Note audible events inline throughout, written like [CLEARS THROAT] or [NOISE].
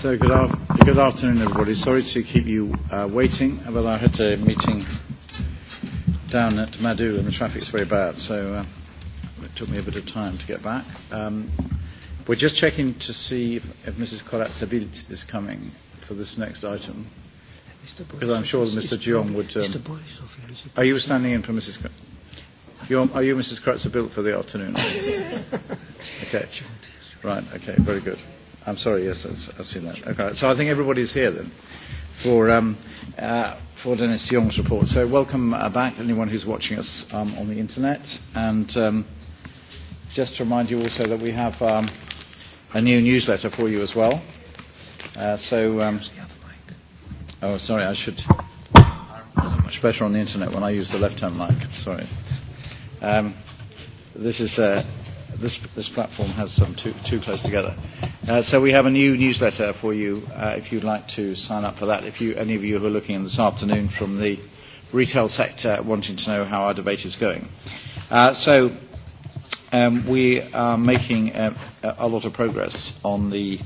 So good, af- good afternoon, everybody. Sorry to keep you uh, waiting. Well, I had a meeting down at Madhu, and the traffic's very bad, so uh, it took me a bit of time to get back. Um, we're just checking to see if, if Mrs. Kolatsabilt is coming for this next item. Because I'm sure Mr. Dion would. Um, Mr. Borisov, are you standing in for Mrs. You're, are you Mrs. Kratzer built for the afternoon? [LAUGHS] okay. Right. Okay. Very good. I'm sorry, yes, I've seen that. Okay, so I think everybody's here then for, um, uh, for Dennis Young's report. So welcome uh, back, anyone who's watching us um, on the internet. And um, just to remind you also that we have um, a new newsletter for you as well. Uh, so, um, oh, sorry, I should. Much better on the internet when I use the left-hand mic. Sorry. Um, this is. Uh, this, this platform has some too, too close together. Uh, so we have a new newsletter for you uh, if you'd like to sign up for that. If you, any of you who are looking in this afternoon from the retail sector wanting to know how our debate is going. Uh, so um, we are making a, a lot of progress on, the,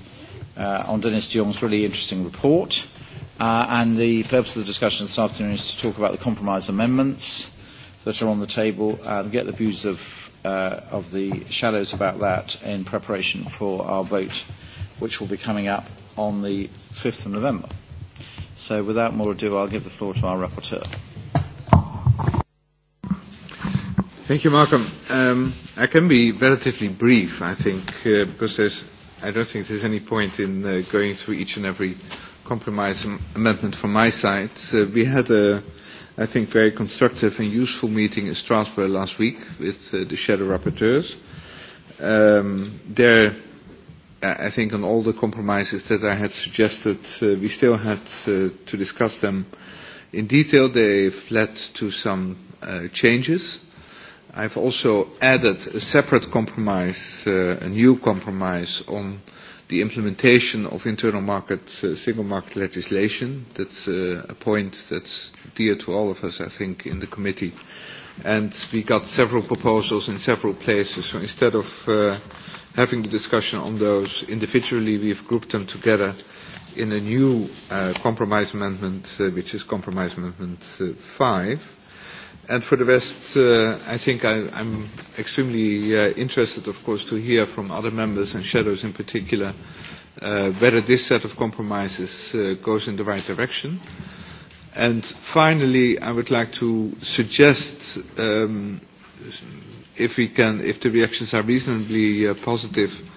uh, on Dennis Dion's really interesting report. Uh, and the purpose of the discussion this afternoon is to talk about the compromise amendments that are on the table and get the views of uh, of the shadows about that in preparation for our vote, which will be coming up on the 5th of November. So without more ado, I'll give the floor to our rapporteur. Thank you, Malcolm. Um, I can be relatively brief, I think, uh, because there's, I don't think there's any point in uh, going through each and every compromise am- amendment from my side. Uh, we had a I think, very constructive and useful meeting in Strasbourg last week with uh, the shadow rapporteurs. Um, there, I think on all the compromises that I had suggested, uh, we still had uh, to discuss them in detail. They've led to some uh, changes. I've also added a separate compromise, uh, a new compromise on uh, the implementation of internal market, uh, single market legislation. That's uh, a point that's dear to all of us, I think, in the committee. And we got several proposals in several places. So instead of uh, having the discussion on those individually, we've grouped them together in a new uh, compromise amendment, uh, which is compromise amendment uh, 5 And for the rest, uh, I think I, I'm extremely uh, interested, of course, to hear from other members and shadows in particular uh, whether this set of compromises uh, goes in the right direction. And finally, I would like to suggest, um, if we can, if the reactions are reasonably uh, positive, uh,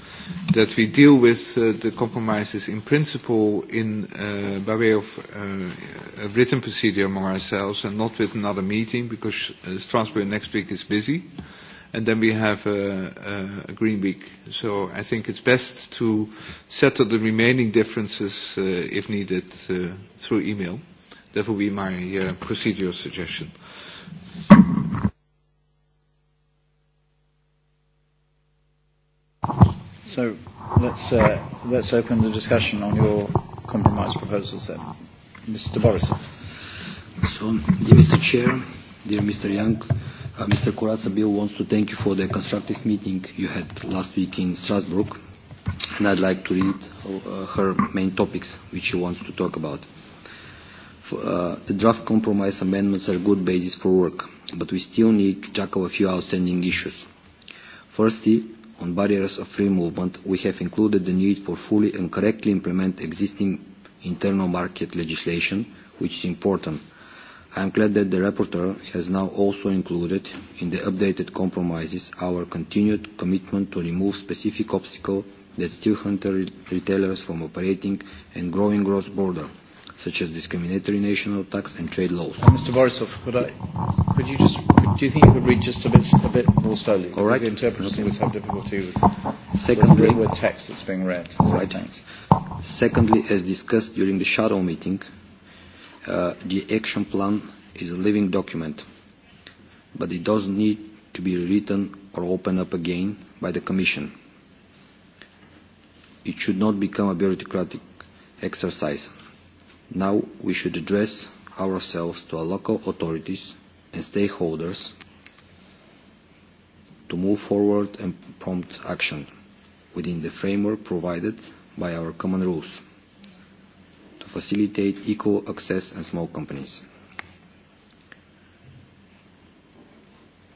that we deal with uh, the compromises in principle in, uh, by way of uh, a written procedure among ourselves and not with another meeting because uh, Strasbourg next week is busy and then we have a, a, a green week. So I think it's best to settle the remaining differences uh, if needed uh, through email. That will be my uh, procedural suggestion. Thank you. So let's, uh, let's open the discussion on your compromise proposals then. Mr. Borisov. So, dear Mr. Chair, dear Mr. Young, uh, Mr. Corazza Bill wants to thank you for the constructive meeting you had last week in Strasbourg, and I'd like to read uh, her main topics which she wants to talk about. Uh, the draft compromise amendments are a good basis for work, but we still need to tackle a few outstanding issues. Firstly, on barriers of free movement, we have included the need for fully and correctly implement existing internal market legislation, which is important. I am glad that the rapporteur has now also included in the updated compromises our continued commitment to remove specific obstacles that still hinder retailers from operating and growing cross-border. Gross such as discriminatory national tax and trade laws. Uh, Mr. Borisov, could I, could you just, could, do you think you could read just a bit, a bit more slowly? All right. The interpreters okay. always have difficulty with, Secondly, with, with text that's being read. All so right. Thanks. Secondly, as discussed during the shadow meeting, uh, the action plan is a living document, but it doesn't need to be rewritten or opened up again by the Commission. It should not become a bureaucratic exercise Now we should address ourselves to our local authorities and stakeholders to move forward and prompt action within the framework provided by our common rules to facilitate equal access and small companies.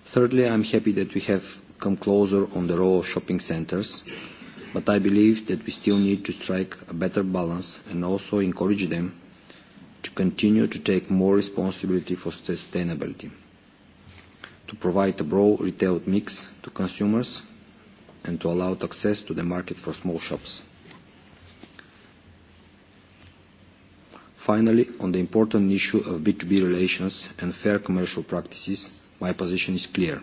Thirdly, I'm happy that we have come closer on the role of shopping centers, but I believe that we still need to strike a better balance and also encourage them to continue to take more responsibility for sustainability, to provide a broad retail mix to consumers, and to allow access to the market for small shops. Finally, on the important issue of B2B relations and fair commercial practices, my position is clear.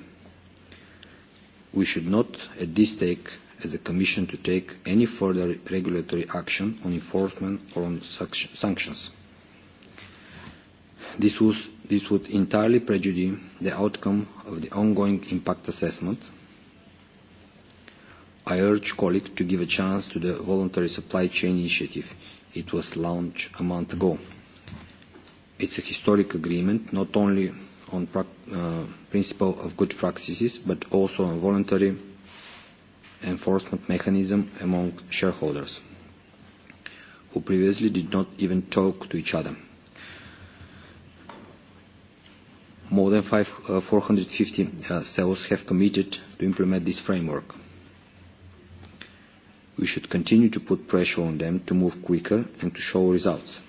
We should not, at this stage, as a Commission, to take any further regulatory action on enforcement or on sanctions. This, was, this would entirely prejudice the outcome of the ongoing impact assessment. I urge colleagues to give a chance to the voluntary supply chain initiative. It was launched a month ago. It's a historic agreement, not only on pra uh, principle of good practices, but also on voluntary enforcement mechanism among shareholders, who previously did not even talk to each other. more than five, uh, 450 uh, cells have committed to implement this framework. We should continue to put pressure on them to move quicker and to show results.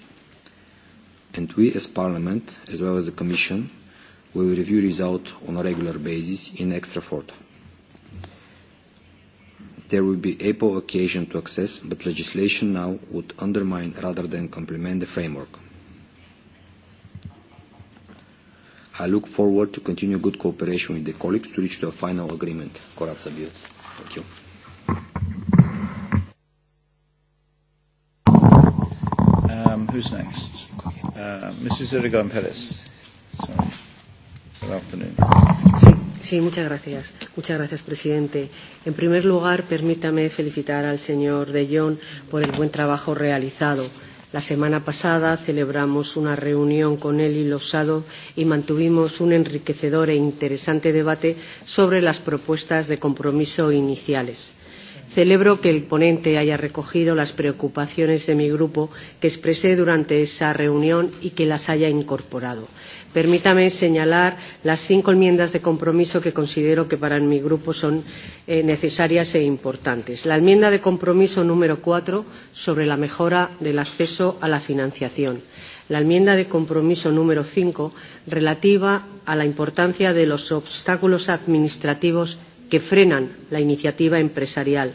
And we as Parliament, as well as the Commission, will review results on a regular basis in extrafort. There will be ample occasion to access, but legislation now would undermine rather than complement the framework. I look forward to continue good cooperation with the colleagues to reach to a final agreement. Corazza Bild. Thank you. Um, who's next? Uh, Mrs. Erdogan Perez. Sorry. Good afternoon. Sí, sí, muchas gracias. Muchas gracias, presidente. En primer lugar, permítame felicitar al señor De Jong por el buen trabajo realizado. Eh, La semana pasada celebramos una reunión con él y Losado y mantuvimos un enriquecedor e interesante debate sobre las propuestas de compromiso iniciales. Celebro que el ponente haya recogido las preocupaciones de mi grupo que expresé durante esa reunión y que las haya incorporado. Permítame señalar las cinco enmiendas de compromiso que considero que para mi grupo son eh, necesarias e importantes. La enmienda de compromiso número cuatro sobre la mejora del acceso a la financiación la enmienda de compromiso número 5 relativa a la importancia de los obstáculos administrativos que frenan la iniciativa empresarial.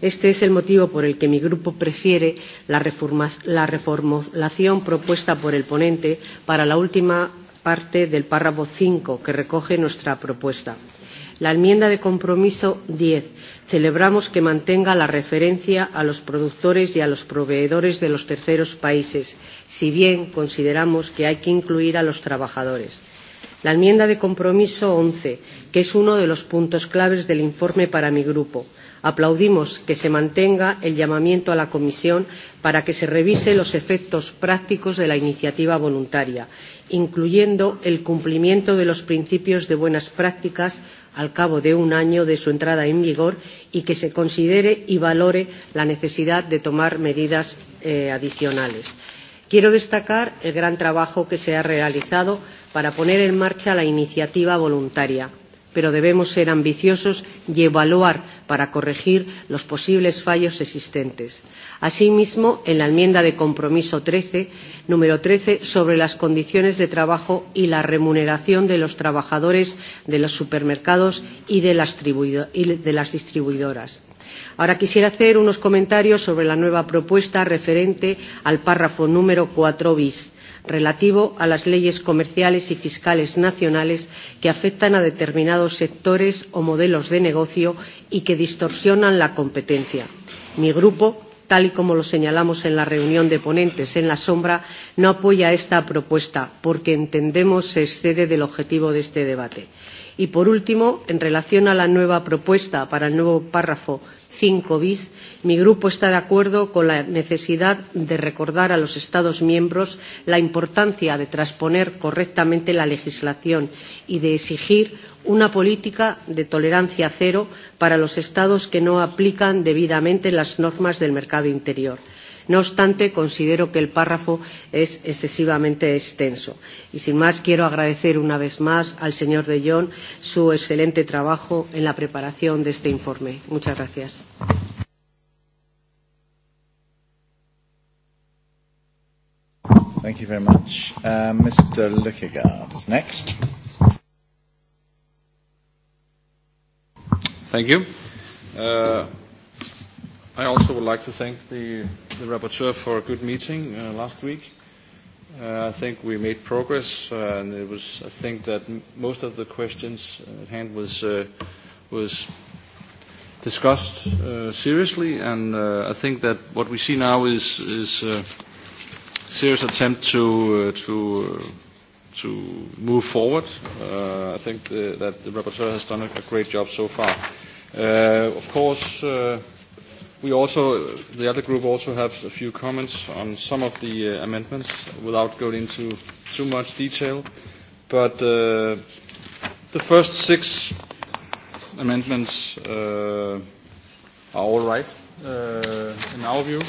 Este es el motivo por el que mi grupo prefiere la, reforma, la reformulación propuesta por el ponente para la última parte del párrafo 5 que recoge nuestra propuesta. La enmienda de compromiso 10. Celebramos que mantenga la referencia a los productores y a los proveedores de los terceros países, si bien consideramos que hay que incluir a los trabajadores. La enmienda de compromiso 11, que es uno de los puntos claves del informe para mi grupo, aplaudimos que se mantenga el llamamiento a la Comisión para que se revise los efectos prácticos de la iniciativa voluntaria incluyendo el cumplimiento de los principios de buenas prácticas al cabo de un año de su entrada en vigor y que se considere y valore la necesidad de tomar medidas eh, adicionales. Quiero destacar el gran trabajo que se ha realizado para poner en marcha la iniciativa voluntaria pero debemos ser ambiciosos y evaluar para corregir los posibles fallos existentes. Asimismo, en la enmienda de compromiso 13, número 13, sobre las condiciones de trabajo y la remuneración de los trabajadores de los supermercados y de las, y de las distribuidoras. Ahora quisiera hacer unos comentarios sobre la nueva propuesta referente al párrafo número 4 bis relativo a las leyes comerciales y fiscales nacionales que afectan a determinados sectores o modelos de negocio y que distorsionan la competencia. Mi grupo, tal y como lo señalamos en la reunión de ponentes en la sombra, no apoya esta propuesta porque entendemos se excede del objetivo de este debate. Y, por último, en relación a la nueva propuesta para el nuevo párrafo cinco bis, mi grupo está de acuerdo con la necesidad de recordar a los Estados miembros la importancia de transponer correctamente la legislación y de exigir una política de tolerancia cero para los Estados que no aplican debidamente las normas del mercado interior No obstante, considero que el párrafo es excesivamente extenso. Y sin más, quiero agradecer una vez más al señor De Jong su excelente trabajo en la preparación de este informe. Muchas gracias. Thank you very much. Uh, Mr. Lückegaard is next. Thank you. Uh, I also would like to thank the, the rapporteur for a good meeting uh, last week. Uh, I think we made progress, uh, and it was, I think that m most of the questions at hand was, uh, was discussed uh, seriously, and uh, I think that what we see now is, is a serious attempt to, uh, to, uh, to move forward. Uh, I think the, that the rapporteur has done a, a great job so far. Uh, of course, uh, We also, the other group also have a few comments on some of the uh, amendments without going into too much detail. But uh, the first six amendments uh, are all right uh, in our view.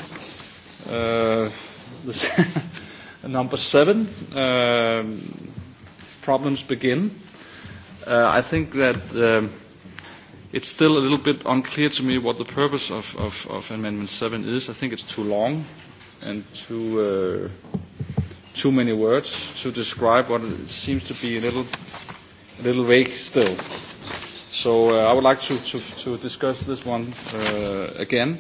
Uh, this [LAUGHS] number seven, um, problems begin. Uh, I think that um, it's still a little bit unclear to me what the purpose of, of, of Amendment 7 is. I think it's too long and too, uh, too many words to describe what it seems to be a little, a little vague still. So uh, I would like to, to, to discuss this one uh, again.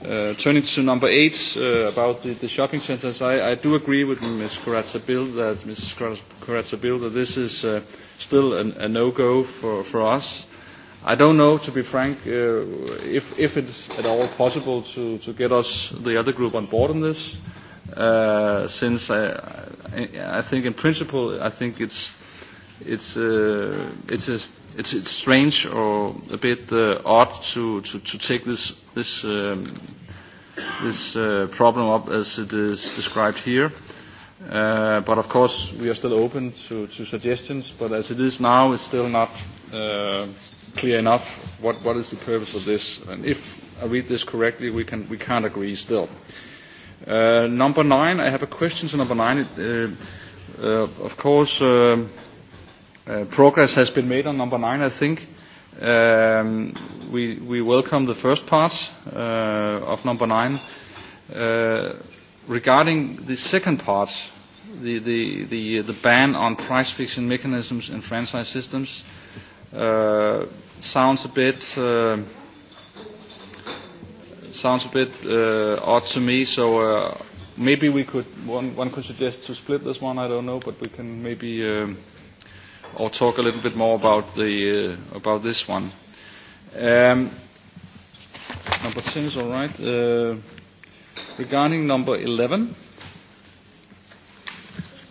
Uh, turning to number eight uh, about the, the shopping centres, I, I do agree with Ms. Corazza-Bild that Mrs. Corazza-Bild that this is uh, still an, a no-go for, for us. Uh, I don't know, to be frank, uh, if, if it's at all possible to, to get us, the other group, on board on this, uh, since I, I, I think in principle, I think it's, it's, uh, it's, a, it's, it's strange or a bit uh, odd to, to, to take this, this, um, this uh, problem up as it is described here. Uh, but of course, we are still open to, to suggestions, but as it is now, it's still not uh, clear enough what, what is the purpose of this. And if I read this correctly, we, can, we can't agree still. Uh, number nine, I have a question to number nine. It, uh, uh, of course, uh, uh, progress has been made on number nine, I think. Um, we, we welcome the first part uh, of number nine. Uh, regarding the second part, the, the, the, uh, the ban on price fixing mechanisms in franchise systems, uh, uh, sounds a bit uh, sounds a bit uh, odd to me. So uh, maybe we could one one could suggest to split this one. I don't know, but we can maybe um, or talk a little bit more about the uh, about this one. Um, number ten is all right. Uh, regarding number eleven.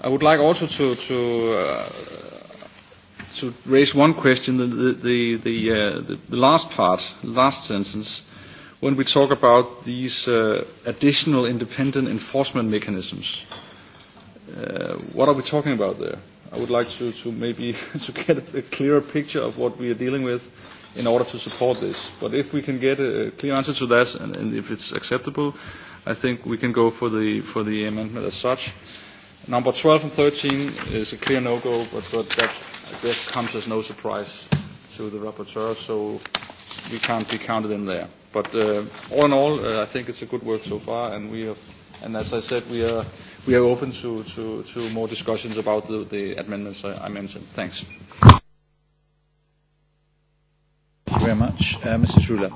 I would like also to, to uh, to raise one question, the, the, the, uh, the, the last part, last sentence, when we talk about these uh, additional independent enforcement mechanisms. Uh, what are we talking about there? I would like to, to maybe [LAUGHS] to get a clearer picture of what we are dealing with in order to support this. But if we can get a clear answer to that, and, and if it's acceptable, I think we can go for the, for the amendment as such. Number 12 and 13 is a clear no-go, but, but that This comes as no surprise to the rapporteur, so we can't be counted in there. But uh, all in all, uh, I think it's a good work so far, and we have, and as I said, we are we are open to, to, to more discussions about the, the amendments I, I mentioned. Thanks. Thank you very much, uh, Mrs. Ruler.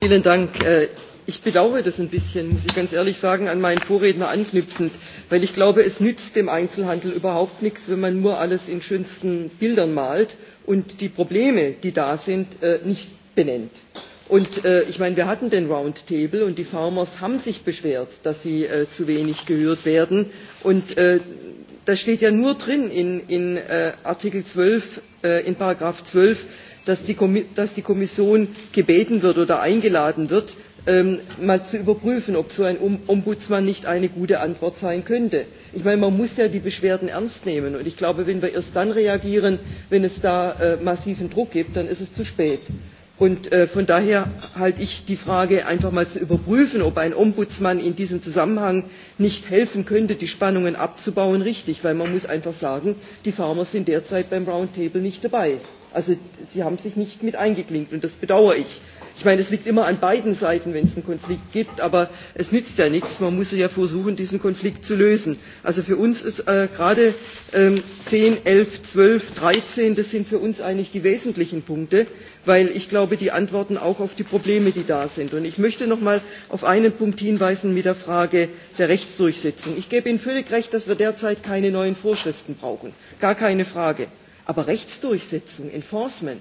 Vielen Dank. Uh, ich bedauere das ein bisschen, muss ich ganz ehrlich sagen, an meinen Vorredner anknüpfend, weil ich glaube, es nützt dem Einzelhandel überhaupt nichts, wenn man nur alles in schönsten Bildern malt und die Probleme, die da sind, äh, nicht benennt. Und äh, ich meine, wir hatten den Roundtable und die Farmers haben sich beschwert, dass sie äh, zu wenig gehört werden. Und äh, das steht ja nur drin in, in äh, Artikel 12, äh, in Paragraph 12, dass die, dass die Kommission gebeten wird oder eingeladen wird, ähm, mal zu überprüfen, ob so ein um-, Ombudsmann nicht eine gute Antwort sein könnte. Ich meine, man muss ja die Beschwerden ernst nehmen. Und ich glaube, wenn wir erst dann reagieren, wenn es da äh, massiven Druck gibt, dann ist es zu spät. Und äh, von daher halte ich die Frage einfach mal zu überprüfen, ob ein Ombudsmann in diesem Zusammenhang nicht helfen könnte, die Spannungen abzubauen, richtig, weil man muss einfach sagen, die Farmer sind derzeit beim Roundtable nicht dabei. Also sie haben sich nicht mit eingeklinkt und das bedauere ich. Ich meine, es liegt immer an beiden Seiten, wenn es einen Konflikt gibt, aber es nützt ja nichts. Man muss ja versuchen, diesen Konflikt zu lösen. Also für uns ist äh, gerade ähm, 10, 11, 12, 13, das sind für uns eigentlich die wesentlichen Punkte, weil ich glaube, die antworten auch auf die Probleme, die da sind. Und ich möchte noch mal auf einen Punkt hinweisen mit der Frage der Rechtsdurchsetzung. Ich gebe Ihnen völlig recht, dass wir derzeit keine neuen Vorschriften brauchen. Gar keine Frage. Aber Rechtsdurchsetzung, Enforcement,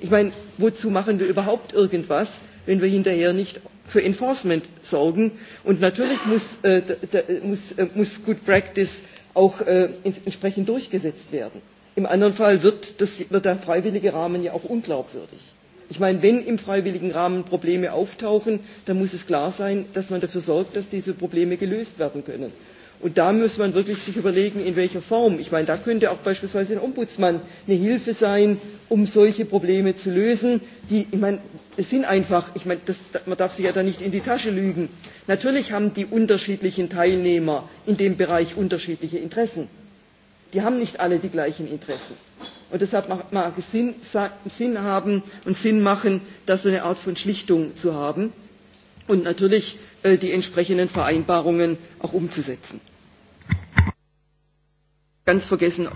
Ich meine, wozu machen wir überhaupt irgendwas, wenn wir hinterher nicht für Enforcement sorgen? Und natürlich muss, äh, da, muss, äh, muss Good Practice auch äh, entsprechend durchgesetzt werden. Im anderen Fall wird, das, wird der freiwillige Rahmen ja auch unglaubwürdig. Ich meine, wenn im freiwilligen Rahmen Probleme auftauchen, dann muss es klar sein, dass man dafür sorgt, dass diese Probleme gelöst werden können. Und da muss man wirklich sich überlegen, in welcher Form. Ich meine, da könnte auch beispielsweise ein Ombudsmann eine Hilfe sein, um solche Probleme zu lösen. Die, ich meine, es sind einfach, ich meine, das, man darf sich ja da nicht in die Tasche lügen. Natürlich haben die unterschiedlichen Teilnehmer in dem Bereich unterschiedliche Interessen. Die haben nicht alle die gleichen Interessen. Und deshalb mag es Sinn, Sinn haben und Sinn machen, da so eine Art von Schlichtung zu haben. Und natürlich Äh, die entsprechenden vereinbarungen auch umzusetzen. ich habe ganz vergessen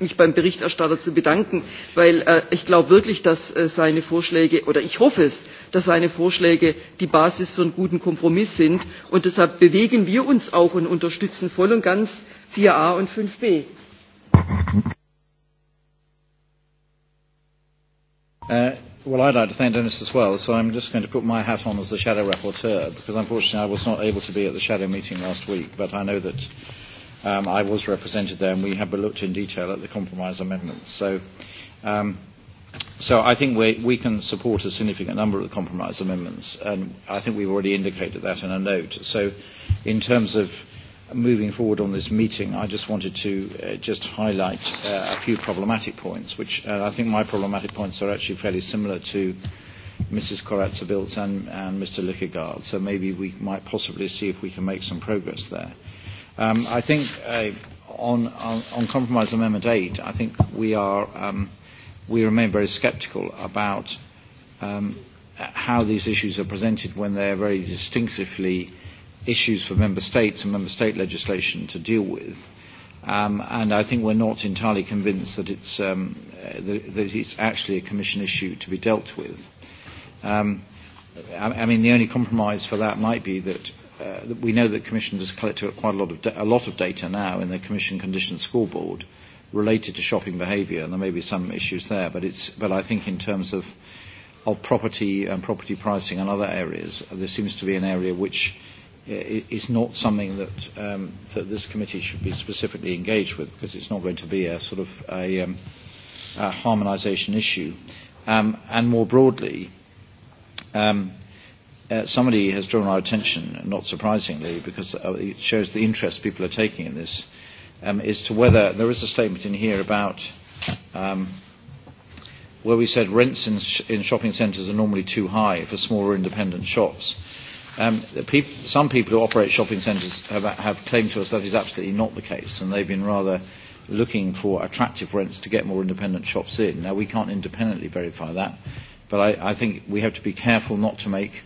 mich beim berichterstatter zu bedanken weil äh, ich glaube wirklich dass äh, seine vorschläge oder ich hoffe es dass seine vorschläge die basis für einen guten kompromiss sind und deshalb bewegen wir uns auch und unterstützen voll und ganz vier a und fünf b. Uh, Well, I'd like to thank Dennis as well, so I'm just going to put my hat on as the shadow rapporteur, because unfortunately I was not able to be at the shadow meeting last week, but I know that um, I was represented there, and we have looked in detail at the compromise amendments. So, um, so I think we, we can support a significant number of the compromise amendments, and I think we've already indicated that in a note. So, in terms of moving forward on this meeting, I just wanted to uh, just highlight uh, a few problematic points, which uh, I think my problematic points are actually fairly similar to Mrs. Koratsa-Biltz and, and Mr. Lückegaard, so maybe we might possibly see if we can make some progress there. Um, I think uh, on, on, on Compromise Amendment 8, I think we, are, um, we remain very sceptical about um, how these issues are presented when they're very distinctively issues for member states and member state legislation to deal with. Um, and I think we're not entirely convinced that it's, um, uh, that, that it's actually a Commission issue to be dealt with. Um, I, I mean, the only compromise for that might be that, uh, that we know that Commission has collected quite a lot of, da- a lot of data now in the Commission Condition Scoreboard related to shopping behaviour, and there may be some issues there, but, it's, but I think in terms of, of property and property pricing and other areas, there seems to be an area which uh, Uh, is not something that, um, that this committee should be specifically engaged with because it's not going to be a sort of a, um, a harmonisation issue. Um, and more broadly, um, uh, somebody has drawn our attention, not surprisingly, because uh, it shows the interest people are taking in this, um, is to whether there is a statement in here about um, where we said rents in, sh- in shopping centres are normally too high for smaller independent shops Um, pe- some people who operate shopping centres have, have claimed to us that is absolutely not the case, and they've been rather looking for attractive rents to get more independent shops in. Now, we can't independently verify that, but I, I think we have to be careful not to make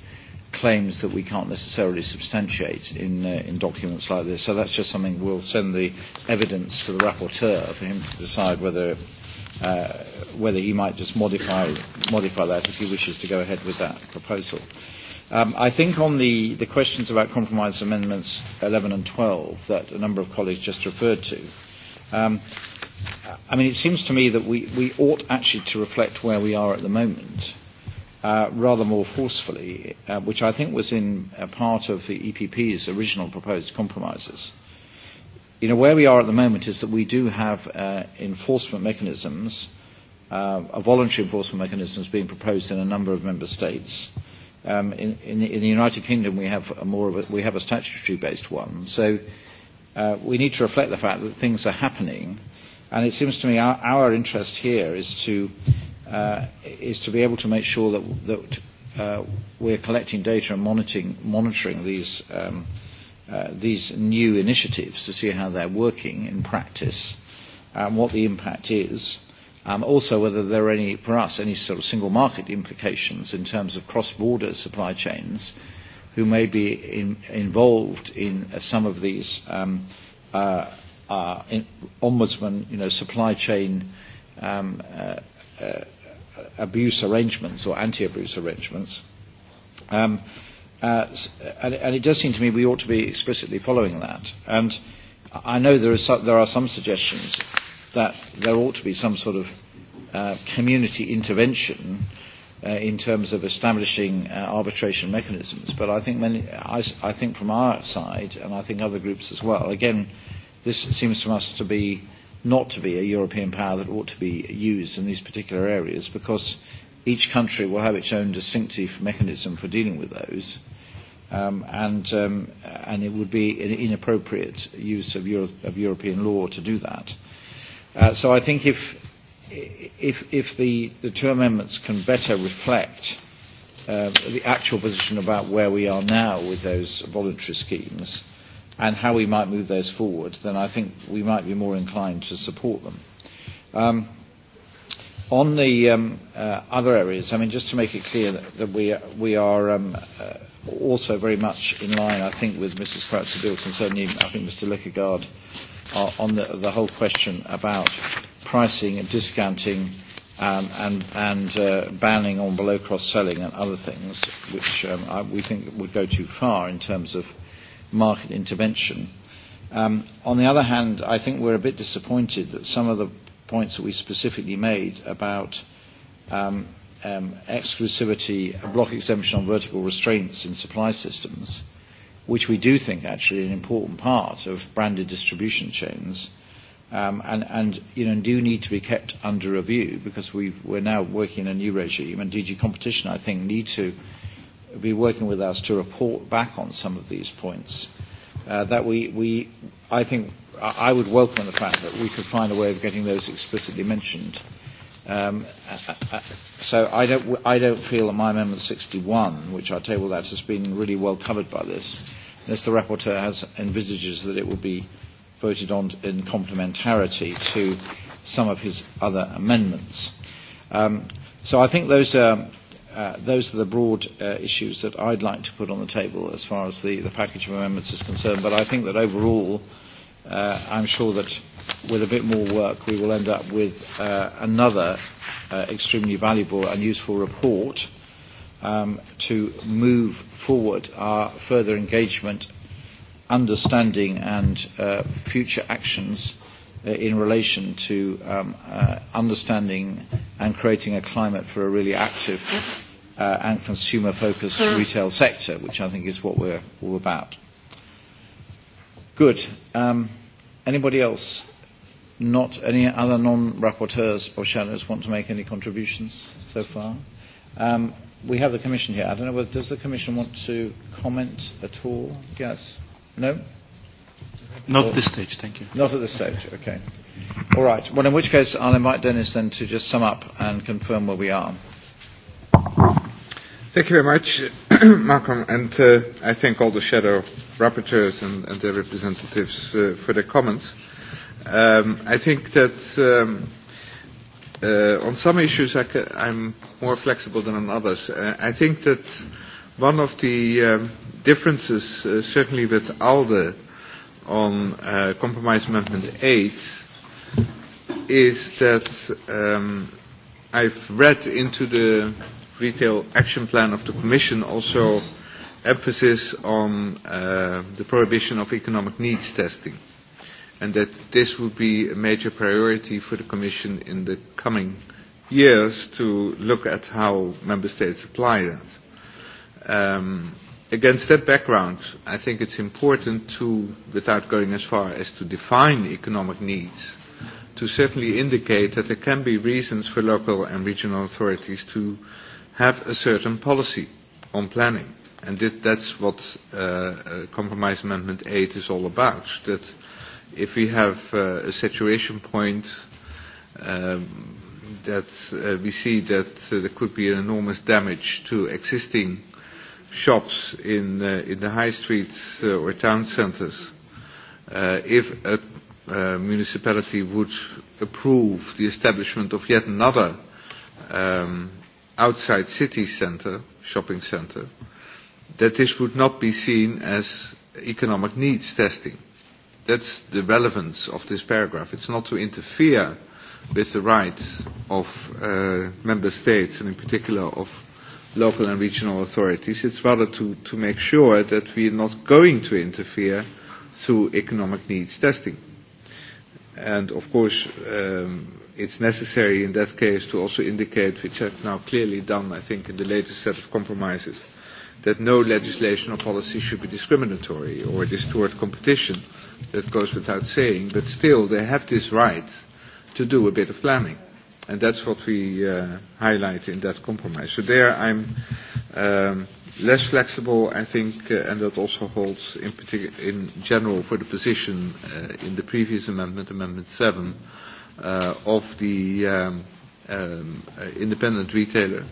claims that we can't necessarily substantiate in, uh, in documents like this. So that's just something we'll send the evidence to the rapporteur for him to decide whether, uh, whether he might just modify, modify that if he wishes to go ahead with that proposal. Uh, Um, I think on the, the questions about compromise amendments 11 and 12 that a number of colleagues just referred to, um, I mean, it seems to me that we, we ought actually to reflect where we are at the moment uh, rather more forcefully, uh, which I think was in a part of the EPP's original proposed compromises. You know, where we are at the moment is that we do have uh, enforcement mechanisms, uh, voluntary enforcement mechanisms being proposed in a number of member states. Uh, Um, in, in, in the United Kingdom, we have a more of a, we have a statutory-based one. So uh, we need to reflect the fact that things are happening, and it seems to me our, our interest here is to uh, is to be able to make sure that that uh, we're collecting data and monitoring monitoring these. Um, uh, these new initiatives to see how they're working in practice and what the impact is Um, also, whether there are any, for us, any sort of single market implications in terms of cross-border supply chains who may be in, involved in uh, some of these um, uh, uh, in, ombudsman, you know, supply chain um, uh, uh, abuse arrangements or anti-abuse arrangements. Um, uh, and, and it does seem to me we ought to be explicitly following that. And I know there, is, there are some suggestions that there ought to be some sort of uh, community intervention uh, in terms of establishing uh, arbitration mechanisms. But I think, many, I, I think from our side, and I think other groups as well, again, this seems to us to be not to be a European power that ought to be used in these particular areas because each country will have its own distinctive mechanism for dealing with those. Um, and, um, and it would be an inappropriate use of, Euro- of European law to do that. Uh, so I think if, if, if the, the two amendments can better reflect uh, the actual position about where we are now with those voluntary schemes and how we might move those forward, then I think we might be more inclined to support them. Um, on the um, uh, other areas, I mean, just to make it clear that, that we, we are um, uh, also very much in line, I think, with Mrs. Kratzer-Bilt and certainly, I think, Mr. Lickergaard uh, on the, the whole question about pricing and discounting um, and, and uh, banning on below cross-selling and other things, which um, I, we think would go too far in terms of market intervention. Um, on the other hand, I think we're a bit disappointed that some of the points that we specifically made about um, um, exclusivity, block exemption on vertical restraints in supply systems, uh, which we do think actually an important part of branded distribution chains, um, and, and you know, do need to be kept under review because we've, we're now working in a new regime, and DG Competition, I think, need to be working with us to report back on some of these points. Uh, that we, we, I think, I would welcome the fact that we could find a way of getting those explicitly mentioned. Uh, Um, uh, uh, uh, so I don't, I don't feel that my Amendment 61, which I table that, has been really well covered by this, unless the rapporteur has envisages that it will be voted on in complementarity to some of his other amendments. Um, so I think those are, uh, those are the broad uh, issues that I'd like to put on the table as far as the, the package of amendments is concerned. But I think that overall, uh, uh, I'm sure that with a bit more work we will end up with uh, another uh, extremely valuable and useful report um, to move forward our further engagement, understanding and uh, future actions uh, in relation to um, uh, understanding and creating a climate for a really active uh, and consumer-focused retail sector, which I think is what we're all about. Good. Um, anybody else? Not any other non-rapporteurs or shadows want to make any contributions so far? Um, we have the Commission here. I don't know whether does the Commission want to comment at all? Yes. No. Not at this stage, thank you. Not at this stage, okay. All right. Well, in which case, I'll invite Dennis then to just sum up and confirm where we are. Thank you very much. [CLEARS THROAT] Malcolm, and uh, I thank all the shadow rapporteurs and, and their representatives uh, for their comments. Um, I think that um, uh, on some issues I ca- I'm more flexible than on others. Uh, I think that one of the um, differences, uh, certainly with ALDE on uh, Compromise Amendment 8, is that um, I've read into the Retail Action Plan of the Commission also emphasis on uh, the prohibition of economic needs testing and that this would be a major priority for the Commission in the coming years to look at how Member States apply that. Um, against that background, I think it's important to, without going as far as to define economic needs, to certainly indicate that there can be reasons for local and regional authorities to uh, have a certain policy on planning. And that, that's what uh, uh, Compromise Amendment 8 is all about. That if we have uh, a saturation point, um, that uh, we see that uh, there could be an enormous damage to existing shops in, uh, in the high streets uh, or town centres. Uh, if a uh, municipality would approve the establishment of yet another um, outside city center, shopping center, that this would not be seen as economic needs testing. That's the relevance of this paragraph. It's not to interfere with the right of uh, member states and in particular of local and regional authorities. It's rather to, to make sure that we are not going to interfere through economic needs testing. And of course, um, it's necessary in that case to also indicate, which I've now clearly done, I think, in the latest set of compromises, that no legislation or policy should be discriminatory or distort competition. That goes without saying, but still they have this right to do a bit of planning. And that's what we uh, highlight in that compromise. So there I'm um, less flexible, I think, uh, and that also holds in, partic- in general for the position uh, in the previous amendment, Amendment 7, uh, uh, of the um, um, uh, independent retailer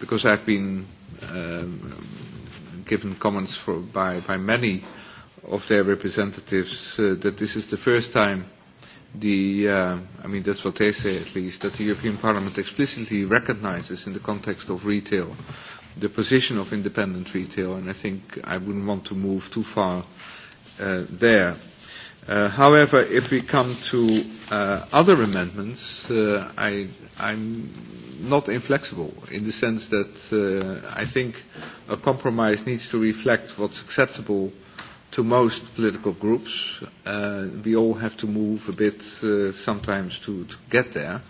because I've been um, given comments for, by, by many of their representatives uh, that this is the first time the, uh, I mean that's what they say at least, that the European Parliament explicitly recognizes in the context of retail the position of independent retail and I think I wouldn't want to move too far uh, there. Uh, however, if we come to uh, other amendments, uh, I, I'm not inflexible in the sense that uh, I think a compromise needs to reflect what's acceptable to most political groups. Uh, we all have to move a bit uh, sometimes to, to get there.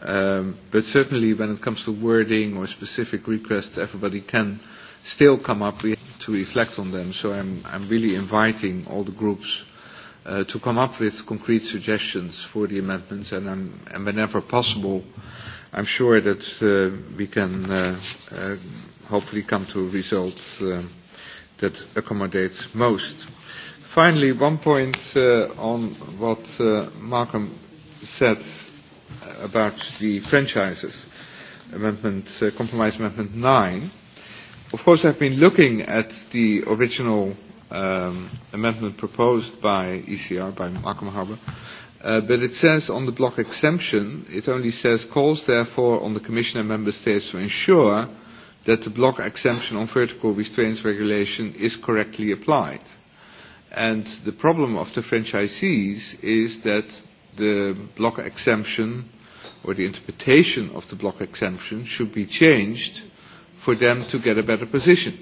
Um, but certainly when it comes to wording or specific requests, everybody can still come up to reflect on them. So I'm, I'm really inviting all the groups uh, to come up with concrete suggestions for the amendments, and, um, and whenever possible, I'm sure that uh, we can uh, uh, hopefully come to a result uh, um, that accommodates most. Finally, one point uh, on what uh, Malcolm said about the franchises, amendment, uh, compromise amendment 9. Of course, I've been looking at the original um, amendment proposed by ECR, by Malcolm Harbour. Uh, but it says on the block exemption, it only says calls therefore on the Commission and Member States to ensure that the block exemption on vertical restraints regulation is correctly applied. And the problem of the franchisees is that the block exemption or the interpretation of the block exemption should be changed for them to get a better position.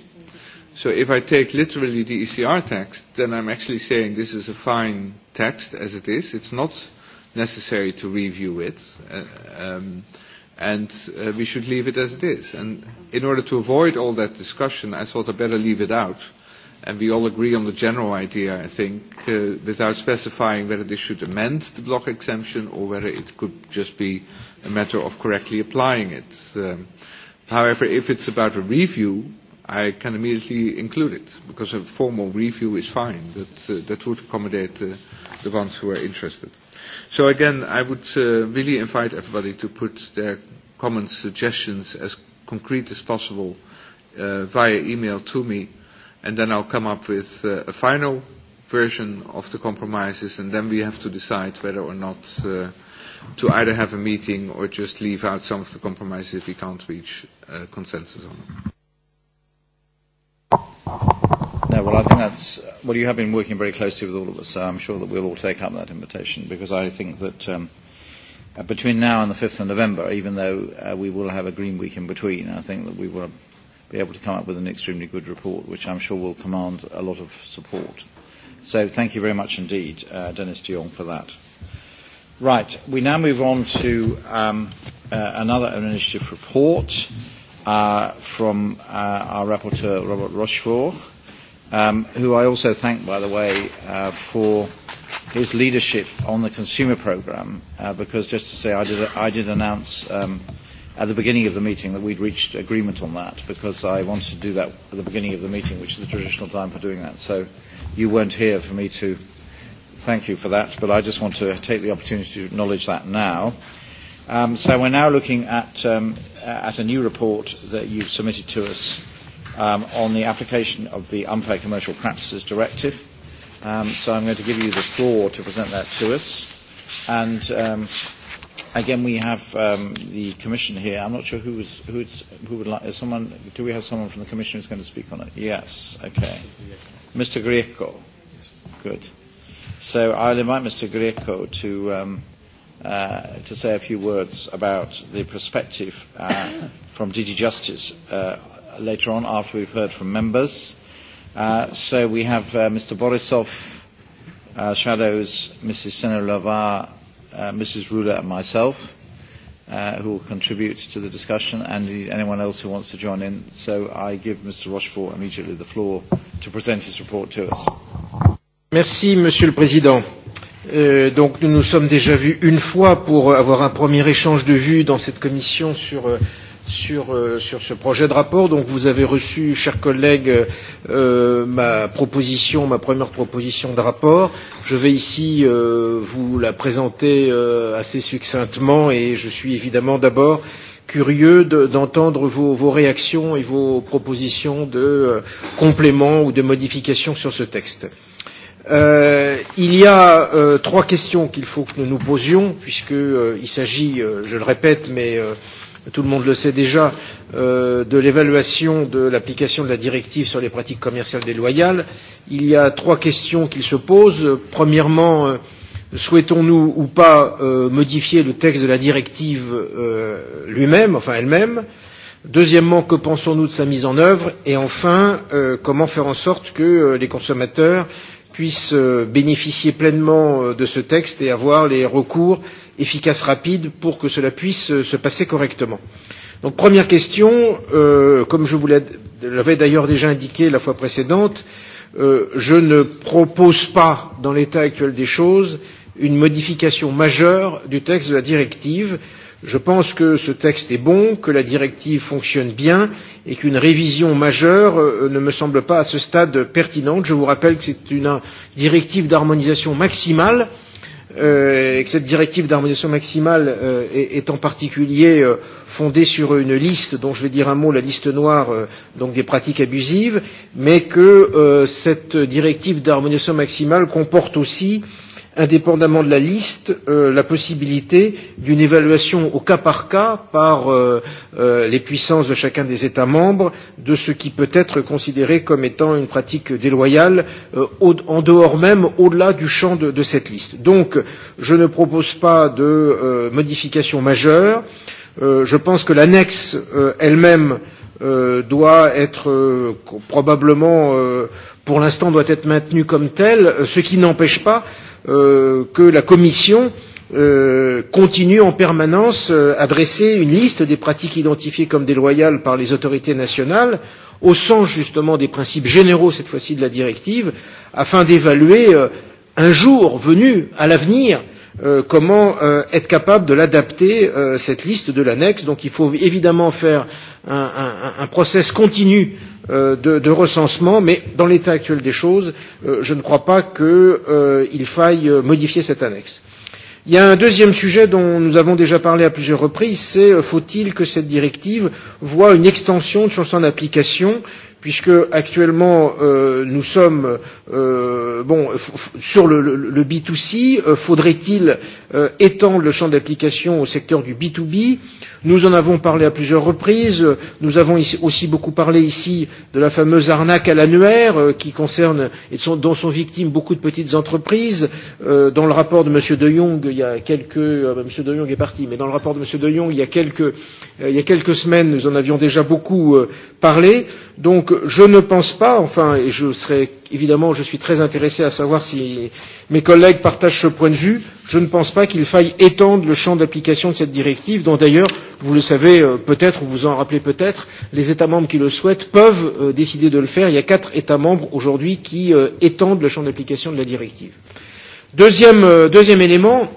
So if I take literally the ECR text, then I'm actually saying this is a fine text as it is. It's not necessary to review it, uh, um, and uh, we should leave it as it is. And in order to avoid all that discussion, I thought I better leave it out, and we all agree on the general idea, I think, uh, without specifying whether this should amend the block exemption or whether it could just be a matter of correctly applying it. Um, however, if it's about a review, I can immediately include it because a formal review is fine. That, uh, that would accommodate uh, the ones who are interested. So again, I would uh, really invite everybody to put their comments, suggestions as concrete as possible uh, via email to me, and then I'll come up with uh, a final version of the compromises, and then we have to decide whether or not uh, to either have a meeting or just leave out some of the compromises if we can't reach uh, consensus on them. No, well, I think that's well. You have been working very closely with all of us, so I'm sure that we'll all take up that invitation because I think that um, uh, between now and the 5th of November, even though uh, we will have a green week in between, I think that we will be able to come up with an extremely good report, which I'm sure will command a lot of support. So thank you very much indeed, uh, Dennis de Jong, for that. Right, we now move on to um, uh, another initiative report. Mm-hmm uh, from uh, our rapporteur, Robert Rochefort, um, who I also thank, by the way, uh, for his leadership on the consumer program, uh, because just to say, I did, I did announce um, at the beginning of the meeting that we'd reached agreement on that, because I wanted to do that at the beginning of the meeting, which is the traditional time for doing that. So you weren't here for me to thank you for that, but I just want to take the opportunity to acknowledge that now. Um, so we're now looking at um, Uh, at a new report that you've submitted to us um, on the application of the Unfair Commercial Practices Directive. Um, so I'm going to give you the floor to present that to us. And um, again, we have um, the Commission here. I'm not sure who, was, who's, who would like. Is someone, do we have someone from the Commission who's going to speak on it? Yes. Okay. Mr. Greco. Good. So I'll invite Mr. Greco to um, uh, to say a few words about the perspective uh, [COUGHS] from DG Justice uh, later on after we've heard from members. Uh, so we have uh, Mr. Borisov, uh, Shadows, Mrs. Senelova, uh, Mrs. Ruler and myself uh, who will contribute to the discussion and indeed anyone else who wants to join in. So I give Mr. Rochefort immediately the floor to present his report to us. Merci, Monsieur le Président. Euh, donc nous nous sommes déjà vus une fois pour avoir un premier échange de vues dans cette commission sur euh, sur, euh, sur ce projet de rapport. Donc vous avez reçu, chers collègues, euh, ma proposition, ma première proposition de rapport. Je vais ici euh, vous la présenter euh, assez succinctement et je suis évidemment d'abord curieux d'entendre de, vos, vos réactions et vos propositions de euh, compléments ou de modifications sur ce texte. Euh, Euh, il y a euh, trois questions qu'il faut que nous nous posions, puisqu'il euh, s'agit, euh, je le répète, mais euh, tout le monde le sait déjà, euh, de l'évaluation de l'application de la directive sur les pratiques commerciales déloyales. Il y a trois questions qu'il se posent. Premièrement, euh, souhaitons-nous ou pas euh, modifier le texte de la directive euh, lui-même, enfin elle-même Deuxièmement, que pensons-nous de sa mise en œuvre Et enfin, euh, comment faire en sorte que euh, les consommateurs puissent euh, bénéficier pleinement euh, de ce texte et avoir les recours efficaces rapides pour que cela puisse euh, se passer correctement. Donc première question, euh, comme je vous l'avais d'ailleurs déjà indiqué la fois précédente, euh, je ne propose pas, dans l'état actuel des choses, une modification majeure du texte de la directive. Euh, Je pense que ce texte est bon, que la directive fonctionne bien et qu'une révision majeure euh, ne me semble pas à ce stade pertinente. Je vous rappelle que c'est une directive d'harmonisation maximale euh, et que cette directive d'harmonisation maximale euh, est, est en particulier euh, fondée sur une liste dont je vais dire un mot, la liste noire euh, donc des pratiques abusives, mais que euh, cette directive d'harmonisation maximale comporte aussi euh, indépendamment de la liste, euh, la possibilité d'une évaluation au cas par cas par euh, euh, les puissances de chacun des États membres de ce qui peut être considéré comme étant une pratique déloyale euh, au, en dehors même, au-delà du champ de, de cette liste. Donc, je ne propose pas de euh, modification majeure. Euh, je pense que l'annexe euh, elle-même euh, doit être euh, probablement, euh, pour l'instant, doit être maintenue comme telle, ce qui n'empêche pas euh, euh, que la Commission euh, continue en permanence euh, à dresser une liste des pratiques identifiées comme déloyales par les autorités nationales au sens justement des principes généraux cette fois-ci de la directive afin d'évaluer euh, un jour venu à l'avenir euh, comment euh, être capable de l'adapter, euh, cette liste de l'annexe. Donc il faut évidemment faire un, un, un process continu euh, de, de recensement, mais dans l'état actuel des choses, euh, je ne crois pas qu'il euh, faille euh, modifier cette annexe. Il y a un deuxième sujet dont nous avons déjà parlé à plusieurs reprises, c'est euh, faut-il que cette directive voit une extension de son champ d'application puisque actuellement euh, nous sommes euh, bon sur le, le, le B2C, euh, faudrait-il euh, étendre le champ d'application au secteur du B2B euh, Nous en avons parlé à plusieurs reprises. Nous avons aussi beaucoup parlé ici de la fameuse arnaque à l'annuaire euh, qui concerne et sont, dont sont victimes beaucoup de petites entreprises. Euh, dans le rapport de M. De Jong, il y a quelques euh, M. De Jong est parti, mais dans le rapport de M. De Jong, il y a quelques euh, il y a quelques semaines, nous en avions déjà beaucoup euh, parlé. Donc, je ne pense pas, enfin, et je serais Évidemment, je suis très intéressé à savoir si mes collègues partagent ce point de vue. Je ne pense pas qu'il faille étendre le champ d'application de cette directive, dont d'ailleurs, vous le savez euh, peut-être, ou vous en rappelez peut-être, les États membres qui le souhaitent peuvent euh, décider de le faire. Il y a quatre États membres aujourd'hui qui euh, étendent le champ d'application de la directive. Deuxième, euh, deuxième élément,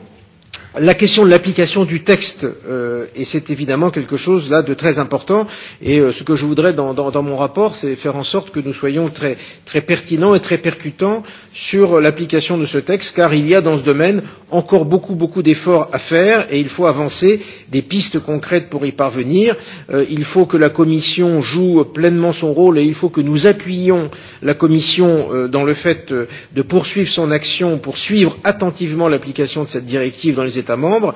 La question de l'application du texte, euh, et c'est évidemment quelque chose là de très important, et euh, ce que je voudrais dans, dans, dans mon rapport, c'est faire en sorte que nous soyons très, très pertinents et très percutants sur l'application de ce texte, car il y a dans ce domaine encore beaucoup, beaucoup d'efforts à faire, et il faut avancer des pistes concrètes pour y parvenir. Euh, il faut que la Commission joue pleinement son rôle, et il faut que nous appuyions la Commission euh, dans le fait euh, de poursuivre son action, poursuivre attentivement l'application de cette directive dans les États membres.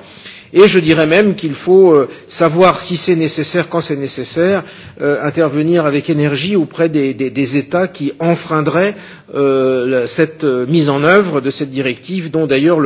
Et je dirais même qu'il faut euh, savoir si c'est nécessaire, quand c'est nécessaire, euh, intervenir avec énergie auprès des, des, des États qui enfreindraient euh, cette euh, mise en œuvre de cette directive, dont d'ailleurs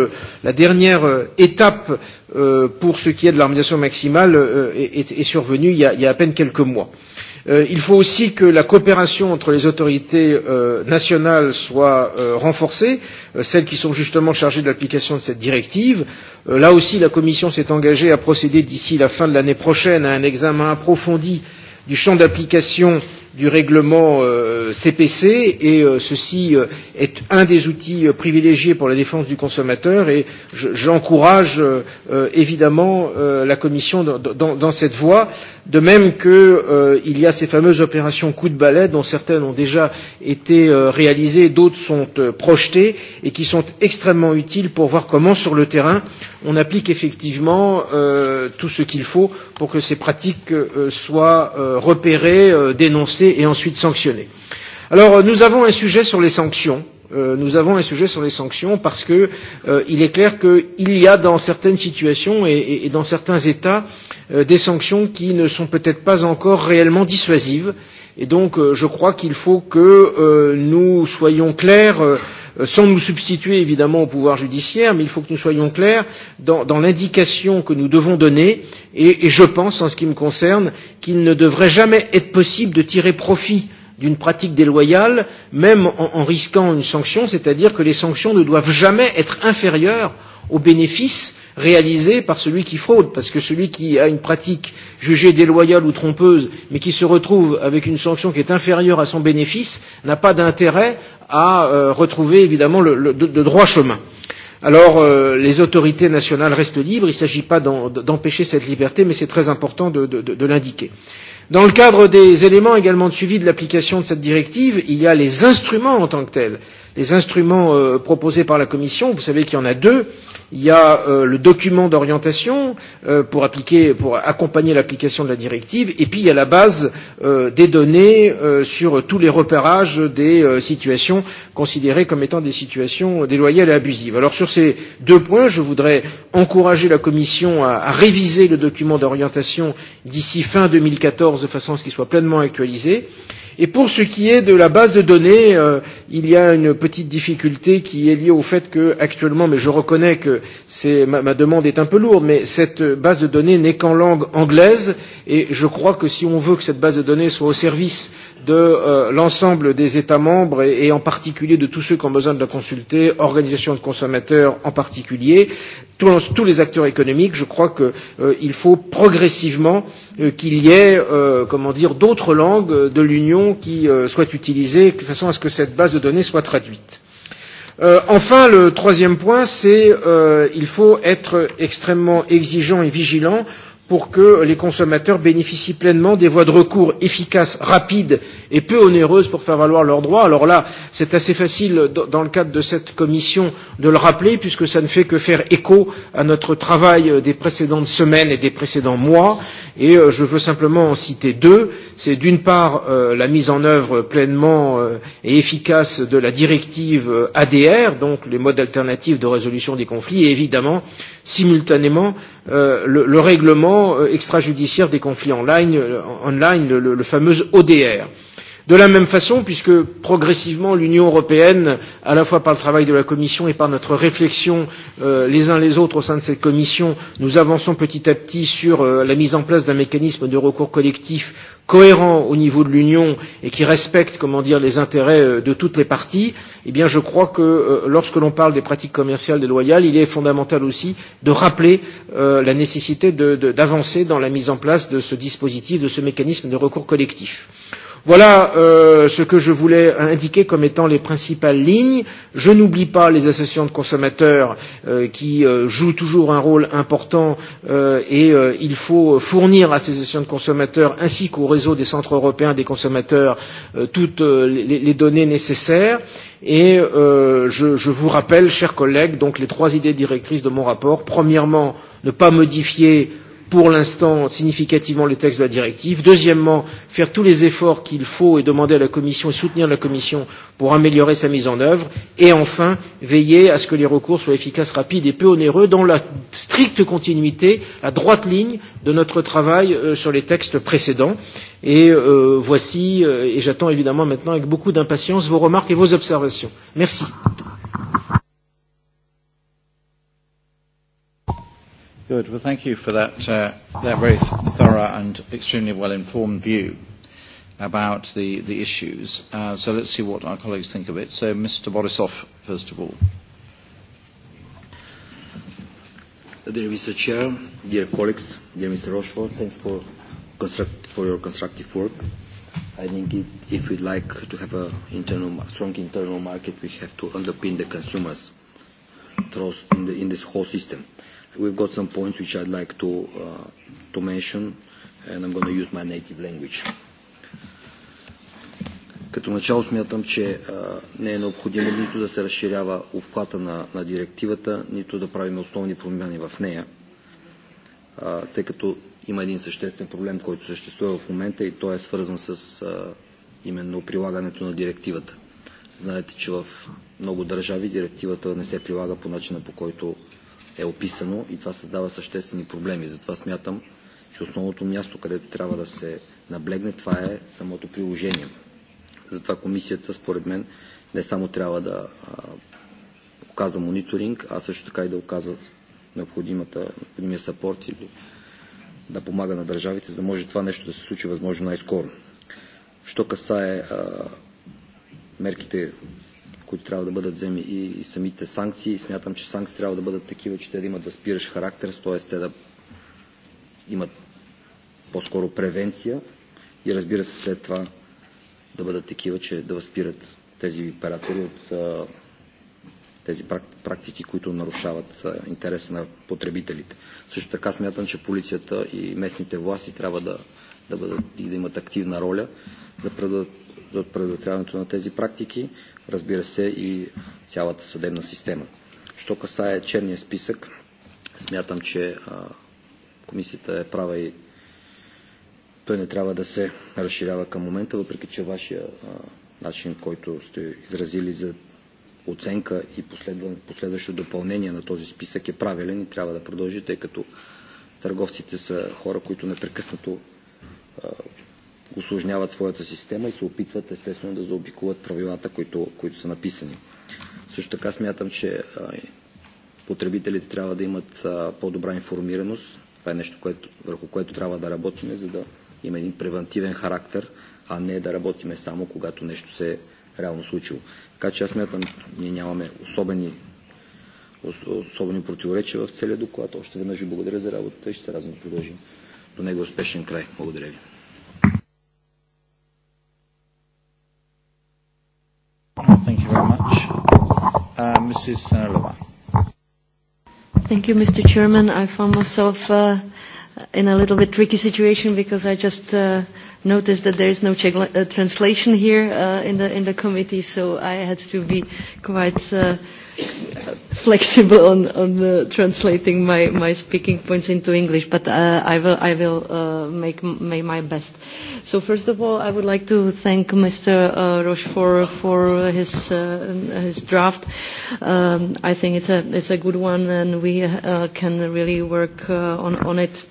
la dernière euh, étape euh, pour ce qui est de l'harmonisation maximale euh, est, est, est survenue il y, a, il y a à peine quelques mois. Euh, Euh, il faut aussi que la coopération entre les autorités euh, nationales soit euh, renforcée, euh, celles qui sont justement chargées de l'application de cette directive. Euh, là aussi, la Commission s'est engagée à procéder d'ici la fin de l'année prochaine à un examen approfondi du champ d'application euh, du règlement euh, CPC et euh, ceci euh, est un des outils euh, privilégiés pour la défense du consommateur et j'encourage je, euh, euh, évidemment euh, la Commission dans, dans, dans cette voie, de même qu'il euh, y a ces fameuses opérations coup de balai dont certaines ont déjà été euh, réalisées, d'autres sont euh, projetées et qui sont extrêmement utiles pour voir comment sur le terrain on applique effectivement euh, tout ce qu'il faut pour que ces pratiques euh, soient euh, repérées, euh, dénoncées arrêter et ensuite sanctionner. Alors euh, nous avons un sujet sur les sanctions. Euh, nous avons un sujet sur les sanctions parce que euh, il est clair qu'il y a dans certaines situations et, et, et dans certains États euh, des sanctions qui ne sont peut-être pas encore réellement dissuasives euh, Et donc, euh, je crois qu'il faut que euh, nous soyons clairs, euh, euh, sans nous substituer évidemment au pouvoir judiciaire, mais il faut que nous soyons clairs dans, dans l'indication que nous devons donner. Et, et je pense, en ce qui me concerne, qu'il ne devrait jamais être possible de tirer profit d'une pratique déloyale, même en, en risquant une sanction, c'est-à-dire que les sanctions ne doivent jamais être inférieures au bénéfice réalisé par celui qui fraude, parce que celui qui a une pratique jugée déloyale ou trompeuse, mais qui se retrouve avec une sanction qui est inférieure à son bénéfice, n'a pas d'intérêt à euh, retrouver évidemment le, le, de, de droit chemin. Alors euh, les autorités nationales restent libres, il ne s'agit pas d'empêcher cette liberté, mais c'est très important de, de, de, de l'indiquer. Dans le cadre des éléments également de suivi de l'application de cette directive, il y a les instruments en tant que tels les instruments euh, proposés par la Commission, vous savez qu'il y en a deux. Il y a euh, le document d'orientation euh, pour appliquer, pour accompagner l'application de la directive, et puis il y a la base euh, des données euh, sur tous les repérages des euh, situations considérées comme étant des situations euh, déloyales et abusives. Alors sur ces deux points, je voudrais encourager la Commission à, à réviser le document d'orientation d'ici fin 2014 de façon à ce qu'il soit pleinement actualisé. Euh, Et pour ce qui est de la base de données, euh, il y a une petite difficulté qui est liée au fait que actuellement, mais je reconnais que c'est ma, ma demande est un peu lourde, mais cette base de données n'est qu'en langue anglaise, et je crois que si on veut que cette base de données soit au service de euh, l'ensemble des États membres et, et en particulier de tous ceux qui ont besoin de la consulter, organisations de consommateurs en particulier, tous, tous les acteurs économiques, je crois qu'il euh, faut progressivement euh, qu'il y ait euh, comment dire d'autres langues de l'Union qui euh, soient utilisées de façon à ce que cette base de données soit traduite. Euh, enfin, le troisième point, c'est euh, il faut être extrêmement exigeant et vigilant euh, pour que les consommateurs bénéficient pleinement des voies de recours efficaces, rapides et peu onéreuses pour faire valoir leurs droits. Alors là, c'est assez facile dans le cadre de cette commission de le rappeler puisque ça ne fait que faire écho à notre travail euh, des précédentes semaines et des précédents mois et euh, je veux simplement en citer deux. C'est d'une part euh, la mise en œuvre pleinement euh, et efficace de la directive euh, ADR, donc les modes alternatifs de résolution des conflits et évidemment simultanément euh, le, le règlement paiement euh, extrajudiciaire des conflits online, online euh, le, le, le fameux ODR. Euh, De la même façon, puisque progressivement l'Union européenne, à la fois par le travail de la Commission et par notre réflexion euh, les uns les autres au sein de cette Commission, nous avançons petit à petit sur euh, la mise en place d'un mécanisme de recours collectif cohérent au niveau de l'Union et qui respecte, comment dire, les intérêts euh, de toutes les parties, eh bien je crois que euh, lorsque l'on parle des pratiques commerciales déloyales, il est fondamental aussi de rappeler euh, la nécessité d'avancer dans la mise en place de ce dispositif, de ce mécanisme de recours collectif. Euh, Voilà euh, ce que je voulais indiquer comme étant les principales lignes. Je n'oublie pas les associations de consommateurs euh, qui euh, jouent toujours un rôle important euh, et euh, il faut fournir à ces associations de consommateurs ainsi qu'au réseau des centres européens des consommateurs euh, toutes euh, les, les données nécessaires. Et euh, je, je vous rappelle, chers collègues, donc les trois idées directrices de mon rapport. Premièrement, ne pas modifier euh, pour l'instant significativement le texte de la directive. Deuxièmement, faire tous les efforts qu'il faut et demander à la Commission et soutenir la Commission pour améliorer sa mise en œuvre. Et enfin, veiller à ce que les recours soient efficaces, rapides et peu onéreux dans la stricte continuité, la droite ligne de notre travail euh, sur les textes précédents. Et euh, voici, euh, et j'attends évidemment maintenant avec beaucoup d'impatience vos remarques et vos observations. Merci. Good. Well, thank you for that, uh, that very th- thorough and extremely well-informed view about the, the issues. Uh, so let's see what our colleagues think of it. So Mr. Borisov, first of all. Dear Mr. Chair, dear colleagues, dear Mr. Rochefort, thanks for, construct, for your constructive work. I think it, if we'd like to have a internal, strong internal market, we have to underpin the consumers in, the, in this whole system we've got some points which I'd like to, uh, to mention, and I'm going to use my native language. Като начало смятам, че а, не е необходимо нито да се разширява обхвата на, на директивата, нито да правим основни промени в нея, а, тъй като има един съществен проблем, който съществува в момента и той е свързан с а, именно прилагането на директивата. Знаете, че в много държави директивата не се прилага по начина по който е описано и това създава съществени проблеми. Затова смятам, че основното място, където трябва да се наблегне, това е самото приложение. Затова комисията, според мен, не само трябва да оказва мониторинг, а също така и да оказва необходимия сапорт или да помага на държавите, за да може това нещо да се случи възможно най-скоро. Що касае а, мерките, които трябва да бъдат вземи и, и самите санкции. Смятам, че санкции трябва да бъдат такива, че те да имат възпиращ характер, т.е. те да имат по-скоро превенция и разбира се след това да бъдат такива, че да възпират тези оператори от а, тези практики, които нарушават а, интереса на потребителите. Също така смятам, че полицията и местните власти трябва да, да бъдат и да имат активна роля за от предотвратяването на тези практики, разбира се и цялата съдебна система. Що касае черния списък, смятам, че а, комисията е права и той не трябва да се разширява към момента, въпреки че вашия а, начин, който сте изразили за оценка и последващо допълнение на този списък е правилен и трябва да продължи, тъй като търговците са хора, които непрекъснато а, осложняват своята система и се опитват естествено да заобикуват правилата, които, които са написани. Също така смятам, че потребителите трябва да имат по-добра информираност. Това е нещо, което, върху което трябва да работим, за да има един превентивен характер, а не да работиме само когато нещо се е реално случило. Така че аз смятам, ние нямаме особени, особени противоречия в целия доклад. Още веднъж ви благодаря за работата и ще се радвам да продължим до него успешен край. Благодаря ви. Mrs. Senelova. Thank you, Mr. Chairman. I found myself uh, in a little bit tricky situation because I just uh, noticed that there is no Czech uh, translation here uh, in, the, in the committee, so I had to be quite uh, flexible on, on uh, translating my, my speaking points into English, but uh, I will, I will uh, make, make my best. So first of all, I would like to thank Mr. Uh, Roche for, for his, uh, his draft. Um, I think it's a, it's a good one, and we uh, can really work uh, on, on it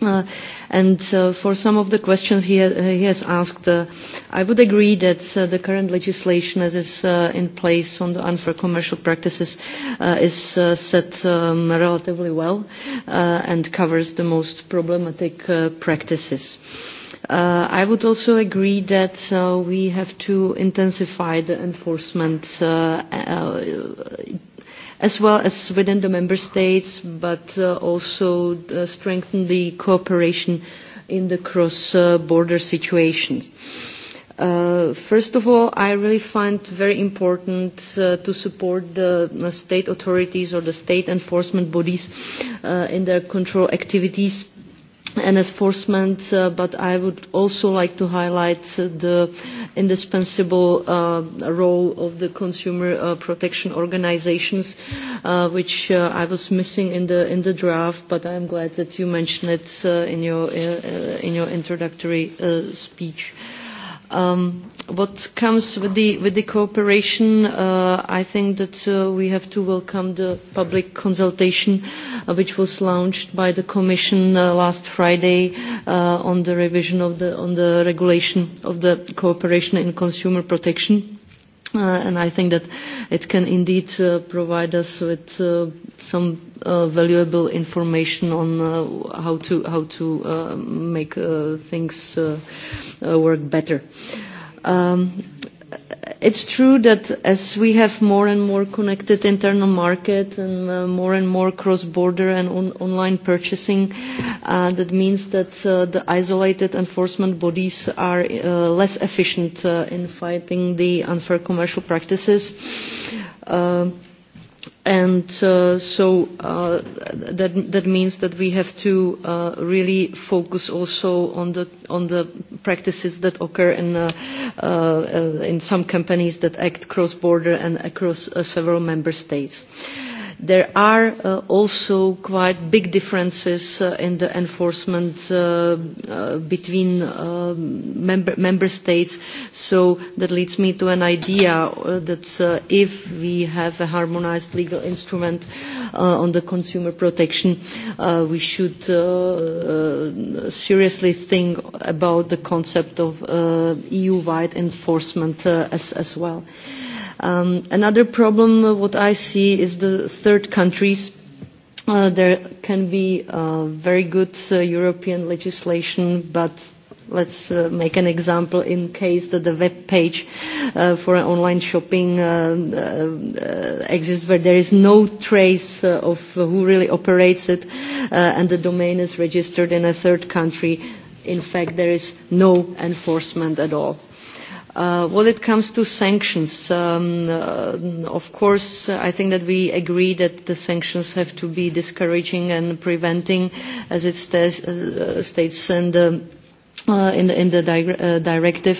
Uh, and uh, for some of the questions he, ha- uh, he has asked, uh, I would agree that uh, the current legislation as is uh, in place on the unfair commercial practices uh, is uh, set um, relatively well uh, and covers the most problematic uh, practices. Uh, I would also agree that uh, we have to intensify the enforcement uh, uh, as well as within the member states, but uh, also uh, strengthen the cooperation in the cross-border uh, situations. Uh, first of all, I really find very important uh, to support the, the state authorities or the state enforcement bodies uh, in their control activities and enforcement, uh, but I would also like to highlight the indispensable uh, role of the consumer uh, protection organizations, uh, which uh, I was missing in the in the draft, but I'm glad that you mentioned it uh, in your uh, uh in your introductory uh, speech. Uh, Um, what comes with the, with the cooperation, uh, I think that uh, we have to welcome the public consultation uh, which was launched by the Commission uh, last Friday uh, on the revision of the, on the regulation of the cooperation in consumer protection Uh, and I think that it can indeed uh, provide us with uh, some uh, valuable information on uh, how to how to uh, make uh, things uh, uh, work better. Um, it's true that as we have more and more connected internal market and uh, more and more cross-border and on online purchasing, uh, that means that uh, the isolated enforcement bodies are uh, less efficient uh, in fighting the unfair commercial practices. Uh, And uh, so uh, that, that means that we have to uh, really focus also on the, on the practices that occur in, uh, uh, in some companies that act cross-border and across uh, several member states. Uh, There are uh, also quite big differences uh, in the enforcement uh, uh, between uh, member, member states. So that leads me to an idea uh, that uh, if we have a harmonized legal instrument uh, on the consumer protection, uh, we should uh, uh, seriously think about the concept of uh, EU-wide enforcement uh, as, as well. Uh, Um, another problem, uh, what I see, is the third countries. Uh, there can be uh, very good uh, European legislation, but let's uh, make an example in case that the web page uh, for online shopping uh, uh, exists where there is no trace uh, of who really operates it uh, and the domain is registered in a third country. In fact, there is no enforcement at all. Uh, when it comes to sanctions, um, uh, of course, I think that we agree that the sanctions have to be discouraging and preventing, as it states, uh, states and. Um, uh, in the, in the di uh, directive,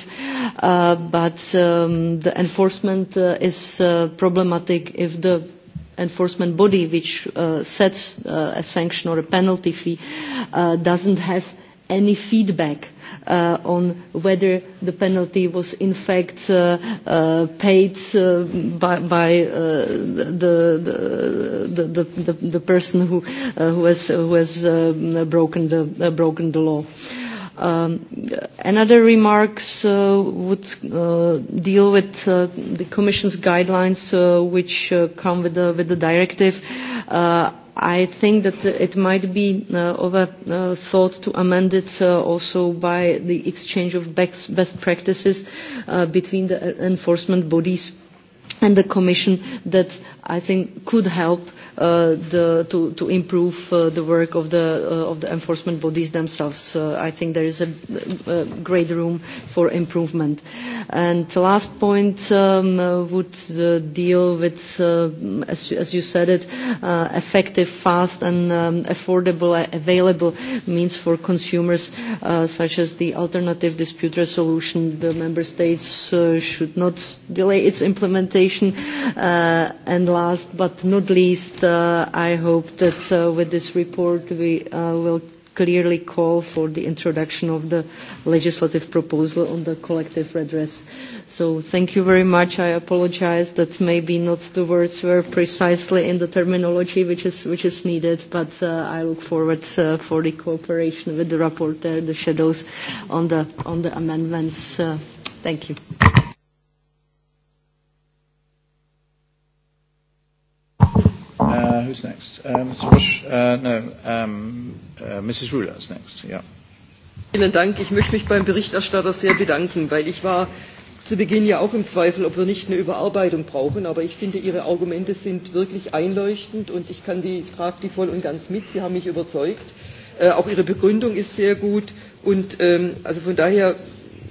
uh, but um, the enforcement uh, is uh, problematic if the enforcement body which uh, sets uh, a sanction or a penalty fee uh, doesn't have any feedback uh, uh, on whether the penalty was in fact uh, uh, paid uh, by, by uh, the, the, the, the, the person who, uh, who has, who has uh, broken, the, uh, broken the law. Uh, Um, another remarks uh, would uh, deal with uh, the Commission's guidelines, uh, which uh, come with the, with the directive. Uh, I think that it might be uh, of a uh, thought to amend it uh, also by the exchange of best, best practices uh, between the uh, enforcement bodies and the Commission that I think could help uh, uh, the, to, to improve uh, the work of the, uh, of the enforcement bodies themselves. Uh, I think there is a, a great room for improvement. And the last point um, uh, would uh, deal with, uh, as, as you said it, uh, effective, fast and um, affordable, uh, available means for consumers uh, such as the alternative dispute resolution. The member states uh, should not delay its implementation. Uh, and last but not least, uh, uh, I hope that uh, with this report we uh, will clearly call for the introduction of the legislative proposal on the collective redress. So thank you very much. I apologize that maybe not the words were precisely in the terminology which is, which is needed, but uh, I look forward uh, for the cooperation with the rapporteur, the shadows on the, on the amendments. Uh, thank you. who's next? Um, Mr. Bush? Uh, no, um, uh, Mrs. Ruler is next. Yeah. Vielen Dank. Ich möchte mich beim Berichterstatter sehr bedanken, weil ich war zu Beginn ja auch im Zweifel, ob wir nicht eine Überarbeitung brauchen. Aber ich finde, Ihre Argumente sind wirklich einleuchtend und ich kann die, trage die voll und ganz mit. Sie haben mich überzeugt. Äh, auch Ihre Begründung ist sehr gut. Und ähm, also von daher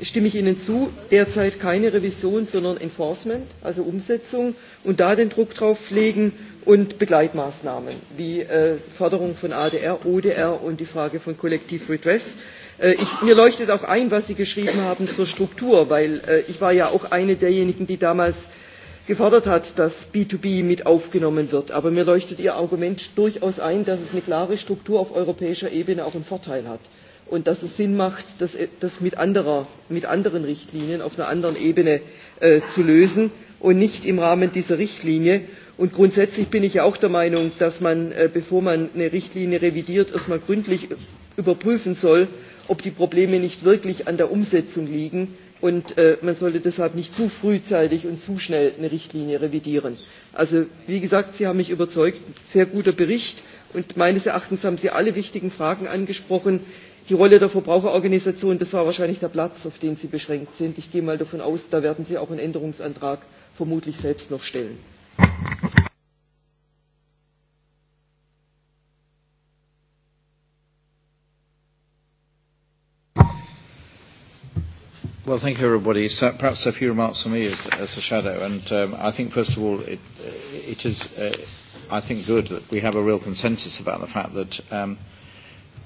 stimme ich Ihnen zu. Derzeit keine Revision, sondern Enforcement, also Umsetzung. Und da den Druck drauf legen und Begleitmaßnahmen wie äh, Förderung von ADR, ODR und die Frage von Collective Redress. Äh, ich, mir leuchtet auch ein, was Sie geschrieben haben zur Struktur, weil äh, ich war ja auch eine derjenigen, die damals gefordert hat, dass B2B mit aufgenommen wird. Aber mir leuchtet Ihr Argument durchaus ein, dass es eine klare Struktur auf europäischer Ebene auch einen Vorteil hat und dass es Sinn macht, das, äh, das mit, anderer, mit anderen Richtlinien auf einer anderen Ebene äh, zu lösen und nicht im Rahmen dieser Richtlinie. Und grundsätzlich bin ich auch der Meinung, dass man, äh, bevor man eine Richtlinie revidiert, erstmal gründlich äh, überprüfen soll, ob die Probleme nicht wirklich an der Umsetzung liegen. Und äh, man sollte deshalb nicht zu frühzeitig und zu schnell eine Richtlinie revidieren. Also wie gesagt, Sie haben mich überzeugt, sehr guter Bericht. Und meines Erachtens haben Sie alle wichtigen Fragen angesprochen. Die Rolle der Verbraucherorganisation, das war wahrscheinlich der Platz, auf den Sie beschränkt sind. Ich gehe mal davon aus, da werden Sie auch einen Änderungsantrag vermutlich selbst noch stellen. Well, thank you, everybody. So perhaps a few remarks from me as, as a shadow. And um, I think, first of all, it, uh, it is, uh, I think, good that we have a real consensus about the fact that, um,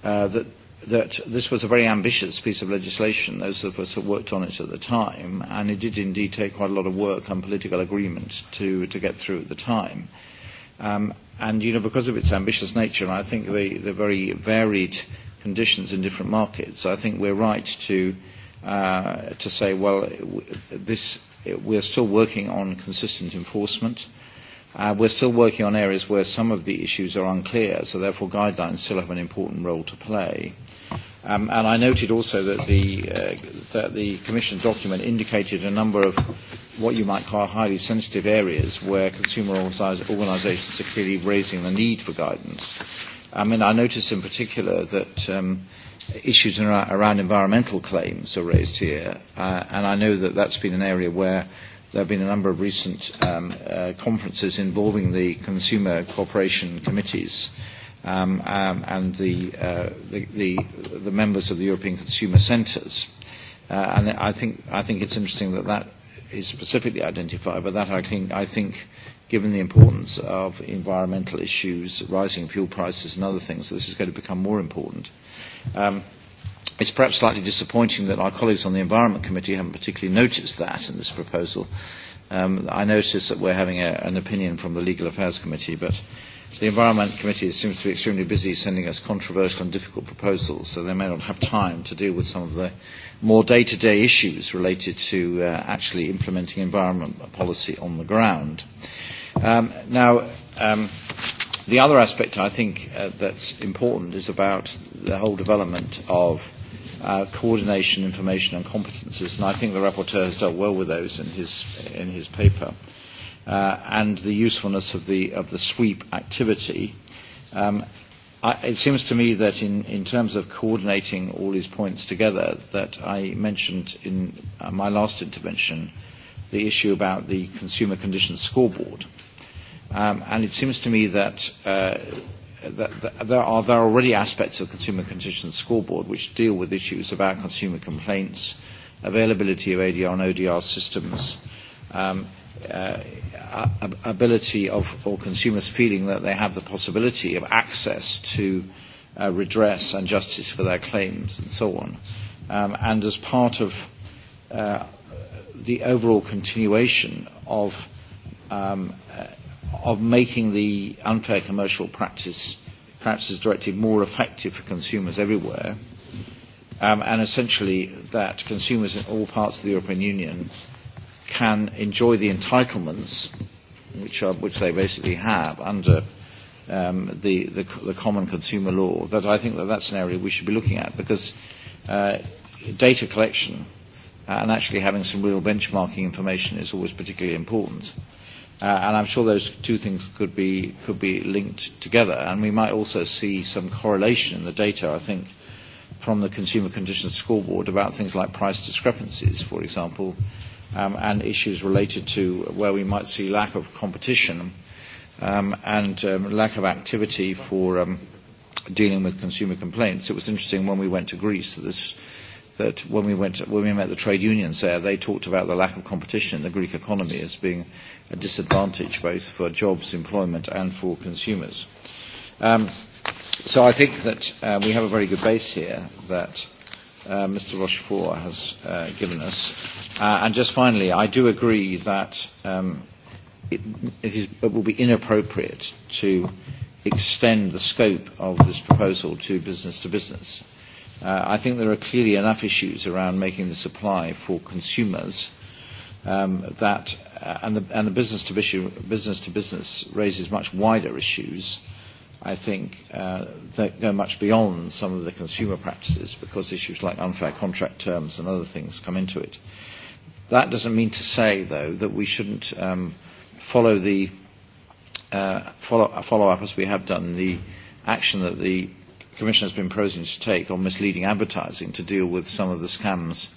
uh, that, that this was a very ambitious piece of legislation, those of us that worked on it at the time, and it did indeed take quite a lot of work and political agreement to, to get through at the time. Um, and, you know, because of its ambitious nature, and I think the, the very varied conditions in different markets, I think we're right to uh, to say, well, this, we're still working on consistent enforcement. Uh, we're still working on areas where some of the issues are unclear, so therefore guidelines still have an important role to play. Um, and I noted also that the, uh, that the Commission document indicated a number of what you might call highly sensitive areas where consumer organisations are clearly raising the need for guidance. I um, mean, I noticed in particular that um, uh, issues around environmental claims are raised here, uh, and I know that that's been an area where there have been a number of recent um, uh, conferences involving the consumer cooperation committees um, um, and the, uh, the, the, the members of the European Consumer Centres. Uh, and I think, I think it's interesting that that is specifically identified, but that I think, I think given the importance of environmental issues, rising fuel prices and other things, this is going to become more important. Um, it's perhaps slightly disappointing that our colleagues on the Environment Committee haven't particularly noticed that in this proposal. Um, I notice that we're having a, an opinion from the Legal Affairs Committee, but the Environment Committee seems to be extremely busy sending us controversial and difficult proposals, so they may not have time to deal with some of the more day-to-day -day issues related to uh, actually implementing environment policy on the ground. Um, now, um, The other aspect I think uh, that's important is about the whole development of uh, coordination, information, and competences, and I think the rapporteur has dealt well with those in his in his paper, uh, and the usefulness of the of the sweep activity. Um, I, it seems to me that in, in terms of coordinating all these points together, that I mentioned in uh, my last intervention, the issue about the consumer conditions scoreboard. Uh, Um, and it seems to me that, uh, that, that there, are, there are already aspects of Consumer Conditions Scoreboard which deal with issues about consumer complaints, availability of ADR and ODR systems, um, uh, ability of or consumers feeling that they have the possibility of access to uh, redress and justice for their claims and so on. Um, and as part of uh, the overall continuation of um, uh, of making the unfair commercial practice practices directive more effective for consumers everywhere, um, and essentially that consumers in all parts of the European Union can enjoy the entitlements which, are, which they basically have under um, the, the, the common consumer law, that I think that that's an area we should be looking at because uh, data collection and actually having some real benchmarking information is always particularly important. Uh, Uh, and I'm sure those two things could be, could be linked together. And we might also see some correlation in the data, I think, from the Consumer Conditions Scoreboard about things like price discrepancies, for example, um, and issues related to where we might see lack of competition um, and um, lack of activity for um, dealing with consumer complaints. It was interesting when we went to Greece that this that when we, went, when we met the trade unions there, they talked about the lack of competition in the Greek economy as being a disadvantage both for jobs, employment, and for consumers. Um, so I think that uh, we have a very good base here that uh, Mr. Rochefort has uh, given us. Uh, and just finally, I do agree that um, it, it, is, it will be inappropriate to extend the scope of this proposal to business to business. Uh, I think there are clearly enough issues around making the supply for consumers um, that, uh, and the, and the business, to issue, business to business raises much wider issues. I think uh, that go much beyond some of the consumer practices because issues like unfair contract terms and other things come into it. That doesn't mean to say, though, that we shouldn't um, follow the uh, follow, follow up as we have done the action that the Commission has been proposing to take on misleading advertising to deal with some of the scams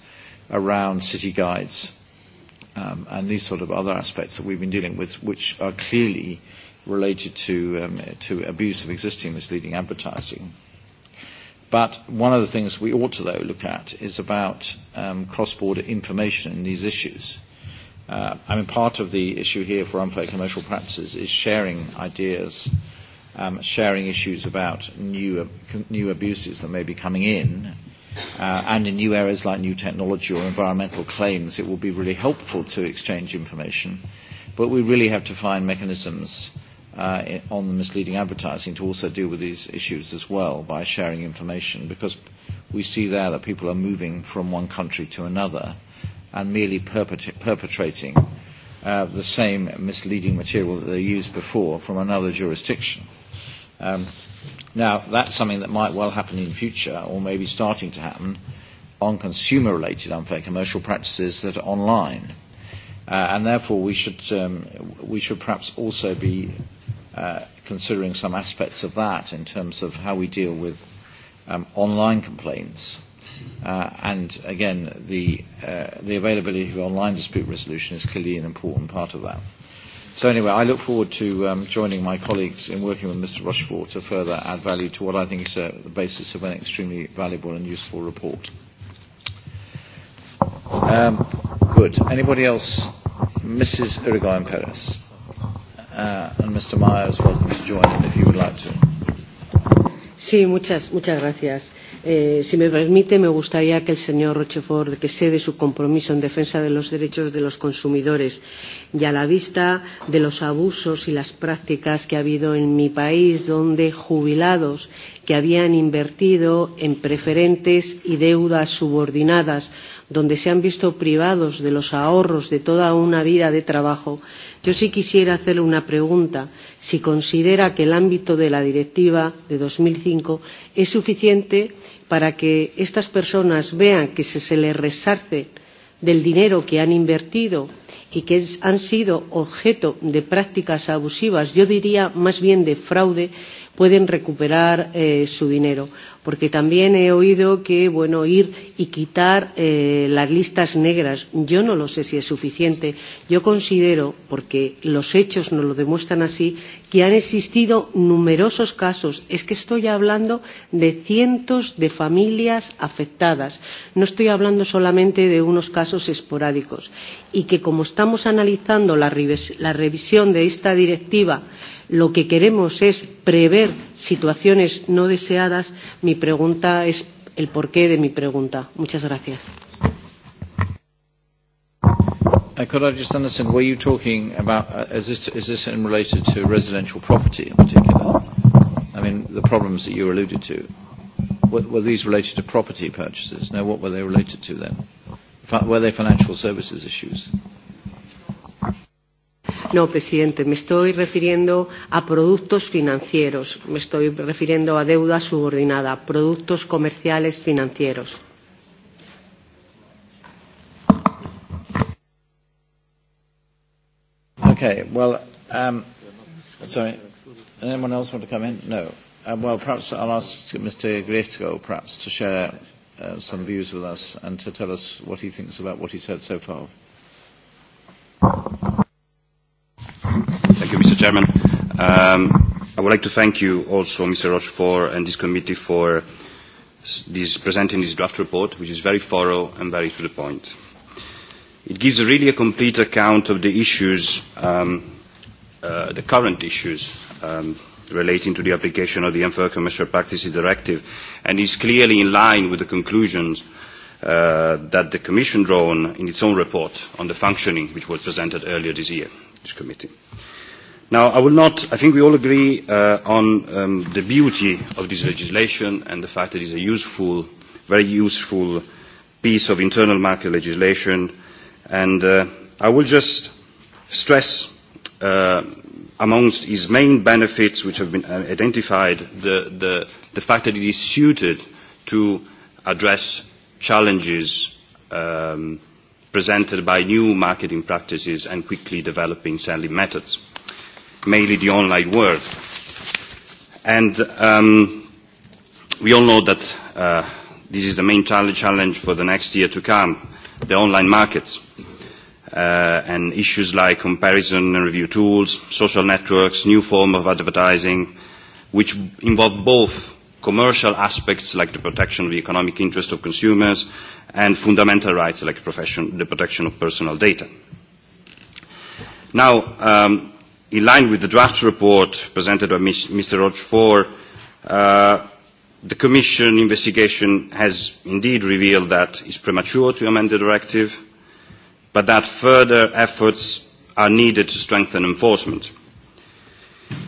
around city guides um, and these sort of other aspects that we've been dealing with, which are clearly related to, um, to abuse of existing misleading advertising. But one of the things we ought to, though, look at is about um, cross-border information in these issues. Uh, I mean, part of the issue here for unfair commercial practices is sharing ideas uh, um, sharing issues about new, new abuses that may be coming in, uh, and in new areas like new technology or environmental claims, it will be really helpful to exchange information. But we really have to find mechanisms uh, on the misleading advertising to also deal with these issues as well by sharing information, because we see there that people are moving from one country to another and merely perpet- perpetrating uh, the same misleading material that they used before from another jurisdiction. Um, now, that's something that might well happen in future, or maybe starting to happen, on consumer-related unfair commercial practices that are online. Uh, and therefore, we should, um, we should perhaps also be uh, considering some aspects of that in terms of how we deal with um, online complaints. Uh, and again, the, uh, the availability of online dispute resolution is clearly an important part of that. So anyway, I look forward to um, joining my colleagues in working with Mr. Rochefort to further add value to what I think is a, uh, the basis of an extremely valuable and useful report. Um, good. Anybody else? Mrs. Irigoyen Perez. Uh, and Mr. Meyer is welcome to join in if you would like to. Sí, muchas, muchas gracias. Eh, si me permite, me gustaría que el señor Rochefort, que sé de su compromiso en defensa de los derechos de los consumidores y a la vista de los abusos y las prácticas que ha habido en mi país, donde jubilados que habían invertido en preferentes y deudas subordinadas, donde se han visto privados de los ahorros de toda una vida de trabajo, yo sí quisiera hacerle una pregunta si considera que el ámbito de la directiva de 2005 es suficiente para que estas personas vean que se, se les resarce del dinero que han invertido y que es, han sido objeto de prácticas abusivas, yo diría más bien de fraude, pueden recuperar eh, su dinero. Porque también he oído que, bueno, ir y quitar eh, las listas negras, yo no lo sé si es suficiente. Yo considero, porque los hechos nos lo demuestran así, que han existido numerosos casos. Es que estoy hablando de cientos de familias afectadas. No estoy hablando solamente de unos casos esporádicos. Y que como estamos analizando la, revis la revisión de esta directiva, lo que queremos es prever situaciones no deseadas, mi pregunta es el porqué de mi pregunta. Muchas gracias. Uh, could I just understand, were you talking about, uh, is, this, is this in related to residential property in particular? I mean, the problems that you alluded to, were, were these related to property purchases? No, what were they related to then? F were they financial services issues? Uh, No, presidente, me estoy refiriendo a productos financieros, me estoy refiriendo a deuda subordinada, productos comerciales financieros. Okay, well, um, sorry, anyone else want to come in? No. Um, well, perhaps I'll ask Mr. Grefko perhaps to share uh, some views with us and to tell us what he thinks about what he's heard so far. Chairman. Um, I would like to thank you also, Mr. Roche, for, and this committee for this, presenting this draft report, which is very thorough and very to the point. It gives really a complete account of the issues, um, uh, the current issues um, relating to the application of the Unfair Commercial Practices Directive, and is clearly in line with the conclusions uh, that the Commission drawn in its own report on the functioning, which was presented earlier this year, this committee. Uh, Now, I will not, I think we all agree uh, on um, the beauty of this legislation and the fact that it is a useful, very useful piece of internal market legislation. And uh, I will just stress, uh, amongst its main benefits which have been uh, identified, the, the, the fact that it is suited to address challenges um, presented by new marketing practices and quickly developing selling methods mainly the online world. And um, we all know that uh, this is the main challenge for the next year to come, the online markets. Uh, and issues like comparison and review tools, social networks, new form of advertising, which involve both commercial aspects like the protection of the economic interest of consumers and fundamental rights like profession, the protection of personal data. Now, um, in line with the draft report presented by Mr. Rochefort, uh, the Commission investigation has indeed revealed that it's premature to amend the directive, but that further efforts are needed to strengthen enforcement.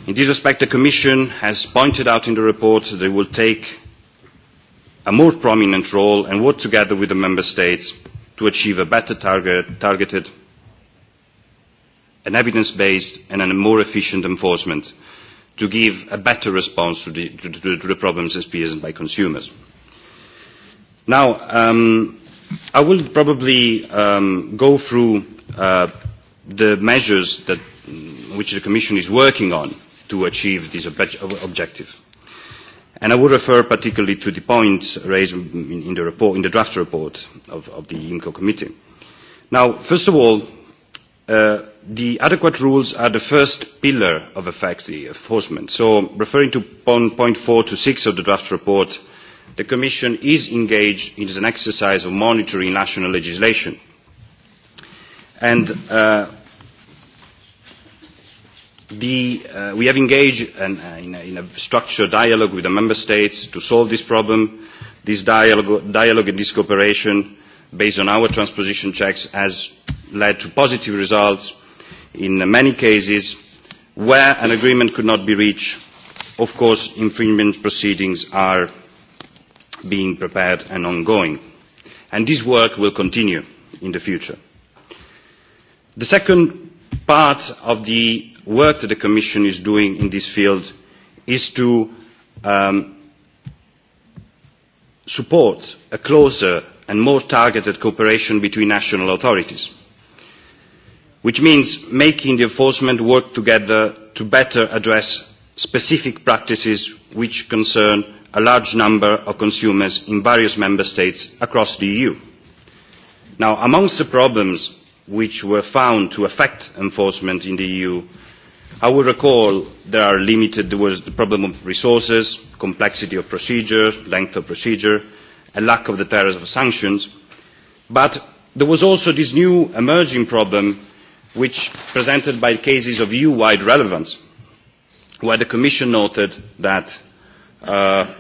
In this respect, the Commission has pointed out in the report that it will take a more prominent role and work together with the Member States to achieve a better target, targeted an evidence-based and a more efficient enforcement to give a better response to the, to, to, to the problems experienced by consumers. Now, um, I will probably um, go through uh, the measures that, mm, which the Commission is working on to achieve this ob objective. And I would refer particularly to the points raised in, in, the, report, in the draft report of, of the IMCO committee. Now, first of all, Uh, the adequate rules are the first pillar of effective enforcement. So, referring to point four to six of the draft report, the Commission is engaged in an exercise of monitoring national legislation. And uh, the, uh, we have engaged in, uh, in, a, in a structured dialogue with the Member States to solve this problem. This dialogue, dialogue and this cooperation, based on our transposition checks, has led to positive results in many cases where an agreement could not be reached. Of course, infringement proceedings are being prepared and ongoing. And this work will continue in the future. The second part of the work that the Commission is doing in this field is to um, support a closer and more targeted cooperation between national authorities which means making the enforcement work together to better address specific practices which concern a large number of consumers in various member states across the EU. Now, amongst the problems which were found to affect enforcement in the EU, I will recall there are limited, there was the problem of resources, complexity of procedure, length of procedure, a lack of the terrors of sanctions, but there was also this new emerging problem which presented by cases of EU-wide relevance, where the Commission noted that uh,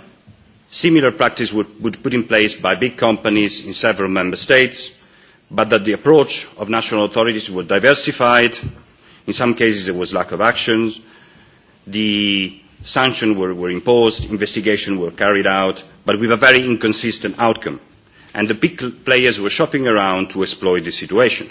similar practice would, would put in place by big companies in several member states, but that the approach of national authorities was diversified. In some cases, there was lack of actions. The sanctions were, were imposed, investigations were carried out, but with a very inconsistent outcome. And the big players were shopping around to exploit the situation.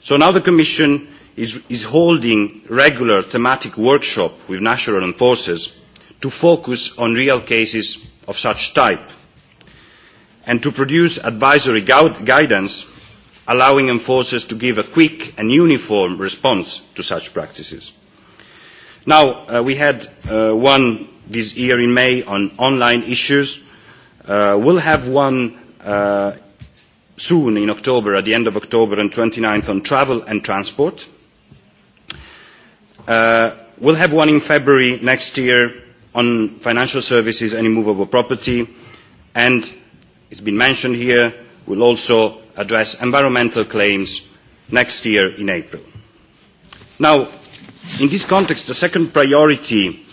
So now the Commission is, is holding regular thematic workshop with national forces to focus on real cases of such type and to produce advisory gu guidance allowing enforcers to give a quick and uniform response to such practices. Now, uh, we had uh, one this year in May on online issues. Uh, we'll have one uh, soon in October, at the end of October and 29th on travel and transport. Uh, we'll have one in February next year on financial services and immovable property. And it's been mentioned here, we'll also address environmental claims next year in April. Now, in this context, the second priority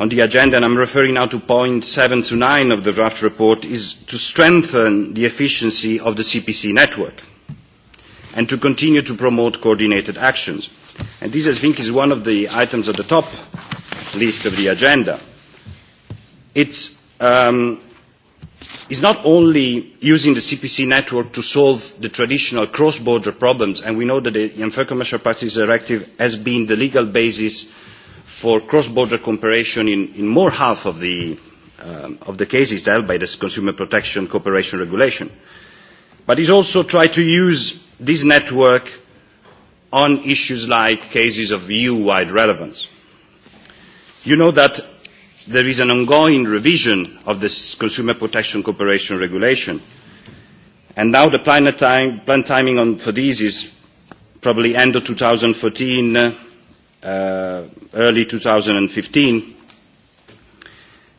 on the agenda, and I'm referring now to point 7 to 9 of the draft report, is to strengthen the efficiency of the CPC network and to continue to promote coordinated actions. And this, I think, is one of the items at the top list of the agenda. It's, um, it's not only using the CPC network to solve the traditional cross-border problems, and we know that the Unfair Commercial Practice Directive has been the legal basis uh, for cross-border comparison in, in more half of the, um, of the cases dealt by the Consumer Protection Cooperation Regulation. But it also tried to use this network on issues like cases of EU-wide relevance. You know that there is an ongoing revision of this Consumer Protection Cooperation Regulation, and now the plan, time, plan timing on, for this is probably end of 2014, uh, uh, early 2015.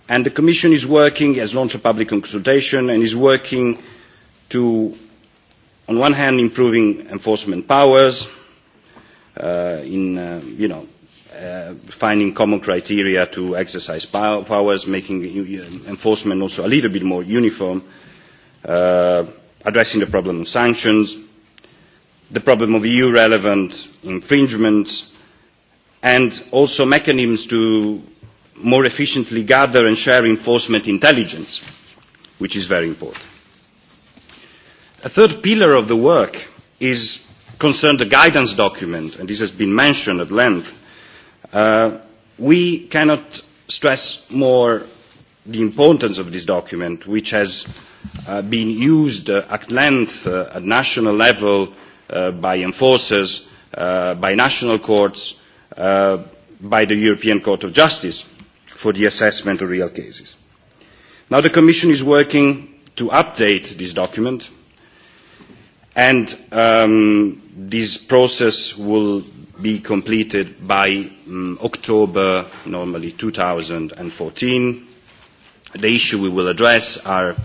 And the Commission is working, has launched a public consultation, and is working to, on one hand, improving enforcement powers, uh, in, uh, you know, uh, finding common criteria to exercise pow powers, making uh, enforcement also a little bit more uniform, uh, addressing the problem of sanctions, the problem of EU-relevant infringements, and also mechanisms to more efficiently gather and share enforcement intelligence, which is very important. A third pillar of the work is concerned the guidance document, and this has been mentioned at length. Uh, we cannot stress more the importance of this document, which has uh, been used uh, at length uh, at national level uh, by enforcers, uh, by national courts, uh, by the European Court of Justice for the assessment of real cases. Now the Commission is working to update this document and um, this process will be completed by um, October, normally 2014. The issue we will address are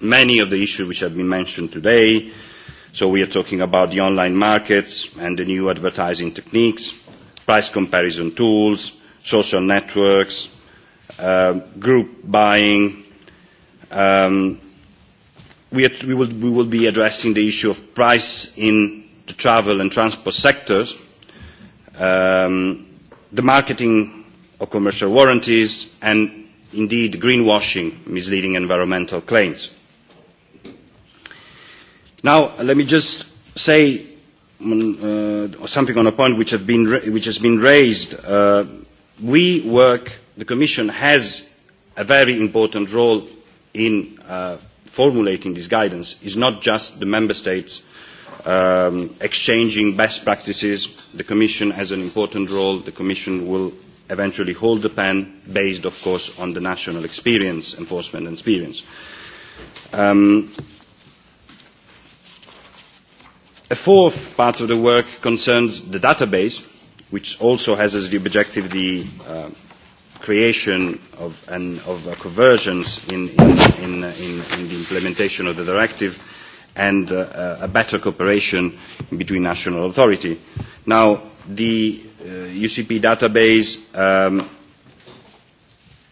many of the issues which have been mentioned today. So we are talking about the online markets and the new advertising techniques, price comparison tools, social networks, uh, group buying. Um, we, at, we, will, we will be addressing the issue of price in the travel and transport sectors, um, the marketing of commercial warranties, and indeed greenwashing, misleading environmental claims. Now, let me just say on, uh, eh, something on a point which, have been ra- which has been raised. Uh, we work, the Commission has a very important role in uh, formulating this guidance. It's not just the Member States um, exchanging best practices. The Commission has an important role. The Commission will eventually hold the pen based, of course, on the national experience, enforcement experience. Um, A fourth part of the work concerns the database, which also has as the objective the uh, creation of, and of uh, conversions in, in, in, uh, in, in the implementation of the directive and uh, uh, a better cooperation between national authority. Now, the uh, UCP database, um,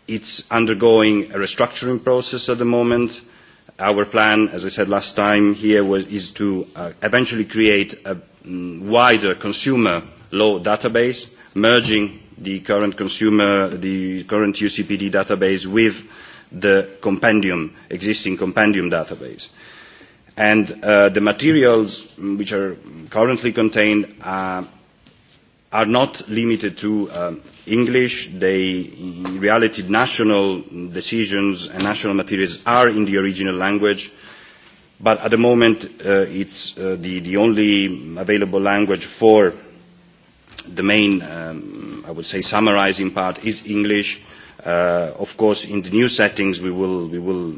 it's undergoing a restructuring process at the moment. Uh, Our plan, as I said last time here, was, is to uh, eventually create a um, wider consumer law database, merging the current consumer, the current UCPD database with the compendium, existing compendium database. And uh, the materials mm, which are currently contained are uh, are not limited to um, English. They, in reality, national decisions and national materials are in the original language, but at the moment uh, it's uh, the, the only available language for the main, um, I would say, summarizing part is English. Uh, of course, in the new settings, we will, we will,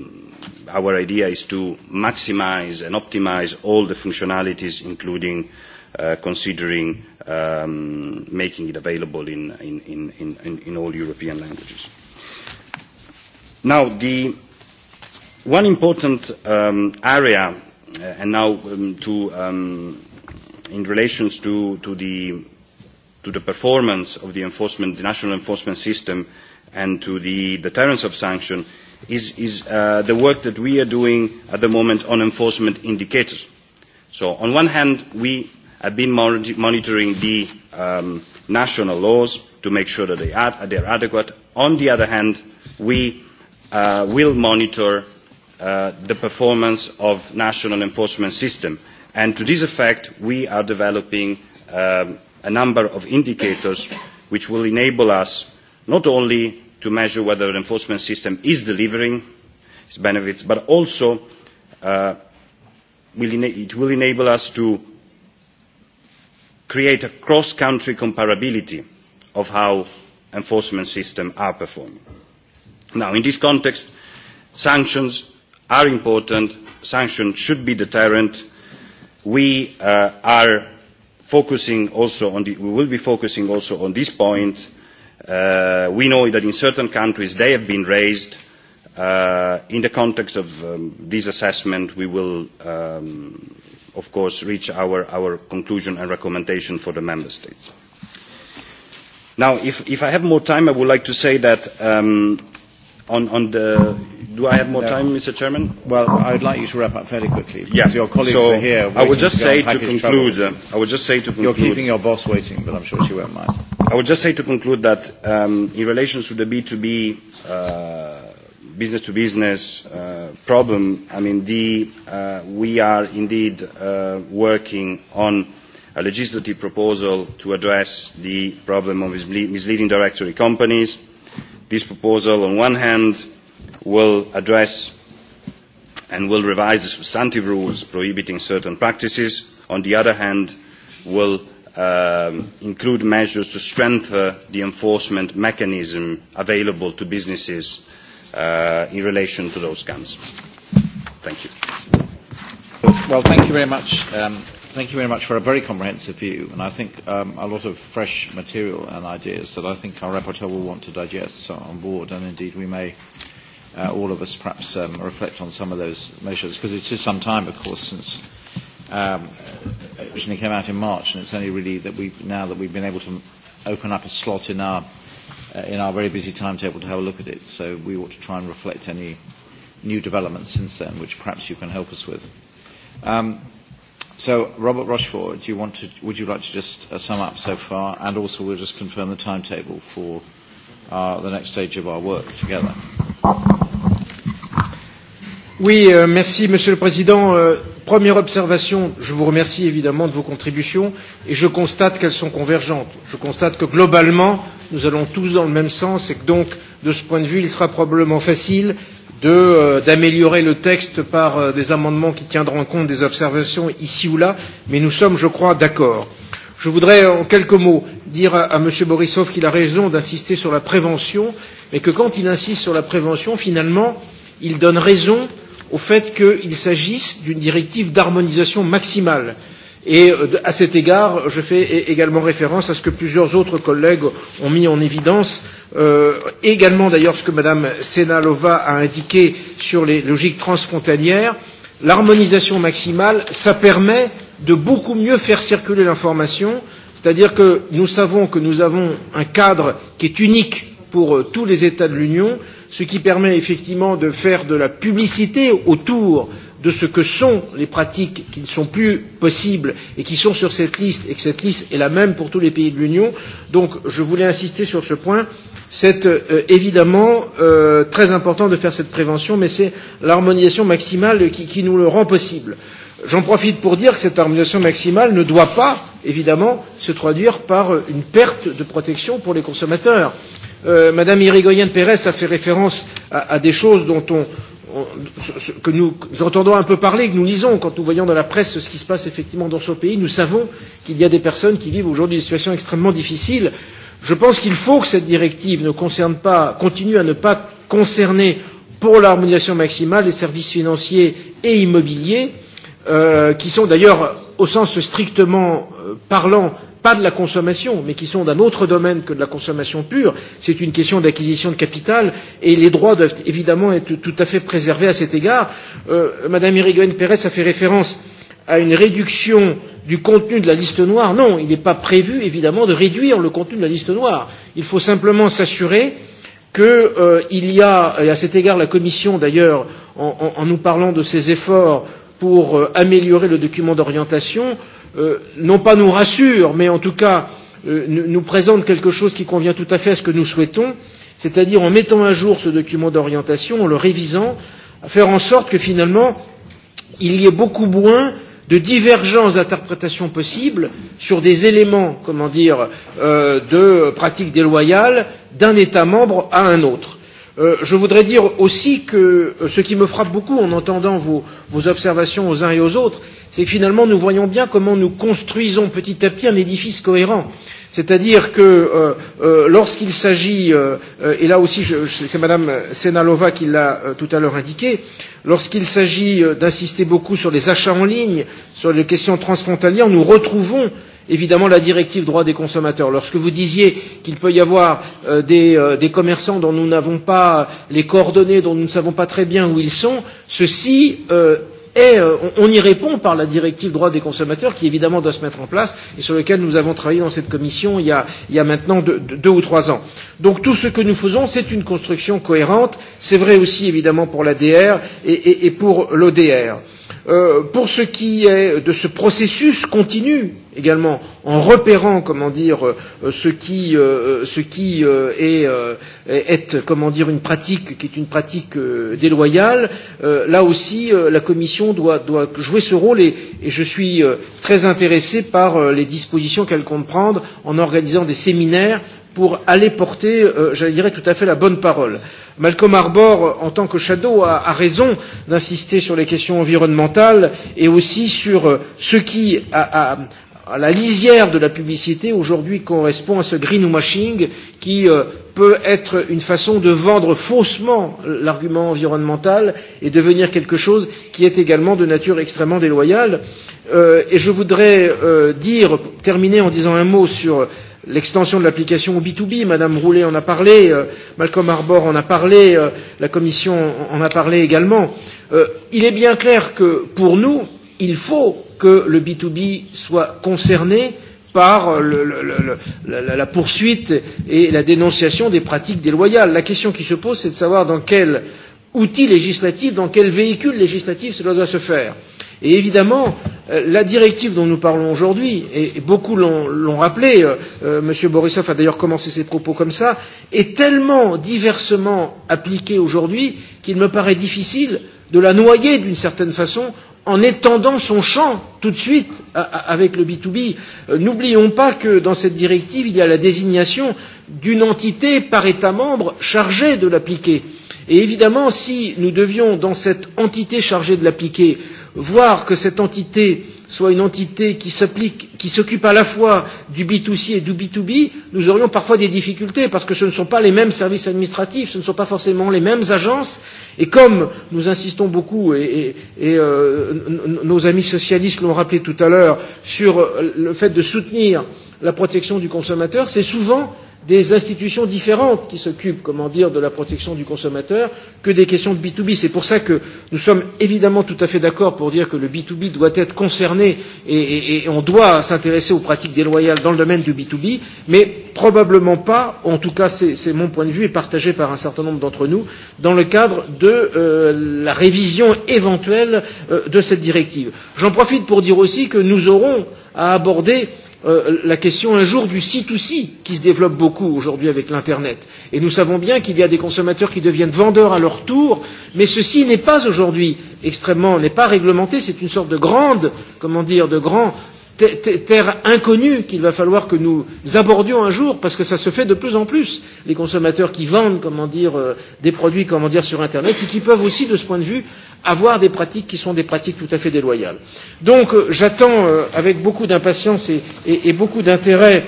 our idea is to maximize and optimize all the functionalities, including uh, uh, considering um, making it available in, in, in, in, in all European languages. Now, the one important um, area, uh, and now um, to, um, in relation to, to, the, to the performance of the, enforcement, the national enforcement system and to the deterrence of sanction, is, is uh, the work that we are doing at the moment on enforcement indicators. So on one hand, we have been monitoring the um, national laws to make sure that they are they're adequate. On the other hand, we uh, will monitor uh, the performance of national enforcement system. And to this effect, we are developing um, a number of indicators which will enable us not only to measure whether the enforcement system is delivering its benefits, but also uh, will it will enable us to create a cross-country comparability of how enforcement systems are performing. Now, in this context, sanctions are important. Sanctions should be deterrent. We uh, are focusing also on the, we will be focusing also on this point. Uh, we know that in certain countries they have been raised. Uh, in the context of um, this assessment, we will um, of course, reach our, our conclusion and recommendation for the member states. Now, if, if I have more time, I would like to say that um, on, on the... Do I have more no. time, Mr. Chairman? Well, I'd like you to wrap up fairly quickly, because yeah. your colleagues so are here. I would just to say to conclude... Uh, I would just say to conclude... You're keeping your boss waiting, but I'm sure she won't mind. I would just say to conclude that um, in relation to the B2B uh, business-to-business -business, uh, problem, I mean, the, uh, we are indeed uh, working on a legislative proposal to address the problem of misle misleading directory companies. This proposal, on one hand, will address and will revise the substantive rules prohibiting certain practices. On the other hand, will um, include measures to strengthen the enforcement mechanism available to businesses uh, in relation to those camps. Thank you. Well, thank you very much. Um, thank you very much for a very comprehensive view, and I think um, a lot of fresh material and ideas that I think our rapporteur will want to digest on board, and indeed we may, uh, all of us, perhaps um, reflect on some of those measures, because it is some time, of course, since um, originally came out in March, and it's only really that we've, now that we've been able to open up a slot in our uh, in our very busy timetable to have a look at it. So we ought to try and reflect any new developments since then, which perhaps you can help us with. Um, so, Robert Rochford, do you want to, would you like to just uh, sum up so far? And also, we'll just confirm the timetable for uh, the next stage of our work together. Oui, euh, merci Monsieur le Président. Euh, première observation, je vous remercie évidemment de vos contributions et je constate qu'elles sont convergentes. Je constate que globalement, nous allons tous dans le même sens et que donc, de ce point de vue, il sera probablement facile euh, d'améliorer euh, le texte par euh, des amendements qui tiendront compte des observations ici ou là, mais nous sommes, je crois, d'accord. Je voudrais, en quelques mots, dire à, à M. Borisov qu'il a raison d'insister sur la prévention, mais que quand il insiste sur la prévention, finalement, il donne raison euh, au fait qu'il s'agisse d'une directive d'harmonisation maximale. Et euh, à cet égard, je fais également référence à ce que plusieurs autres collègues ont mis en évidence, euh, également d'ailleurs ce que Mme Senalova a indiqué sur les logiques transfrontalières. L'harmonisation maximale, ça permet de beaucoup mieux faire circuler l'information, c'est-à-dire que nous savons que nous avons un cadre qui est unique pour euh, tous les États de l'Union, ce qui permet effectivement de faire de la publicité autour de ce que sont les pratiques qui ne sont plus possibles et qui sont sur cette liste, et que cette liste est la même pour tous les pays de l'Union. Donc je voulais insister sur ce point. C'est euh, évidemment euh, très important de faire cette prévention, mais c'est l'harmonisation maximale qui, qui nous le rend possible. J'en profite pour dire que cette harmonisation maximale ne doit pas, évidemment, se traduire par euh, une perte de protection pour les consommateurs euh, Madame Irigoyen Pérez a fait référence à, à des choses dont on, on que nous entendons un peu parler, que nous lisons quand nous voyons dans la presse ce qui se passe effectivement dans ce pays, nous savons qu'il y a des personnes qui vivent aujourd'hui des situations extrêmement difficiles. Je pense qu'il faut que cette directive ne concerne pas, continue à ne pas concerner pour l'harmonisation maximale les services financiers et immobiliers, euh, qui sont d'ailleurs au sens strictement euh, parlant, pas de la consommation, mais qui sont d'un autre domaine que de la consommation pure. C'est une question d'acquisition de capital et les droits doivent évidemment être tout à fait préservés à cet égard. Euh, Madame Irigoyen Pérez a fait référence à une réduction du contenu de la liste noire. Non, il n'est pas prévu évidemment de réduire le contenu de la liste noire. Il faut simplement s'assurer qu'il euh, y a, et à cet égard la Commission d'ailleurs, en, en, en nous parlant de ses efforts pour euh, améliorer le document d'orientation, euh, non pas nous rassure, mais en tout cas euh, nous présente quelque chose qui convient tout à fait à ce que nous souhaitons, c'est-à-dire en mettant à jour ce document d'orientation, en le révisant, à faire en sorte que finalement il y ait beaucoup moins de divergences d'interprétation possibles sur des éléments, comment dire, euh, de pratiques déloyales d'un État membre à un autre. Euh, je voudrais dire aussi que euh, ce qui me frappe beaucoup en entendant vos, vos observations aux uns et aux autres, c'est que finalement nous voyons bien comment nous construisons petit à petit un édifice cohérent. C'est-à-dire que euh, euh, lorsqu'il s'agit, euh, euh, et là aussi je, je, c'est Madame Senalova qui l'a euh, tout à l'heure indiqué, lorsqu'il s'agit euh, d'insister beaucoup sur les achats en ligne, sur les questions transfrontalières, nous retrouvons euh, évidemment la directive droit des consommateurs. Lorsque vous disiez qu'il peut y avoir euh, des, euh, des commerçants dont nous n'avons pas les coordonnées, dont nous ne savons pas très bien où ils sont, ceci euh, est, euh, on, on y répond par la directive droit des consommateurs qui évidemment doit se mettre en place et sur lequel nous avons travaillé dans cette commission il y a, il y a maintenant deux, deux ou trois ans. Donc tout ce que nous faisons, c'est une construction cohérente. C'est vrai aussi évidemment pour l'ADR et, et, et pour l'ODR. Euh, Euh, pour ce qui est de ce processus continu également, en repérant comment dire euh, ce qui, euh, ce qui euh, est, euh, est comment dire une pratique qui est une pratique euh, déloyale, euh, là aussi euh, la Commission doit, doit jouer ce rôle et, et je suis euh, très intéressé par euh, les dispositions qu'elle compte prendre en organisant des séminaires pour aller porter, euh, je dirais, tout à fait la bonne parole. Malcolm Arbor, en tant que shadow, a, a raison d'insister sur les questions environnementales et aussi sur euh, ce qui, à, à, à la lisière de la publicité, aujourd'hui correspond à ce greenwashing qui euh, peut être une façon de vendre faussement l'argument environnemental et devenir quelque chose qui est également de nature extrêmement déloyale. Euh, et je voudrais euh, dire, terminer en disant un mot sur l'extension de l'application au B2B, Madame Roulet en a parlé, euh, Malcolm Harbour en a parlé, euh, la Commission en a parlé également. Euh, il est bien clair que pour nous, il faut que le B2B soit concerné par euh, le, le, le, la, la poursuite et la dénonciation des pratiques déloyales. La question qui se pose, c'est de savoir dans quel outil législatif, dans quel véhicule législatif cela doit se faire. Euh, Et évidemment, euh, la directive dont nous parlons aujourd'hui, et beaucoup l'ont rappelé, euh, euh M. Borisov a d'ailleurs commencé ses propos comme ça, est tellement diversement appliquée aujourd'hui qu'il me paraît difficile de la noyer d'une certaine façon en étendant son champ tout de suite à, à, avec le B2B. Euh, N'oublions pas que dans cette directive, il y a la désignation d'une entité par État membre chargée de l'appliquer. Et évidemment, si nous devions, dans cette entité chargée de l'appliquer, euh, voir que cette entité soit une entité qui s'applique, qui s'occupe à la fois du B2C et du B2B, nous aurions parfois des difficultés parce que ce ne sont pas les mêmes services administratifs, ce ne sont pas forcément les mêmes agences. Et comme nous insistons beaucoup, et, et, et euh, nos amis socialistes l'ont rappelé tout à l'heure, sur le fait de soutenir la protection du consommateur, c'est souvent des institutions différentes qui s'occupent, comment dire, de la protection du consommateur que des questions de B2B. C'est pour ça que nous sommes évidemment tout à fait d'accord pour dire que le B2B doit être concerné et, et, et on doit s'intéresser aux pratiques déloyales dans le domaine du B2B, mais probablement pas, en tout cas c'est mon point de vue et partagé par un certain nombre d'entre nous, dans le cadre de euh, la révision éventuelle euh, de cette directive. J'en profite pour dire aussi que nous aurons à aborder euh, euh, la question un jour du C2C qui se développe beaucoup aujourd'hui avec l'Internet. Et nous savons bien qu'il y a des consommateurs qui deviennent vendeurs à leur tour, mais ceci n'est pas aujourd'hui extrêmement, n'est pas réglementé, c'est une sorte de grande, comment dire, de grand terre inconnue qu'il va falloir que nous abordions un jour parce que ça se fait de plus en plus les consommateurs qui vendent comment dire euh, des produits comment dire sur internet et qui peuvent aussi de ce point de vue avoir des pratiques qui sont des pratiques tout à fait déloyales. Donc euh, j'attends euh, avec beaucoup d'impatience et, et, et beaucoup d'intérêt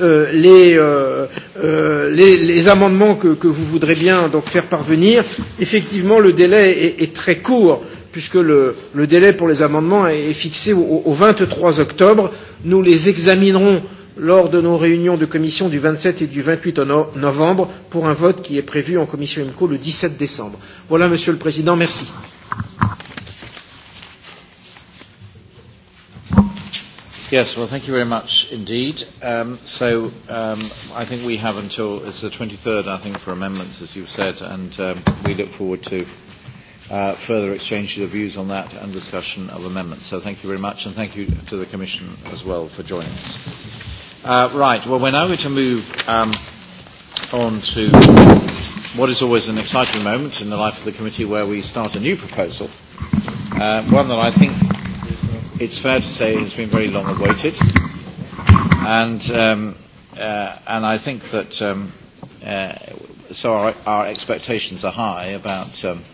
euh, les, euh, euh, les, les amendements que, que vous voudrez bien donc faire parvenir. Effectivement, le délai est, est très court euh, puisque le, le délai pour les amendements est, est fixé au, au 23 octobre. Nous les examinerons lors de nos réunions de commission du 27 et du 28 novembre pour un vote qui est prévu en commission IMCO le 17 décembre. Voilà, Monsieur le Président, merci. Yes, well, thank you very much indeed. Um, so um, I think we have until it's the 23rd, I think, for amendments, as you've said, and um, we look forward to uh, further exchanges of views on that and discussion of amendments. So thank you very much, and thank you to the Commission as well for joining us. Uh, right, well, we're now going to move um, on to what is always an exciting moment in the life of the committee where we start a new proposal, uh, one that I think it's fair to say has been very long awaited. And, um, uh, and I think that um, uh, so our, our expectations are high about um, uh,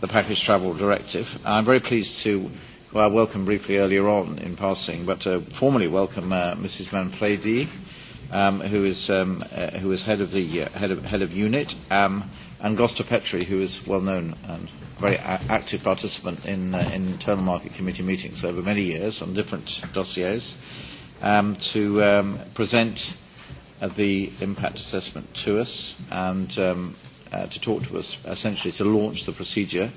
the package travel directive. I'm very pleased to well, welcome briefly earlier on in passing, but uh, formally welcome uh, Mrs. Manfredi, um, who is um, uh, who is head of the uh, head of head of unit, um, and Gosta Petri, who is well known and very a- active participant in uh, in internal market committee meetings over many years on different dossiers, um, to um, present. Uh, the impact assessment to us, and um, uh, to talk to us, essentially to launch the procedure.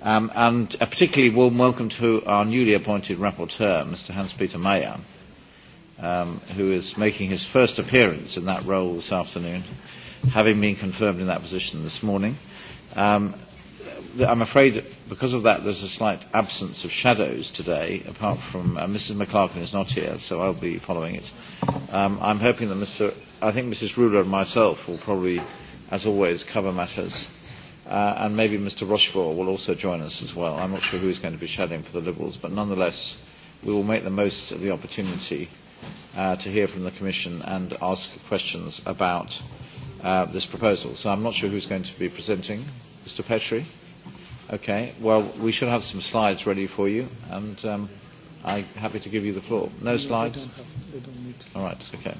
Um, and a uh, particularly warm welcome to our newly appointed rapporteur, Mr. Hans-Peter Mayer, um, who is making his first appearance in that role this afternoon, having been confirmed in that position this morning. Um, I'm afraid because of that there's a slight absence of shadows today, apart from uh, Mrs. McClarkin is not here, so I'll be following it. Um, I'm hoping that Mr. I think Mrs. Ruler and myself will probably as always, cover matters. Uh, and maybe Mr. Rochefort will also join us as well. I'm not sure who's going to be shadowing for the Liberals, but nonetheless, we will make the most of the opportunity uh, to hear from the Commission and ask questions about uh, this proposal. So I'm not sure who's going to be presenting. Mr. Petrie? Okay. Well, we should have some slides ready for you, and um, I'm happy to give you the floor. No slides? All right. Okay.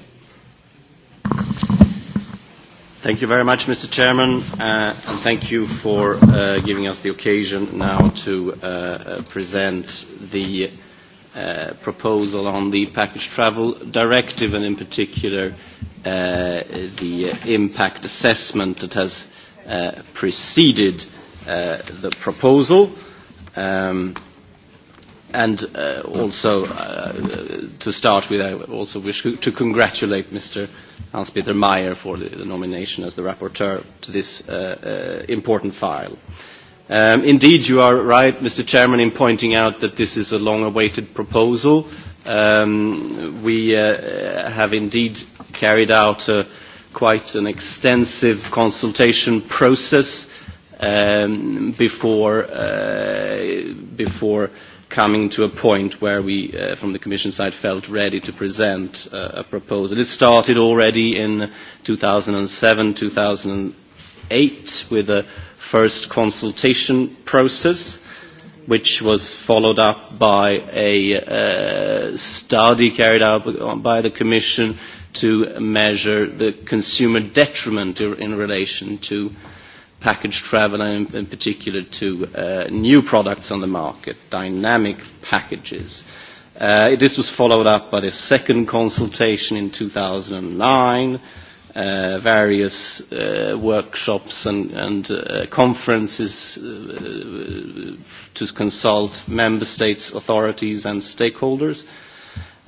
Thank you very much, Mr. Chairman, uh, and thank you for uh, giving us the occasion now to uh, uh, present the uh, proposal on the package travel directive and in particular uh, the impact assessment that has uh, preceded uh, the proposal. Um, And uh, also, uh, to start with, I also wish to congratulate Mr. Hans-Peter Meyer for the, the nomination as the rapporteur to this uh, uh, important file. Um, indeed, you are right, Mr. Chairman, in pointing out that this is a long-awaited proposal. Um, we uh, have indeed carried out uh, quite an extensive consultation process um, before, uh, before uh, coming to a point where we, uh, from the Commission side, felt ready to present uh, a proposal. It started already in 2007, 2008 with a first consultation process, which was followed up by a uh, study carried out by the Commission to measure the consumer detriment in relation to uh, package travel and in particular to uh, new products on the market, dynamic packages. Uh, this was followed up by the second consultation in 2009, uh, various uh, workshops and, and uh, conferences uh, to consult member states, authorities and stakeholders. Uh,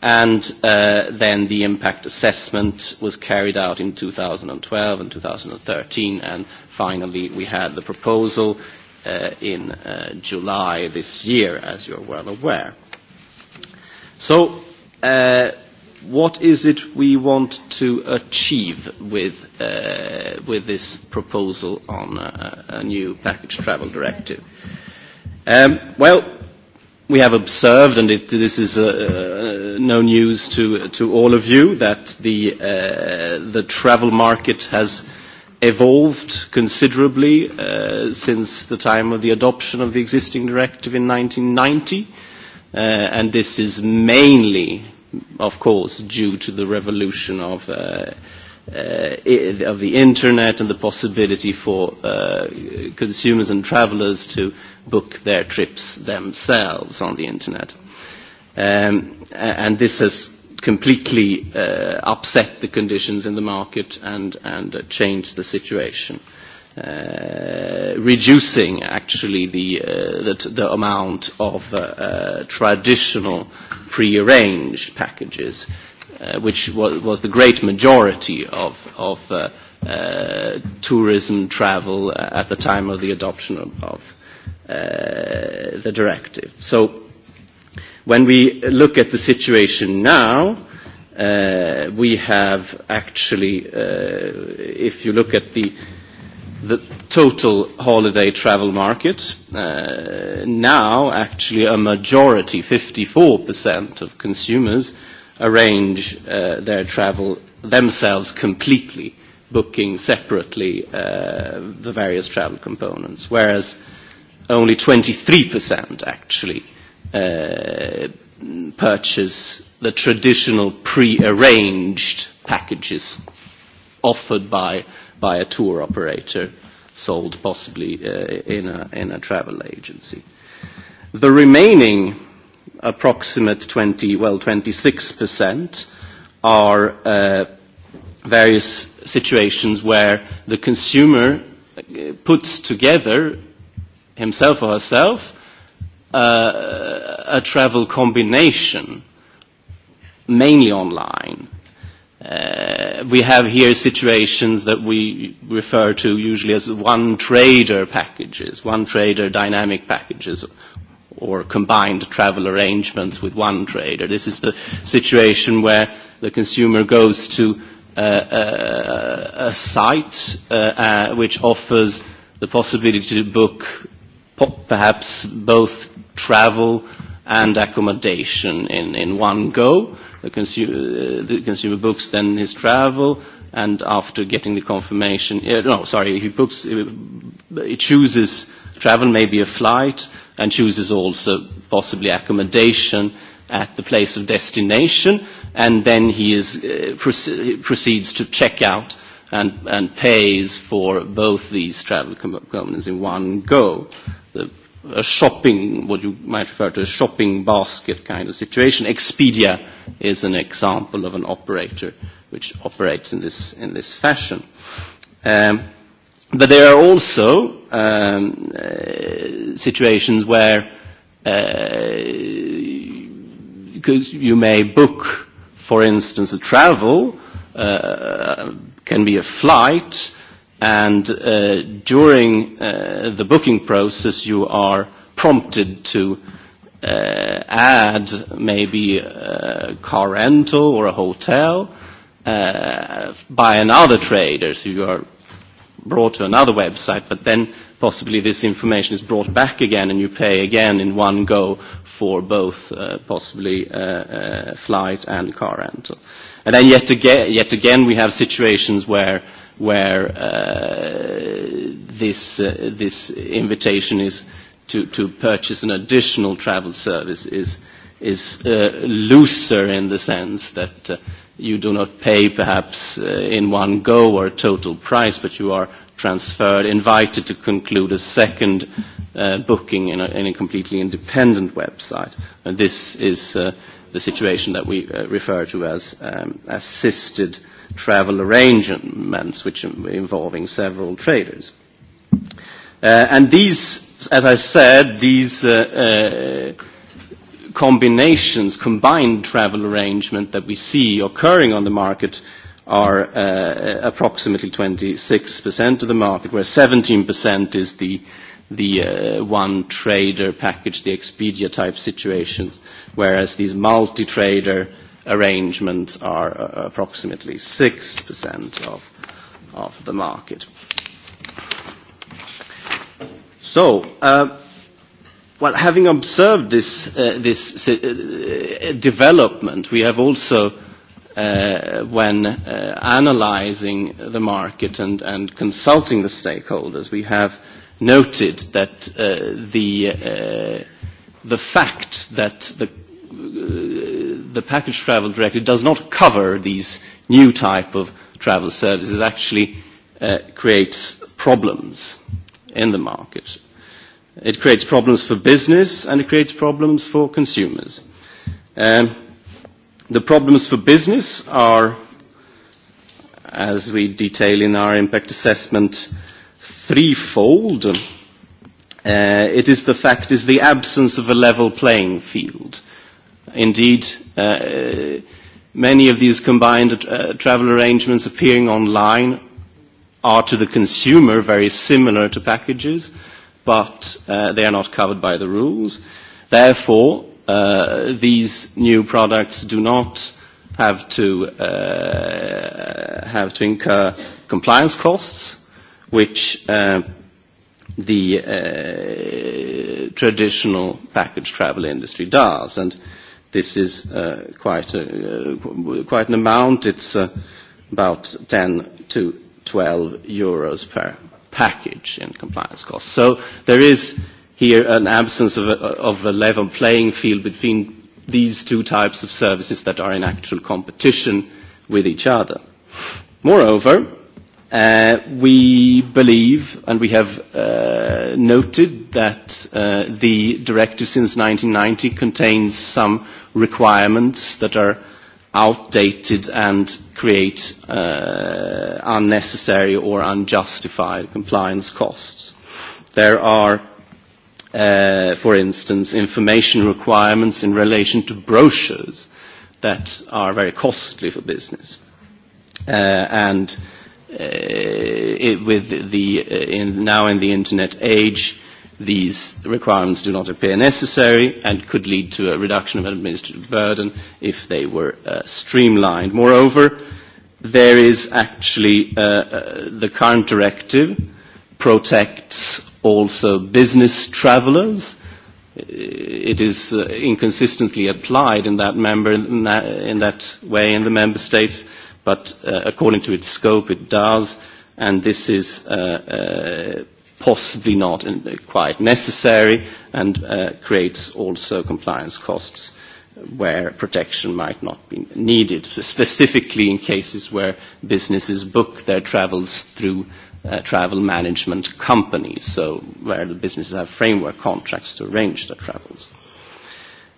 and uh, then the impact assessment was carried out in 2012 and 2013, and finally we had the proposal uh, in uh, July this year, as you're well aware. So, uh, what is it we want to achieve with, uh, with this proposal on a, a new package travel directive? Um, well, we have observed, and it, this is uh, uh, no news to, to all of you, that the, uh, the travel market has evolved considerably uh, since the time of the adoption of the existing directive in 1990. Uh, and this is mainly, of course, due to the revolution of, uh, uh, of the internet and the possibility for uh, consumers and travelers to uh, book their trips themselves on the internet. Um, and this has completely uh, upset the conditions in the market and, and uh, changed the situation. Uh, reducing actually the, uh, the, the amount of uh, uh, traditional pre-arranged packages, uh, which was, was the great majority of, of uh, uh, tourism travel uh, at the time of the adoption of, of uh, the directive. So when we look at the situation now, uh, we have actually, uh, if you look at the, the total holiday travel market, uh, now actually a majority, 54% of consumers, arrange uh, their travel themselves completely, booking separately uh, the various travel components, whereas uh, only 23% actually uh, purchase the traditional pre-arranged packages offered by, by a tour operator, sold possibly uh, in, a, in a travel agency. The remaining approximate 20, well, 26% are uh, various situations where the consumer uh, puts together himself or herself uh, a travel combination, mainly online. Uh, we have here situations that we refer to usually as one trader packages, one trader dynamic packages, or combined travel arrangements with one trader. This is the situation where the consumer goes to uh, uh, a site uh, uh, which offers the possibility to book perhaps both travel and accommodation in, in one go. The, consu- uh, the consumer books then his travel, and after getting the confirmation, uh, no, sorry, he books, uh, he chooses travel, maybe a flight, and chooses also possibly accommodation at the place of destination, and then he is, uh, proce- proceeds to check out and, and pays for both these travel components in one go. Uh, the, a shopping, what you might refer to as shopping basket kind of situation. Expedia is an example of an operator which operates in this, in this fashion. Um, but there are also um, uh, situations where uh, you may book, for instance, a travel, uh, can be a flight, and uh, during uh, the booking process you are prompted to uh, add maybe a car rental or a hotel uh, by another trader, so you are brought to another website, but then possibly this information is brought back again and you pay again in one go for both uh, possibly uh, uh, flight and car rental. And then yet again, yet again we have situations where uh, where uh, this, uh, this invitation is to, to purchase an additional travel service is, is uh, looser in the sense that uh, you do not pay perhaps uh, in one go or total price, but you are transferred, invited to conclude a second uh, booking in a, in a completely independent website. And this is uh, the situation that we uh, refer to as um, assisted uh, travel arrangements which are involving several traders. Uh, and these, as I said, these uh, uh, combinations, combined travel arrangement that we see occurring on the market are uh, approximately 26% of the market, where 17% is the, the uh, one trader package, the Expedia type situations, whereas these multi-trader arrangements are uh, approximately 6% of, of the market. So, uh, well, having observed this, uh, this uh, uh, development, we have also, uh, when uh, analyzing the market and, and consulting the stakeholders, we have noted that uh, the, uh, the fact that the the package travel directive does not cover these new type of travel services. It actually uh, creates problems in the market. It creates problems for business and it creates problems for consumers. Um, the problems for business are, as we detail in our impact assessment, threefold. Uh, it is the fact is the absence of a level playing field. Indeed, uh, many of these combined uh, travel arrangements appearing online are to the consumer very similar to packages, but uh, they are not covered by the rules. Therefore, uh, these new products do not have to, uh, have to incur compliance costs, which uh, the uh, traditional package travel industry does. And uh, this is uh, quite, a, uh, quite an amount. It's uh, about 10 to 12 euros per package in compliance costs. So there is here an absence of a, of a level playing field between these two types of services that are in actual competition with each other. Moreover, uh, we believe and we have uh, noted that uh, the directive since 1990 contains some requirements that are outdated and create uh, unnecessary or unjustified compliance costs. There are, uh, for instance, information requirements in relation to brochures that are very costly for business. Uh, and uh, it, with the, uh, in, now in the internet age, uh, these requirements do not appear necessary and could lead to a reduction of administrative burden if they were uh, streamlined. Moreover, there is actually uh, uh, the current directive protects also business travelers. It is uh, inconsistently applied in that, member, in, that, in that way in the member states, but uh, according to its scope it does, and this is uh, uh, possibly not in, uh, quite necessary and uh, creates also compliance costs where protection might not be needed, specifically in cases where businesses book their travels through uh, travel management companies, so where the businesses have framework contracts to arrange their travels.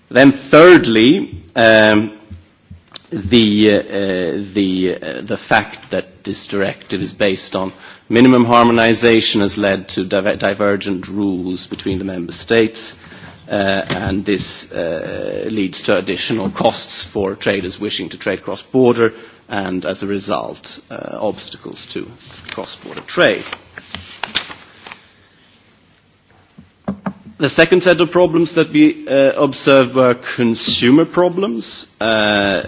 Then thirdly, um, the, uh, uh the, uh, the fact that this directive is based on uh, Minimum harmonisation has led to diver divergent rules between the member states, uh, and this uh, leads to additional costs for traders wishing to trade cross-border, and as a result, uh, obstacles to cross-border trade. Uh, The second set of problems that we uh, observed were consumer problems. Uh,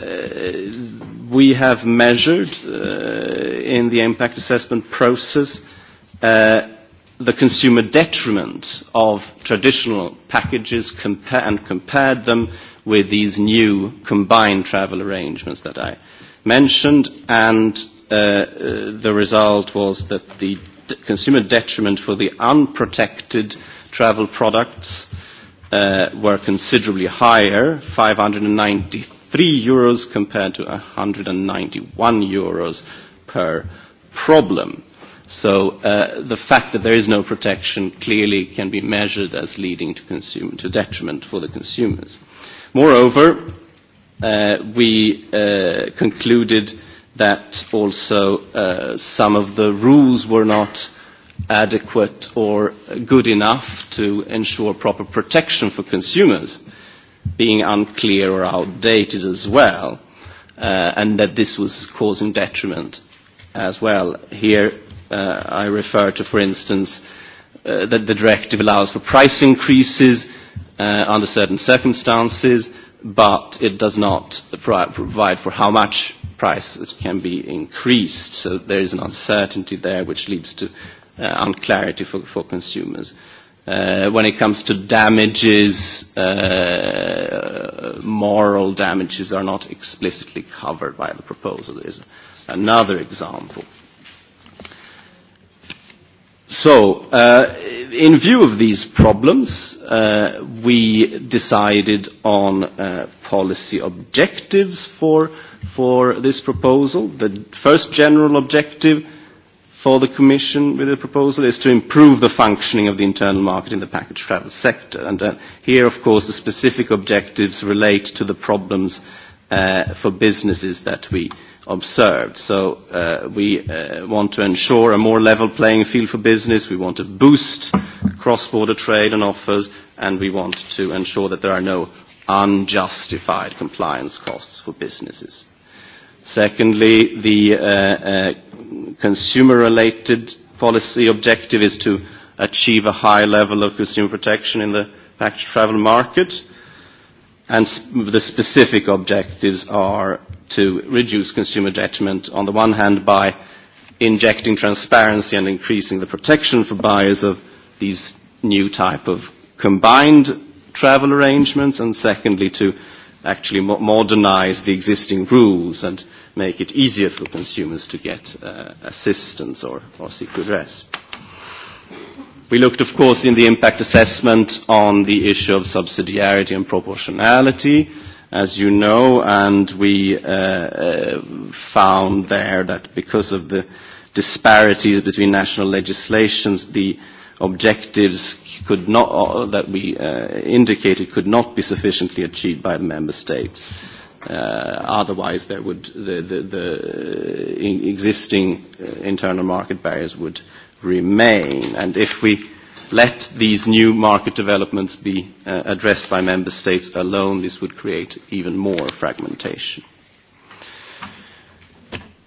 we have measured uh, in the impact assessment process uh, the consumer detriment of traditional packages compa- and compared them with these new combined travel arrangements that I mentioned, and uh, uh, the result was that the d- consumer detriment for the unprotected uh, travel products uh, were considerably higher, 593 euros compared to 191 euros per problem. So uh, the fact that there is no protection clearly can be measured as leading to, consumer, to detriment for the consumers. Moreover, uh, we uh, concluded that also uh, some of the rules were not adequate or good enough to ensure proper protection for consumers being unclear or outdated as well, uh, and that this was causing detriment as well. Here uh, I refer to, for instance, uh, that the directive allows for price increases uh, under certain circumstances, but it does not provide for how much price it can be increased. So there is an uncertainty there which leads to uh, and clarity for, for consumers. Uh, when it comes to damages, uh, moral damages are not explicitly covered by the proposal. Is another example. So, uh, in view of these problems, uh, we decided on uh, policy objectives for, for this proposal. The first general objective for the Commission with the proposal is to improve the functioning of the internal market in the package travel sector. And uh, here, of course, the specific objectives relate to the problems uh, for businesses that we observed. So uh, we uh, want to ensure a more level playing field for business. We want to boost cross-border trade and offers, and we want to ensure that there are no unjustified compliance costs for businesses. Secondly, the uh, uh, consumer-related policy objective is to achieve a high level of consumer protection in the package travel market. And sp the specific objectives are to reduce consumer detriment on the one hand by injecting transparency and increasing the protection for buyers of these new type of combined travel arrangements, and secondly, to actually mo modernize the existing rules and make it easier for consumers to get uh, assistance or, or seek redress. We looked, of course, in the impact assessment on the issue of subsidiarity and proportionality, as you know, and we uh, uh, found there that because of the disparities between national legislations, the objectives could not, uh, that we uh, indicated could not be sufficiently achieved by the member states. Uh, Uh, otherwise, there would the, the, the uh, existing uh, internal market barriers would remain. And if we let these new market developments be uh, addressed by member states alone, this would create even more fragmentation.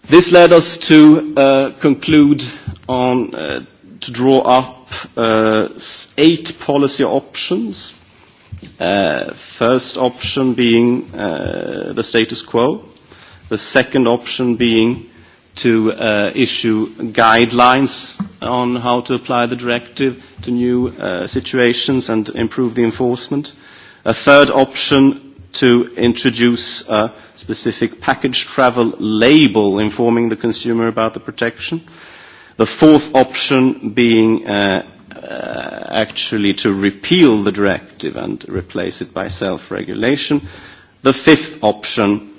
This led us to uh, conclude on uh, to draw up uh, eight policy options Uh, first option being uh, the status quo, the second option being to uh, issue guidelines on how to apply the directive to new uh, situations and improve the enforcement. A third option to introduce a specific package travel label informing the consumer about the protection. The fourth option being uh, Uh, actually to repeal the directive and replace it by self-regulation. The fifth option,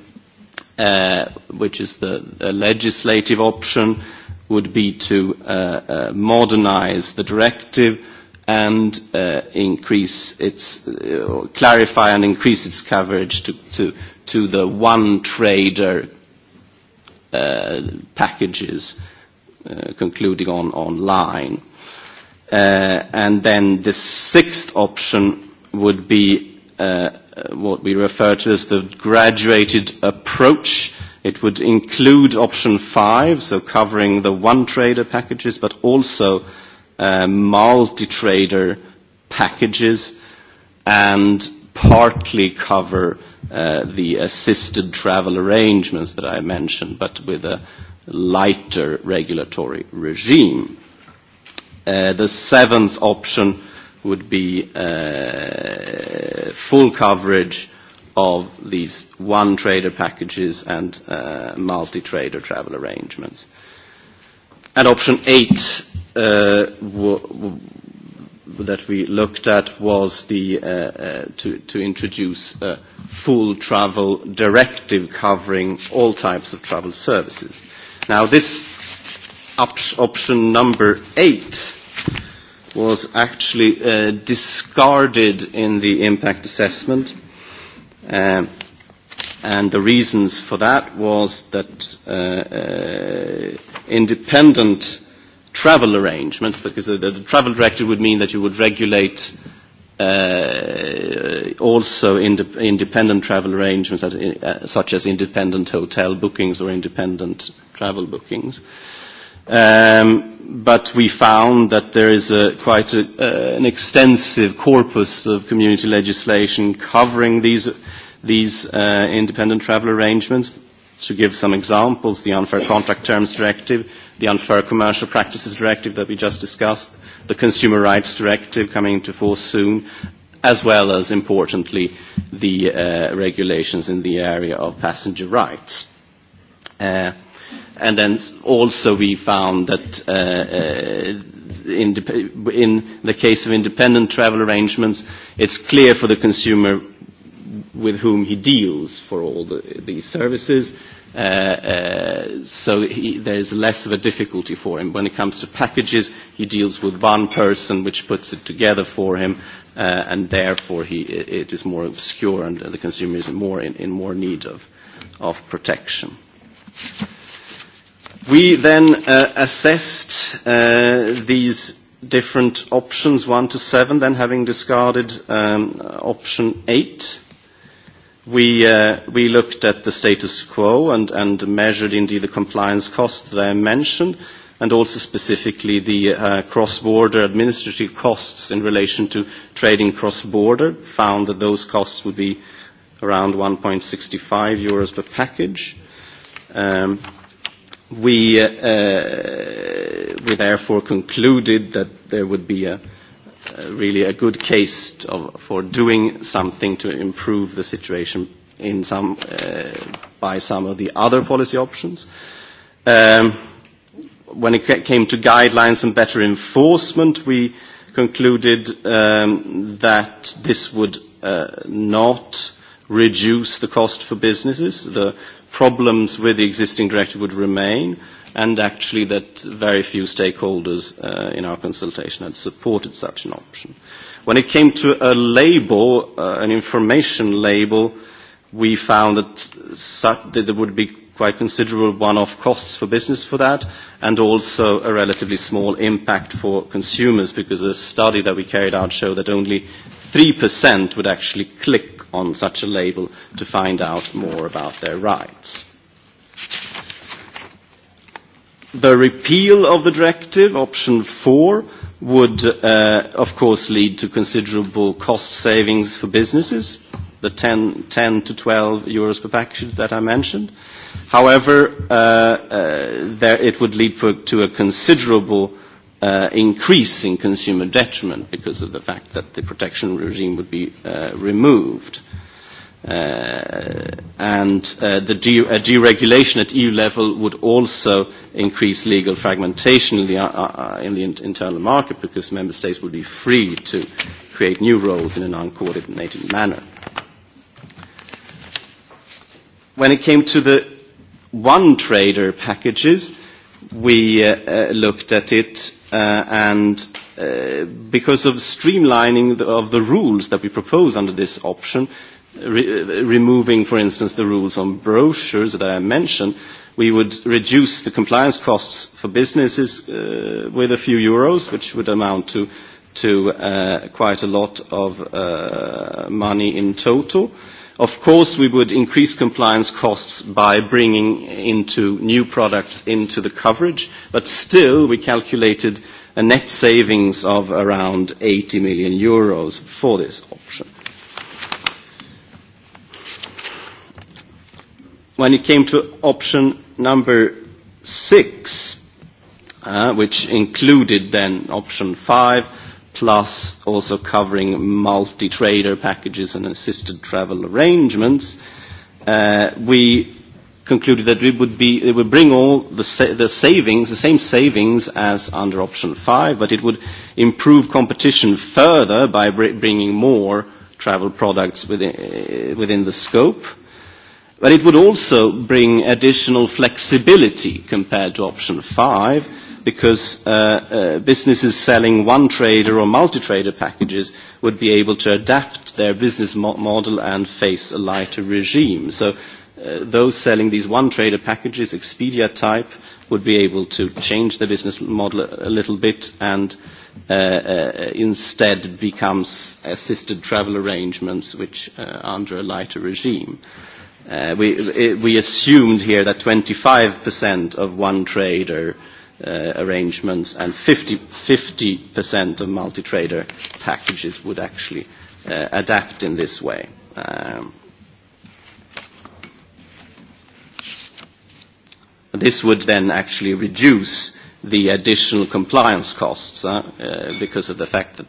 uh, which is the, the legislative option, would be to uh, uh, modernize the directive and uh, increase its, uh, clarify and increase its coverage to, to, to the one trader uh, packages uh, concluding on online. Uh, and then the sixth option would be uh, uh, what we refer to as the graduated approach. It would include option five, so covering the one trader packages, but also uh, multi-trader packages and partly cover uh, the assisted travel arrangements that I mentioned, but with a lighter regulatory regime. Uh, Uh, the seventh option would be uh, full coverage of these one trader packages and uh, multi-trader travel arrangements. And option eight uh, w- w- that we looked at was the, uh, uh, to, to introduce a full travel directive covering all types of travel services. Now this op- option number eight was actually uh, discarded in the impact assessment. Um, uh, and the reasons for that was that uh, uh, independent travel arrangements, because the, the travel directive would mean that you would regulate uh, also ind- independent travel arrangements, as, uh, such as independent hotel bookings or independent travel bookings. Uh, Um, but we found that there is a, quite a, uh, an extensive corpus of community legislation covering these, these uh, independent travel arrangements. To give some examples, the Unfair Contract Terms Directive, the Unfair Commercial Practices Directive that we just discussed, the Consumer Rights Directive coming into force soon, as well as, importantly, the uh, regulations in the area of passenger rights. Uh, And then also we found that uh, uh, in, de- in the case of independent travel arrangements, it's clear for the consumer with whom he deals for all the, these services. Uh, uh, so he, there's less of a difficulty for him. When it comes to packages, he deals with one person which puts it together for him, uh, and therefore he, it is more obscure and the consumer is more in, in more need of, of protection. Uh, We then uh, assessed uh, these different options 1 to 7, then having discarded um, option 8. We, uh, we looked at the status quo and, and measured indeed the compliance cost that I mentioned, and also specifically the uh, cross-border administrative costs in relation to trading cross-border, found that those costs would be around 1.65 euros per package. Um, we, uh, uh, we therefore concluded that there would be a, a really a good case of, for doing something to improve the situation in some, uh, by some of the other policy options. Um, when it came to guidelines and better enforcement, we concluded um, that this would uh, not reduce the cost for businesses. The problems with the existing directive would remain, and actually that very few stakeholders uh, in our consultation had supported such an option. When it came to a label, uh, an information label, we found that, such, that there would be quite considerable one-off costs for business for that, and also a relatively small impact for consumers, because a study that we carried out showed that only 3% would actually click on such a label to find out more about their rights. The repeal of the directive, option four, would uh, of course lead to considerable cost savings for businesses, the 10, 10 to 12 euros per package that I mentioned. However, uh, uh, there, it would lead for, to a considerable uh, uh, increase in consumer detriment because of the fact that the protection regime would be uh, removed. Uh, and uh, the de- uh, deregulation at EU level would also increase legal fragmentation in the, uh, uh, in the in- internal market because member states would be free to create new roles in an uncoordinated manner. When it came to the one trader packages, we uh, uh, looked at it Uh, and uh, because of streamlining the, of the rules that we propose under this option, re- removing, for instance, the rules on brochures that I mentioned, we would reduce the compliance costs for businesses uh, with a few euros, which would amount to, to uh, quite a lot of uh, money in total. Uh, Of course, we would increase compliance costs by bringing into new products into the coverage, but still, we calculated a net savings of around 80 million euros for this option. When it came to option number six, uh, which included then option five, plus also covering multi-trader packages and assisted travel arrangements, uh, we concluded that it would, be, it would bring all the, sa- the savings, the same savings as under option 5, but it would improve competition further by br- bringing more travel products within, uh, within the scope. But it would also bring additional flexibility compared to option 5, because uh, uh, businesses selling one trader or multi-trader packages would be able to adapt their business mo- model and face a lighter regime. So uh, those selling these one trader packages, Expedia type, would be able to change their business model a little bit and uh, uh, instead becomes assisted travel arrangements which uh, are under a lighter regime. Uh, we, we assumed here that 25% of one trader uh, uh, arrangements, and 50, 50% of multi-trader packages would actually uh, adapt in this way. Um, this would then actually reduce the additional compliance costs uh, uh, because of the fact that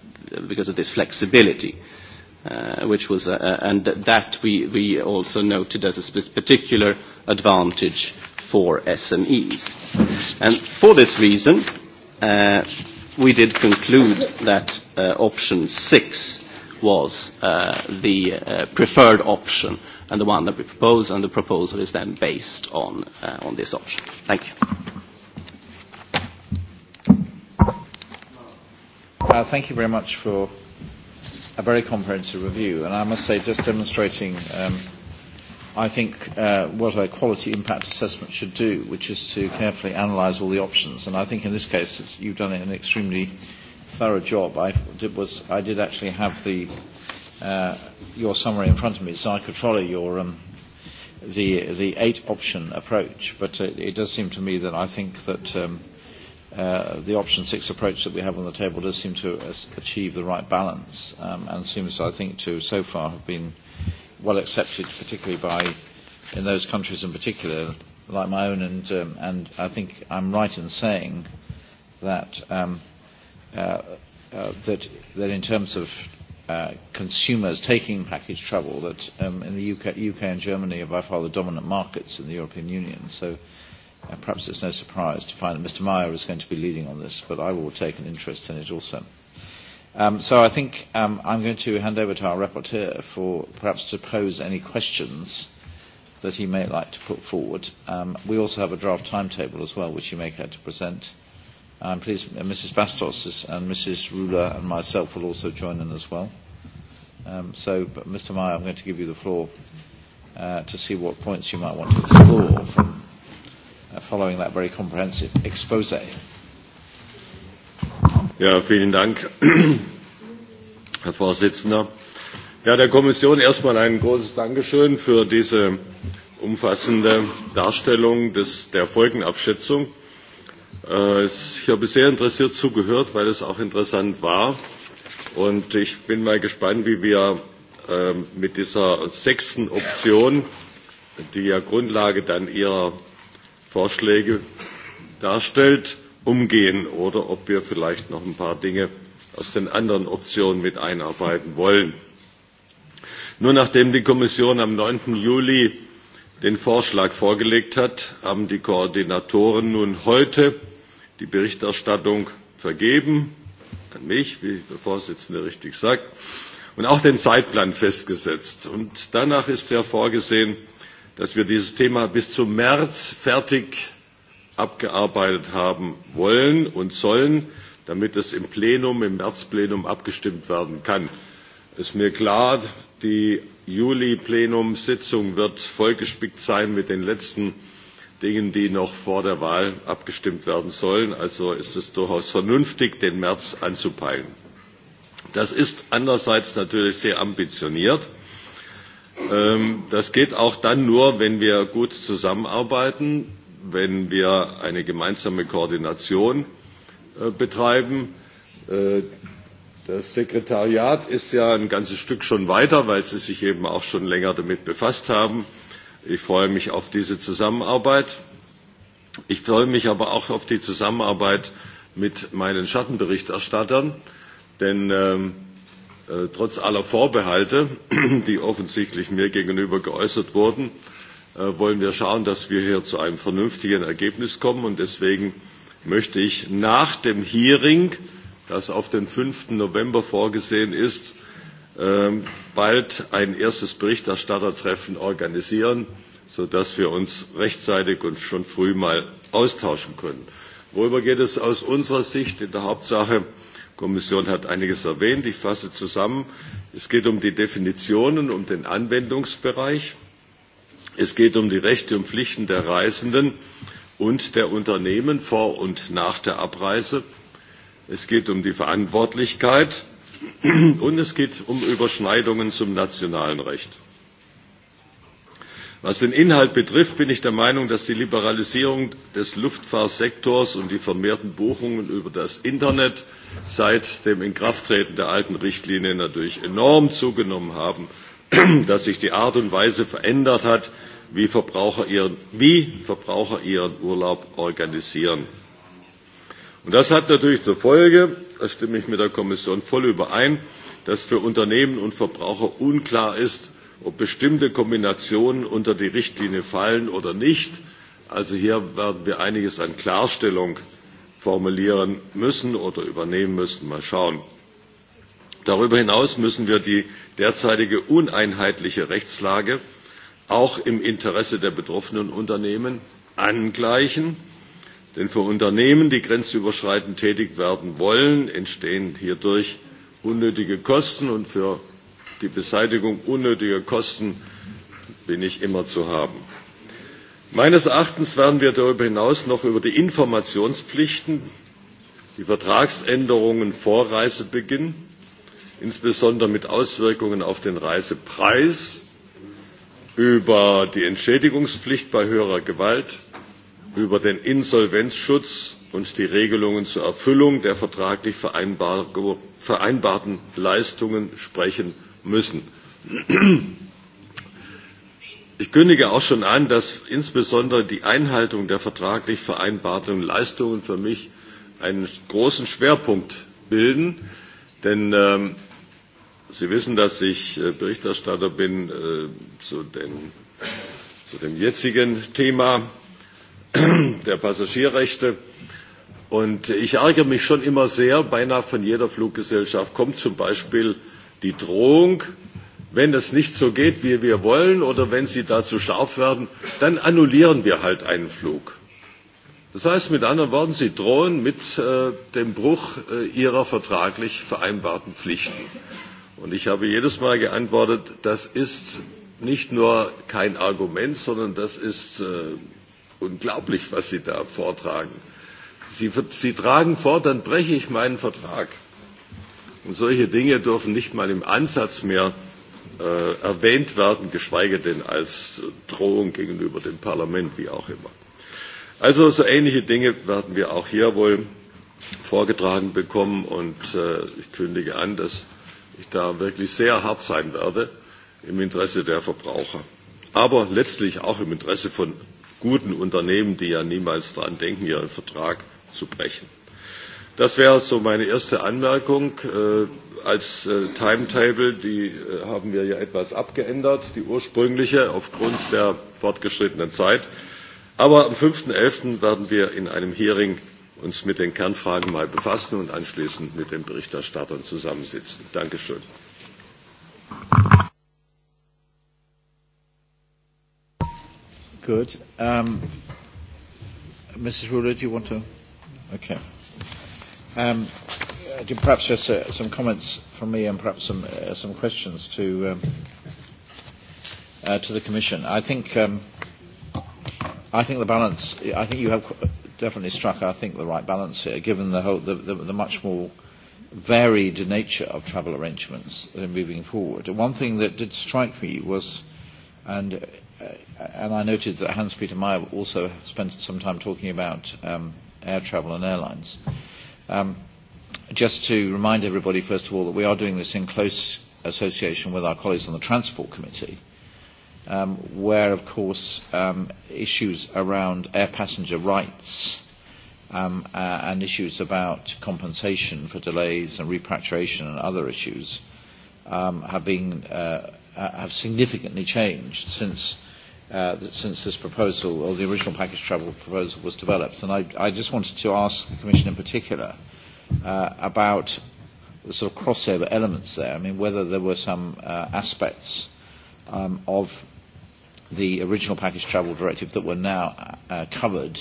because of this flexibility, uh, which was, uh, uh and that we, we also noted as a particular advantage for SMEs. And for this reason, uh, we did conclude that uh, option six was uh, the uh, preferred option and the one that we propose, and the proposal is then based on, uh, on this option. Thank you. Uh, thank you very much for a very comprehensive review, and I must say, just demonstrating um, I think uh, what a quality impact assessment should do, which is to carefully analyse all the options. And I think in this case, it's, you've done an extremely thorough job. I did, was, I did actually have the, uh, your summary in front of me, so I could follow your, um, the, the eight option approach. But it, it does seem to me that I think that um, uh, the option six approach that we have on the table does seem to uh, achieve the right balance um, and seems, I think, to so far have been – well accepted, particularly by in those countries in particular, like my own, and um, and I think I'm right in saying that um, uh, uh, that that in terms of uh, consumers taking package travel, that um, in the UK, UK and Germany are by far the dominant markets in the European Union. So uh, perhaps it's no surprise to find that Mr. Meyer is going to be leading on this, but I will take an interest in it also. Um, so I think um, I'm going to hand over to our rapporteur for perhaps to pose any questions that he may like to put forward. Um, we also have a draft timetable as well, which he may care to present. I'm pleased uh, Mrs. Bastos and Mrs. Ruler and myself will also join in as well. Um, so, but Mr. Meyer, I'm going to give you the floor uh, to see what points you might want to explore from uh, following that very comprehensive expose. Ja, vielen Dank, [CLEARS THROAT] Herr Vorsitzender. Ja, der Kommission erstmal ein großes Dankeschön für diese umfassende Darstellung des, der Folgenabschätzung. Äh, ich habe sehr interessiert zugehört, weil es auch interessant war. Und ich bin mal gespannt, wie wir äh, mit dieser sechsten Option, die ja Grundlage dann Ihrer Vorschläge darstellt, äh, umgehen oder ob wir vielleicht noch ein paar Dinge aus den anderen Optionen mit einarbeiten wollen. Nur nachdem die Kommission am 9. Juli den Vorschlag vorgelegt hat, haben die Koordinatoren nun heute die Berichterstattung vergeben, an mich, wie der Vorsitzende richtig sagt, und auch den Zeitplan festgesetzt. Und danach ist ja vorgesehen, dass wir dieses Thema bis zum März fertig abgearbeitet haben wollen und sollen, damit es im Plenum, im Märzplenum abgestimmt werden kann. Ist mir klar, die Juli-Plenumsitzung wird vollgespickt sein mit den letzten Dingen, die noch vor der Wahl abgestimmt werden sollen. Also ist es durchaus vernünftig, den März anzupeilen. Das ist andererseits natürlich sehr ambitioniert. Ähm, das geht auch dann nur, wenn wir gut zusammenarbeiten wenn wir eine gemeinsame Koordination äh, betreiben. Äh, das Sekretariat ist ja ein ganzes Stück schon weiter, weil sie sich eben auch schon länger damit befasst haben. Ich freue mich auf diese Zusammenarbeit. Ich freue mich aber auch auf die Zusammenarbeit mit meinen Schattenberichterstattern, denn ähm, äh, trotz aller Vorbehalte, [CLEARS THROAT] die offensichtlich mir gegenüber geäußert wurden, äh, Äh, wollen wir schauen, dass wir hier zu einem vernünftigen Ergebnis kommen. Und deswegen möchte ich nach dem Hearing, das auf den 5. November vorgesehen ist, ähm, bald ein erstes Berichterstattertreffen organisieren, sodass wir uns rechtzeitig und schon früh mal austauschen können. Worüber geht es aus unserer Sicht in der Hauptsache? Die Kommission hat einiges erwähnt. Ich fasse zusammen. Es geht um die Definitionen, um den Anwendungsbereich. Es geht um die Rechte und Pflichten der Reisenden und der Unternehmen vor und nach der Abreise. Es geht um die Verantwortlichkeit und es geht um Überschneidungen zum nationalen Recht. Was den Inhalt betrifft, bin ich der Meinung, dass die Liberalisierung des Luftfahrtsektors und die vermehrten Buchungen über das Internet seit dem Inkrafttreten der alten Richtlinie natürlich enorm zugenommen haben [CLEARS THROAT] dass sich die Art und Weise verändert hat, wie Verbraucher ihren, wie Verbraucher ihren Urlaub organisieren. Und das hat natürlich zur Folge, da stimme ich mit der Kommission voll überein, dass für Unternehmen und Verbraucher unklar ist, ob bestimmte Kombinationen unter die Richtlinie fallen oder nicht. Also hier werden wir einiges an Klarstellung formulieren müssen oder übernehmen müssen. Mal schauen darüber hinaus müssen wir die derzeitige uneinheitliche rechtslage auch im interesse der betroffenen unternehmen angleichen denn für unternehmen die grenzüberschreitend tätig werden wollen entstehen hierdurch unnötige kosten und für die beseitigung unnötiger kosten bin ich immer zu haben. meines erachtens werden wir darüber hinaus noch über die informationspflichten die vertragsänderungen vor reisebeginn insbesondere mit Auswirkungen auf den Reisepreis, über die Entschädigungspflicht bei höherer Gewalt, über den Insolvenzschutz und die Regelungen zur Erfüllung der vertraglich vereinbar vereinbarten Leistungen sprechen müssen. Ich kündige auch schon an, dass insbesondere die Einhaltung der vertraglich vereinbarten Leistungen für mich einen großen Schwerpunkt bilden. Denn ähm, Sie wissen, dass ich äh, Berichterstatter bin äh, zu, den, zu dem jetzigen Thema [CLEARS THROAT] der Passagierrechte. Und ich ärgere mich schon immer sehr, beinahe von jeder Fluggesellschaft kommt zum Beispiel die Drohung, wenn es nicht so geht, wie wir wollen oder wenn sie dazu scharf werden, dann annullieren wir halt einen Flug. Das heißt mit anderen Worten, sie drohen mit äh, dem Bruch äh, ihrer vertraglich vereinbarten Pflichten. Und ich habe jedes Mal geantwortet, das ist nicht nur kein Argument, sondern das ist äh, unglaublich, was Sie da vortragen. Sie, Sie tragen vor, dann breche ich meinen Vertrag. Und solche Dinge dürfen nicht mal im Ansatz mehr äh, erwähnt werden, geschweige denn als Drohung gegenüber dem Parlament, wie auch immer. Also so ähnliche Dinge werden wir auch hier wohl vorgetragen bekommen und äh, ich kündige an, dass ich da wirklich sehr hart sein werde im Interesse der Verbraucher. Aber letztlich auch im Interesse von guten Unternehmen, die ja niemals daran denken, ihren Vertrag zu brechen. Das wäre so meine erste Anmerkung. Äh, als äh, Timetable, die äh, haben wir ja etwas abgeändert, die ursprüngliche, aufgrund der fortgeschrittenen Zeit. Aber am 5.11. werden wir in einem Hearing uns mit den Kernfragen mal befassen und anschließend mit den Berichterstattern zusammensitzen. Dankeschön. Good. Um, Mrs. Ruler, do you want to? Okay. Um, perhaps just uh, some comments from me and perhaps some, uh, some questions to, um, uh, to the Commission. I think, um, I think the balance, I think you have definitely struck, I think, the right balance here, given the, whole, the, the, the much more varied nature of travel arrangements moving forward. And one thing that did strike me was, and, uh, and I noted that Hans-Peter Meyer also spent some time talking about um, air travel and airlines. Um, just to remind everybody, first of all, that we are doing this in close association with our colleagues on the Transport Committee um, where, of course, um, issues around air passenger rights um, uh, and issues about compensation for delays and repatriation and other issues um, have been uh, uh have significantly changed since. Uh, since this proposal or the original package travel proposal was developed, and I, I just wanted to ask the Commission in particular uh, about the sort of crossover elements there. I mean, whether there were some uh, aspects uh, um, of the original package travel directive that were now uh, covered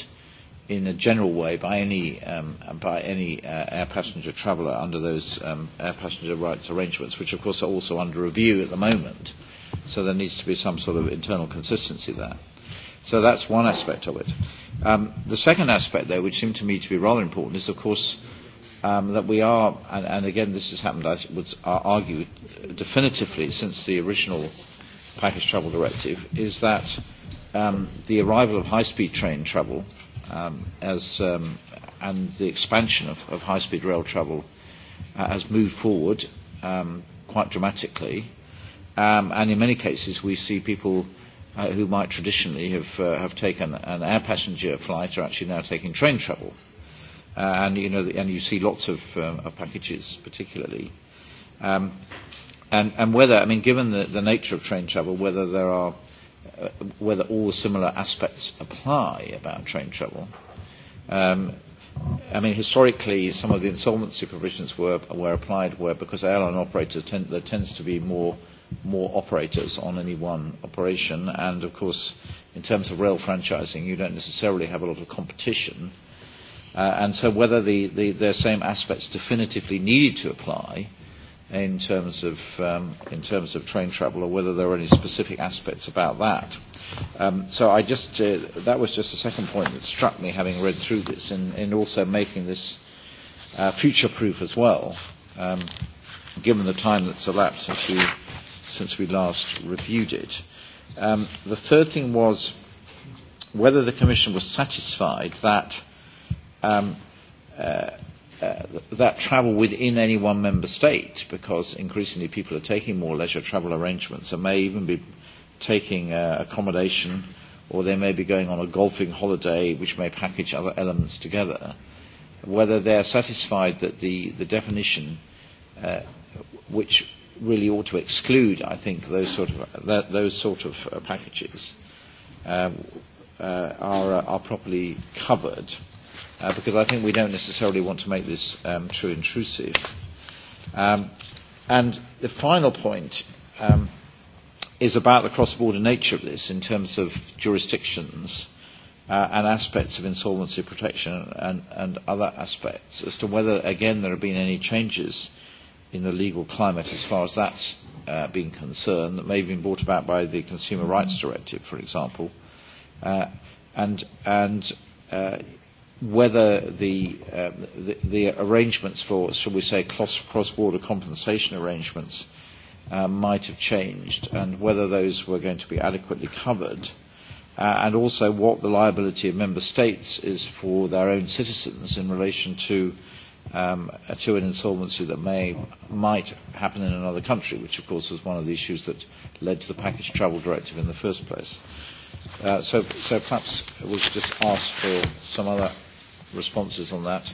in a general way by any, um, by any uh, air passenger traveller under those um, air passenger rights arrangements, which of course are also under review at the moment. So there needs to be some sort of internal consistency there. So that's one aspect of it. Um, the second aspect, though, which seemed to me to be rather important, is of course um, that we are, and, and again this has happened, I would argue, definitively since the original package travel directive is that um, the arrival of high-speed train travel um, as, um, and the expansion of, of high-speed rail travel uh, has moved forward um, quite dramatically. Um, and in many cases, we see people uh, who might traditionally have, uh, have taken an air passenger flight are actually now taking train travel. Uh, and, you know, and you see lots of, um, of packages particularly. Um, And, and whether, I mean, given the, the nature of train travel, whether there are, uh, whether all the similar aspects apply about train travel. Um, I mean, historically, some of the insolvency provisions were, were applied where, because airline operators tend, there tends to be more, more operators on any one operation, and of course, in terms of rail franchising, you don't necessarily have a lot of competition. Uh, and so whether the, the, the same aspects definitively needed to apply uh, in terms of um, in terms of train travel, or whether there are any specific aspects about that. Um, so I just uh, that was just a second point that struck me, having read through this, and in, in also making this uh, future-proof as well, um, given the time that's elapsed since we since we last reviewed it. Um, the third thing was whether the Commission was satisfied that. Um, uh, uh, that travel within any one member state, because increasingly people are taking more leisure travel arrangements and may even be taking uh, accommodation, or they may be going on a golfing holiday, which may package other elements together. Whether they are satisfied that the, the definition, uh, which really ought to exclude, I think, those sort of, that, those sort of uh, packages, uh, uh, are, uh, are properly covered. Uh, uh, because I think we don't necessarily want to make this um, too intrusive. Um, and the final point um, is about the cross-border nature of this in terms of jurisdictions uh, and aspects of insolvency protection and, and other aspects as to whether, again, there have been any changes in the legal climate as far as that's uh, being concerned that may have been brought about by the Consumer Rights Directive, for example. Uh, and and uh, whether the, uh, the, the arrangements for, shall we say, cross, cross-border compensation arrangements uh, might have changed and whether those were going to be adequately covered, uh, and also what the liability of member states is for their own citizens in relation to, um, to an insolvency that may, might happen in another country, which of course was one of the issues that led to the package travel directive in the first place. Uh, so, so perhaps we should just ask for some other responses on that.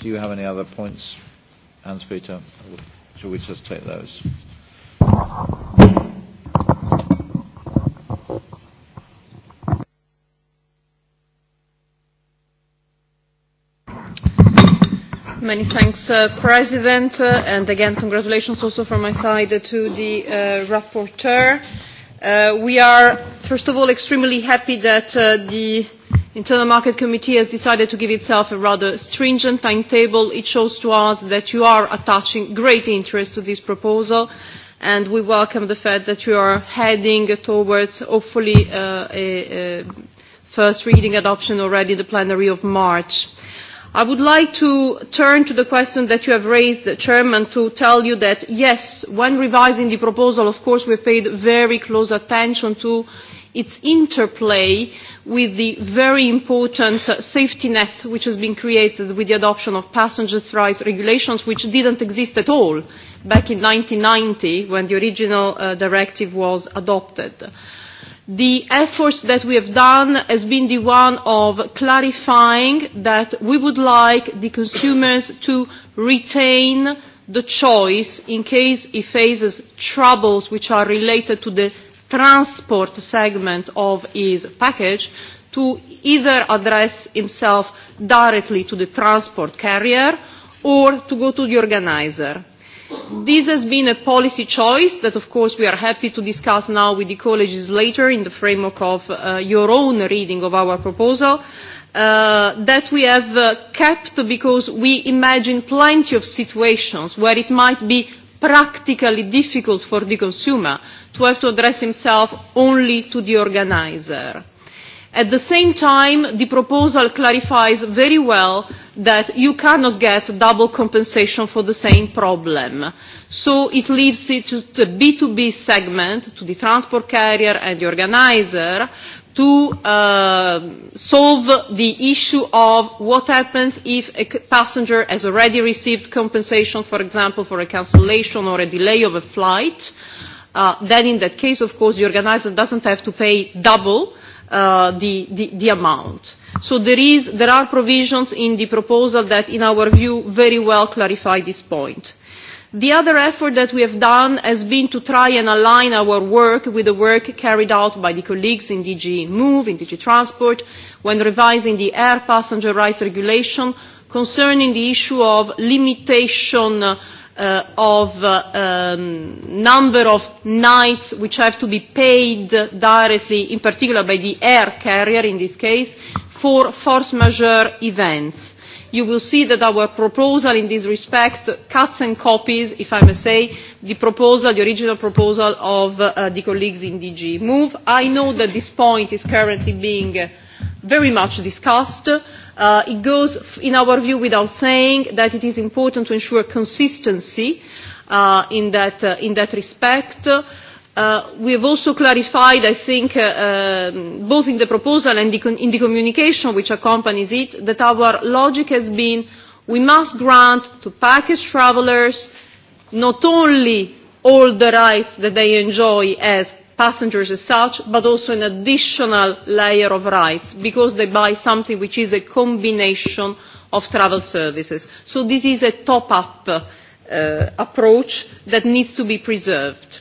Do you have any other points, Hans Peter? Shall we just take those? Many thanks, uh, President, uh, and again, congratulations also from my side uh, to the uh, rapporteur. Uh, we are, first of all, extremely happy that uh, the uh, internal market committee has decided to give itself a rather stringent timetable. it shows to us that you are attaching great interest to this proposal and we welcome the fact that you are heading towards hopefully uh, a, a first reading adoption already in the plenary of march. I would like to turn to the question that you have raised, Chairman, to tell you that, yes, when revising the proposal, of course, we paid very close attention to its interplay with the very important safety net which has been created with the adoption of passengers' rights regulations, which didn't exist at all back in 1990 when the original uh, directive was adopted. Uh, the efforts that we have done has been the one of clarifying that we would like the consumers to retain the choice in case he faces troubles which are related to the transport segment of his package to either address himself directly to the transport carrier or to go to the organizer This has been a policy choice that, of course, we are happy to discuss now with the colleagues later in the framework of uh, your own reading of our proposal. Uh, that we have uh, kept because we imagine plenty of situations where it might be practically difficult for the consumer to have to address himself only to the organizer. Uh, At the same time, the proposal clarifies very well that you cannot get double compensation for the same problem. So it leaves it to the B2B segment, to the transport carrier and the organizer, to uh, solve the issue of what happens if a passenger has already received compensation, for example, for a cancellation or a delay of a flight. Uh, then in that case, of course, the organizer doesn't have to pay double uh, the, the, the amount. So there, is, there are provisions in the proposal that, in our view, very well clarify this point. The other effort that we have done has been to try and align our work with the work carried out by the colleagues in DG Move, in DG Transport, when revising the air passenger rights regulation concerning the issue of limitation uh, uh, of uh, um, number of nights which have to be paid directly, in particular by the air carrier in this case, for force majeure events. You will see that our proposal in this respect cuts and copies, if I may say, the proposal, the original proposal of uh, the colleagues in DG Move. I know that this point is currently being uh, very much discussed. Uh, Uh, it goes, in our view, without saying that it is important to ensure consistency uh, in, that, uh, in that respect. Uh, Uh, we have also clarified i think uh, um, both in the proposal and the in the communication which accompanies it that our logic has been we must grant to package travellers not only all the rights that they enjoy as passengers as such, but also an additional layer of rights because they buy something which is a combination of travel services. So this is a top-up uh, approach that needs to be preserved.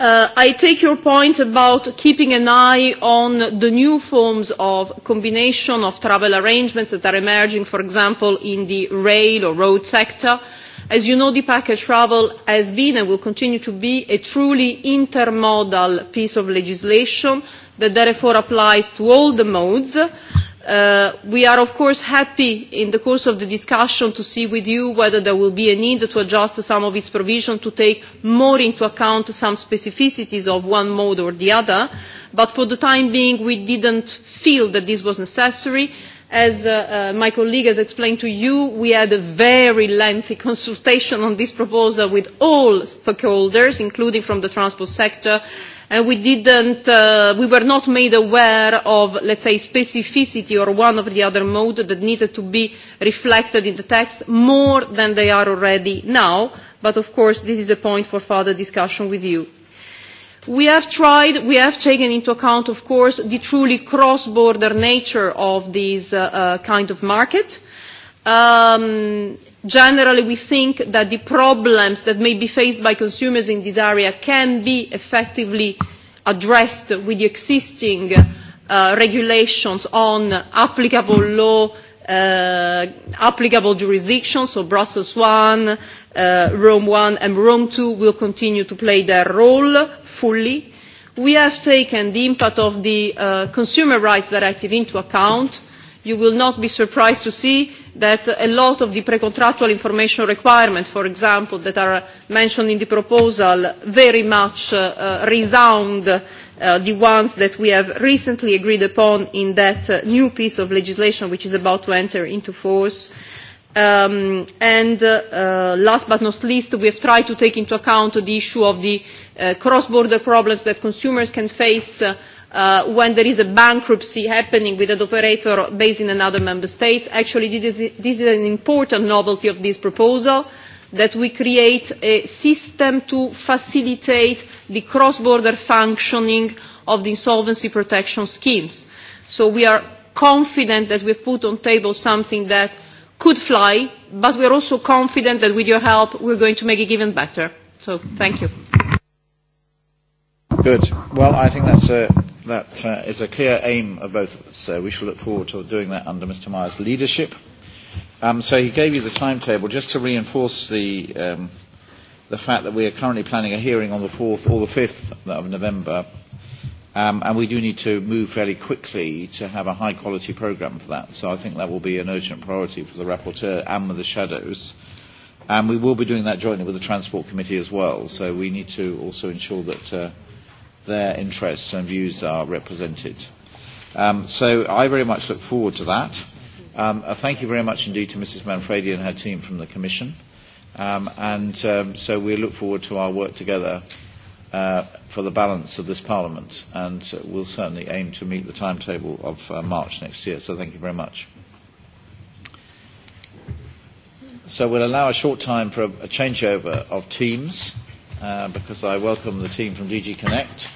Uh, I take your point about keeping an eye on the new forms of combination of travel arrangements that are emerging, for example, in the rail or road sector. Uh, As you know, the package travel has been and will continue to be a truly intermodal piece of legislation that therefore applies to all the modes. Uh, we are of course happy in the course of the discussion to see with you whether there will be a need to adjust some of its provision to take more into account some specificities of one mode or the other but for the time being we didn't feel that this was necessary as uh, uh, my colleague has explained to you, we had a very lengthy consultation on this proposal with all stakeholders, including from the transport sector, and we didn't, uh, we were not made aware of, let's say, specificity or one or the other mode that needed to be reflected in the text more than they are already now. But of course, this is a point for further discussion with you. We have tried, we have taken into account, of course, the truly cross-border nature of this uh, uh, kind of market. Um, generally, we think that the problems that may be faced by consumers in this area can be effectively addressed with the existing uh, regulations on applicable law uh, applicable jurisdictions, so Brussels 1, uh, Rome 1 and Rome 2 will continue to play their role fully. We have taken the impact of the uh, Consumer Rights Directive into account uh, you will not be surprised to see that a lot of the pre-contractual information requirements, for example, that are mentioned in the proposal very much uh, uh, resound uh, the ones that we have recently agreed upon in that uh, new piece of legislation which is about to enter into force. Um, and uh, uh, last but not least, we have tried to take into account the issue of the uh, cross-border problems that consumers can face uh, uh, when there is a bankruptcy happening with an operator based in another member state. Actually, this is, this is an important novelty of this proposal that we create a system to facilitate the cross-border functioning of the insolvency protection schemes. So we are confident that we've put on table something that could fly, but we're also confident that with your help we're going to make it even better. So thank you. Good. Well, I think that's a that uh, is a clear aim of both of us, so we shall look forward to doing that under Mr. Meyer's leadership. Um, so he gave you the timetable just to reinforce the, um, the fact that we are currently planning a hearing on the 4th or the 5th of November, um, and we do need to move fairly quickly to have a high-quality programme for that. So I think that will be an urgent priority for the rapporteur and with the shadows. And we will be doing that jointly with the Transport Committee as well, so we need to also ensure that uh, their interests and views are represented. Um, so I very much look forward to that. Um, uh, thank you very much indeed to Mrs. Manfredi and her team from the Commission. Um, and um, so we look forward to our work together uh, for the balance of this Parliament. And uh, we'll certainly aim to meet the timetable of uh, March next year. So thank you very much. So we'll allow a short time for a, a changeover of teams uh, because I welcome the team from DG Connect.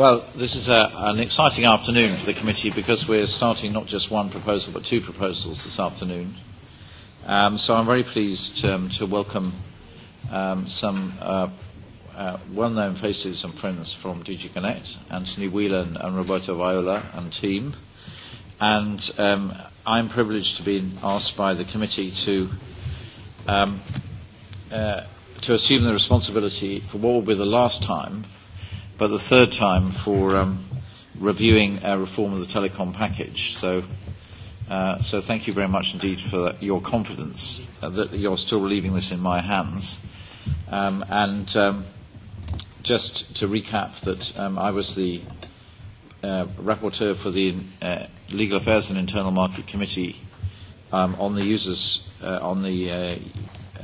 Well, this is a, an exciting afternoon for the committee because we're starting not just one proposal but two proposals this afternoon. Um, so I'm very pleased um, to welcome um, some uh, uh, well-known faces and friends from DG Connect, Anthony Whelan and Roberto Viola and team. And um, I'm privileged to be asked by the committee to um, uh, to assume the responsibility for what will be the last time but the third time for um, reviewing our reform of the telecom package. So, uh, so thank you very much indeed for that, your confidence uh, that you're still leaving this in my hands. Um, and um, just to recap that um, I was the uh, rapporteur for the uh, Legal Affairs and Internal Market Committee um, on the users uh, on the uh,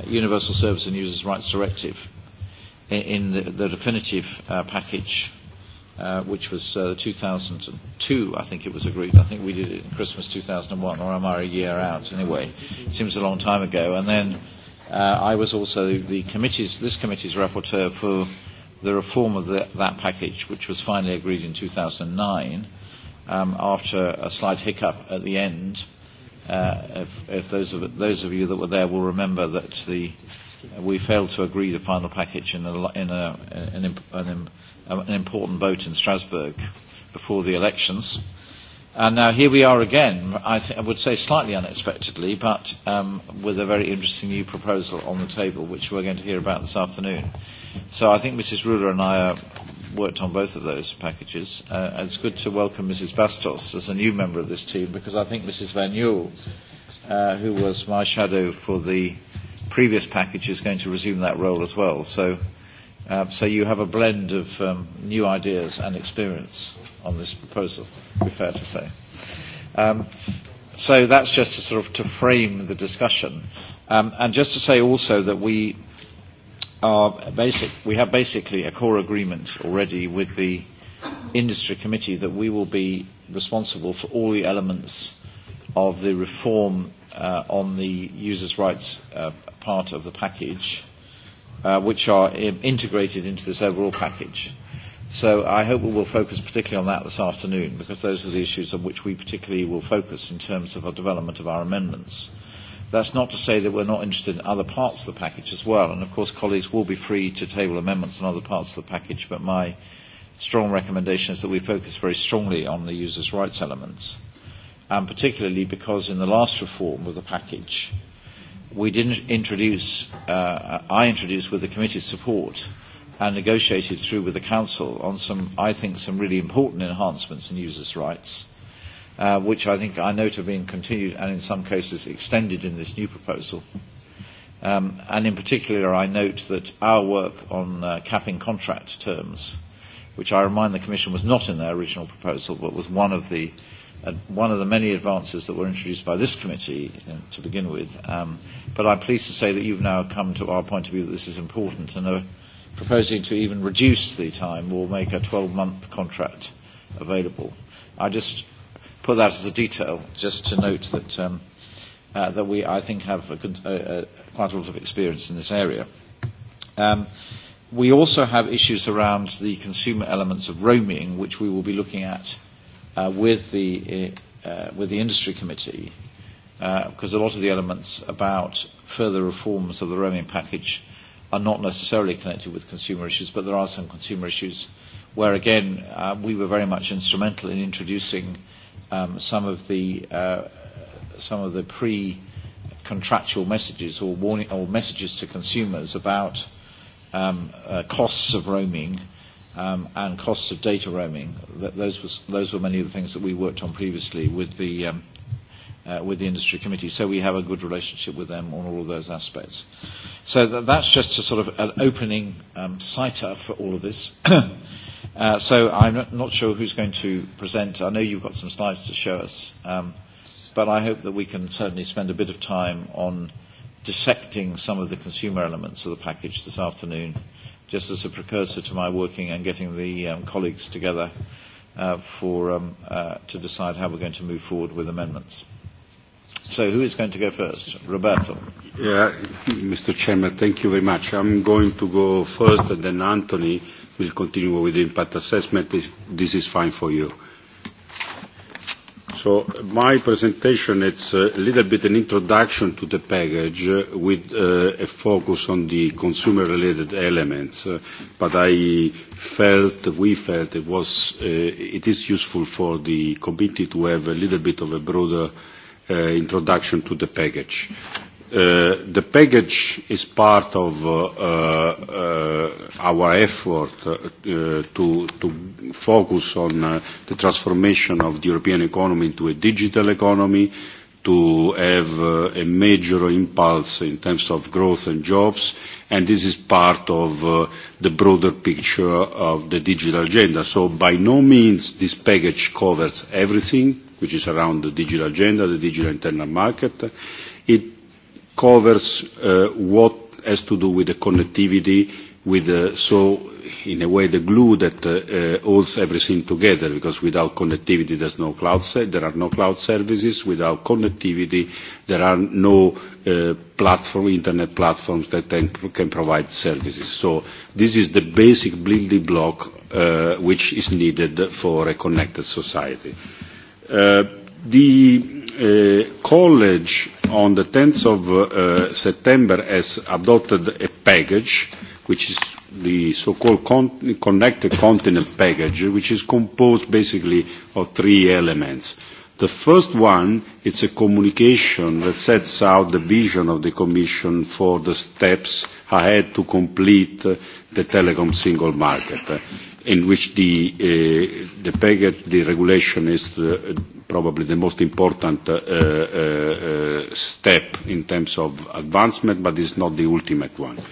Universal Service and Users Rights Directive in the, the definitive uh, package, uh, which was uh, 2002, I think it was agreed. I think we did it in Christmas 2001, or am I a year out anyway? It seems a long time ago. And then uh, I was also the committee's, this committee's rapporteur for the reform of the, that package, which was finally agreed in 2009, um, after a slight hiccup at the end. Uh, if if those, of, those of you that were there will remember that the uh, Uh, we failed to agree the final package in, a, in, a, in uh, an, an, uh, an important vote in Strasbourg before the elections. And now here we are again, I, th- I would say slightly unexpectedly, but um, with a very interesting new proposal on the table, which we're going to hear about this afternoon. So I think Mrs. Ruler and I uh, worked on both of those packages. Uh, it's good to welcome Mrs. Bastos as a new member of this team, because I think Mrs. Van Newell, uh, who was my shadow for the previous package is going to resume that role as well. So, uh, so you have a blend of um, new ideas and experience on this proposal, be fair to say. Um, so that's just to sort of to frame the discussion. Um, and just to say also that we are basic, we have basically a core agreement already with the industry committee that we will be responsible for all the elements of the reform uh, on the users' rights uh, part of the package, uh, which are integrated into this overall package. So I hope we will focus particularly on that this afternoon, because those are the issues on which we particularly will focus in terms of our development of our amendments. That's not to say that we're not interested in other parts of the package as well, and of course colleagues will be free to table amendments on other parts of the package, but my strong recommendation is that we focus very strongly on the users' rights elements and particularly because in the last reform of the package, we didn't introduce, uh, I introduced with the committee's support and negotiated through with the Council on some, I think, some really important enhancements in users' rights, uh, which I think I note have been continued and in some cases extended in this new proposal. Um, and in particular, I note that our work on uh, capping contract terms, which I remind the Commission was not in their original proposal, but was one of the uh, and uh, one of the many advances that were introduced by this committee uh, to begin with. Um, but I'm pleased to say that you've now come to our point of view that this is important and are proposing to even reduce the time or make a 12-month contract available. I just put that as a detail, just to note that, um, uh, that we, I think, have a, a, a, quite a lot of experience in this area. Um, we also have issues around the consumer elements of roaming, which we will be looking at uh, with, the, uh, with the industry committee because uh, a lot of the elements about further reforms of the roaming package are not necessarily connected with consumer issues, but there are some consumer issues where, again, uh, we were very much instrumental in introducing um, some of the, uh, some of the pre-contractual messages or, warning, or messages to consumers about um, uh, costs of roaming – um, and costs of data roaming. Th- those, was, those were many of the things that we worked on previously with the, um, uh, with the industry committee. So we have a good relationship with them on all of those aspects. So th- that's just a sort of an opening um, citer for all of this. [CLEARS THROAT] uh, so I'm not sure who's going to present. I know you've got some slides to show us, um, but I hope that we can certainly spend a bit of time on dissecting some of the consumer elements of the package this afternoon just as a precursor to my working and getting the um, colleagues together uh, for, um, uh, to decide how we're going to move forward with amendments. So who is going to go first? Roberto. Yeah, Mr. Chairman, thank you very much. I'm going to go first and then Anthony will continue with the impact assessment if this is fine for you. Uh, So my presentation, it's a little bit an introduction to the package uh, with uh, a focus on the consumer-related elements. Uh, but I felt, we felt it was, uh, it is useful for the committee to have a little bit of a broader uh, introduction to the package. Uh, the package is part of uh, uh, uh, our effort uh, to, to focus on uh, the transformation of the European economy into a digital economy, to have uh, a major impulse in terms of growth and jobs, and this is part of uh, the broader picture of the digital agenda. So by no means this package covers everything, which is around the digital agenda, the digital internal market. It covers uh, what has to do with the connectivity, with uh, so in a way the glue that uh, uh, holds everything together because without connectivity there's no cloud se- there are no cloud services without connectivity there are no uh, platform internet platforms that can, can provide services so this is the basic building block uh, which is needed for a connected society uh, The uh, college on the 10th of uh, September has adopted a package, which is the so-called con Connected Continent package, which is composed basically of three elements. The first one is a communication that sets out the vision of the Commission for the steps ahead to complete uh, the telecom single market, uh, in which the, uh, the package, the regulation is the, uh, probably the most important uh, uh, uh, step in terms of advancement, but it's not the ultimate one. Uh,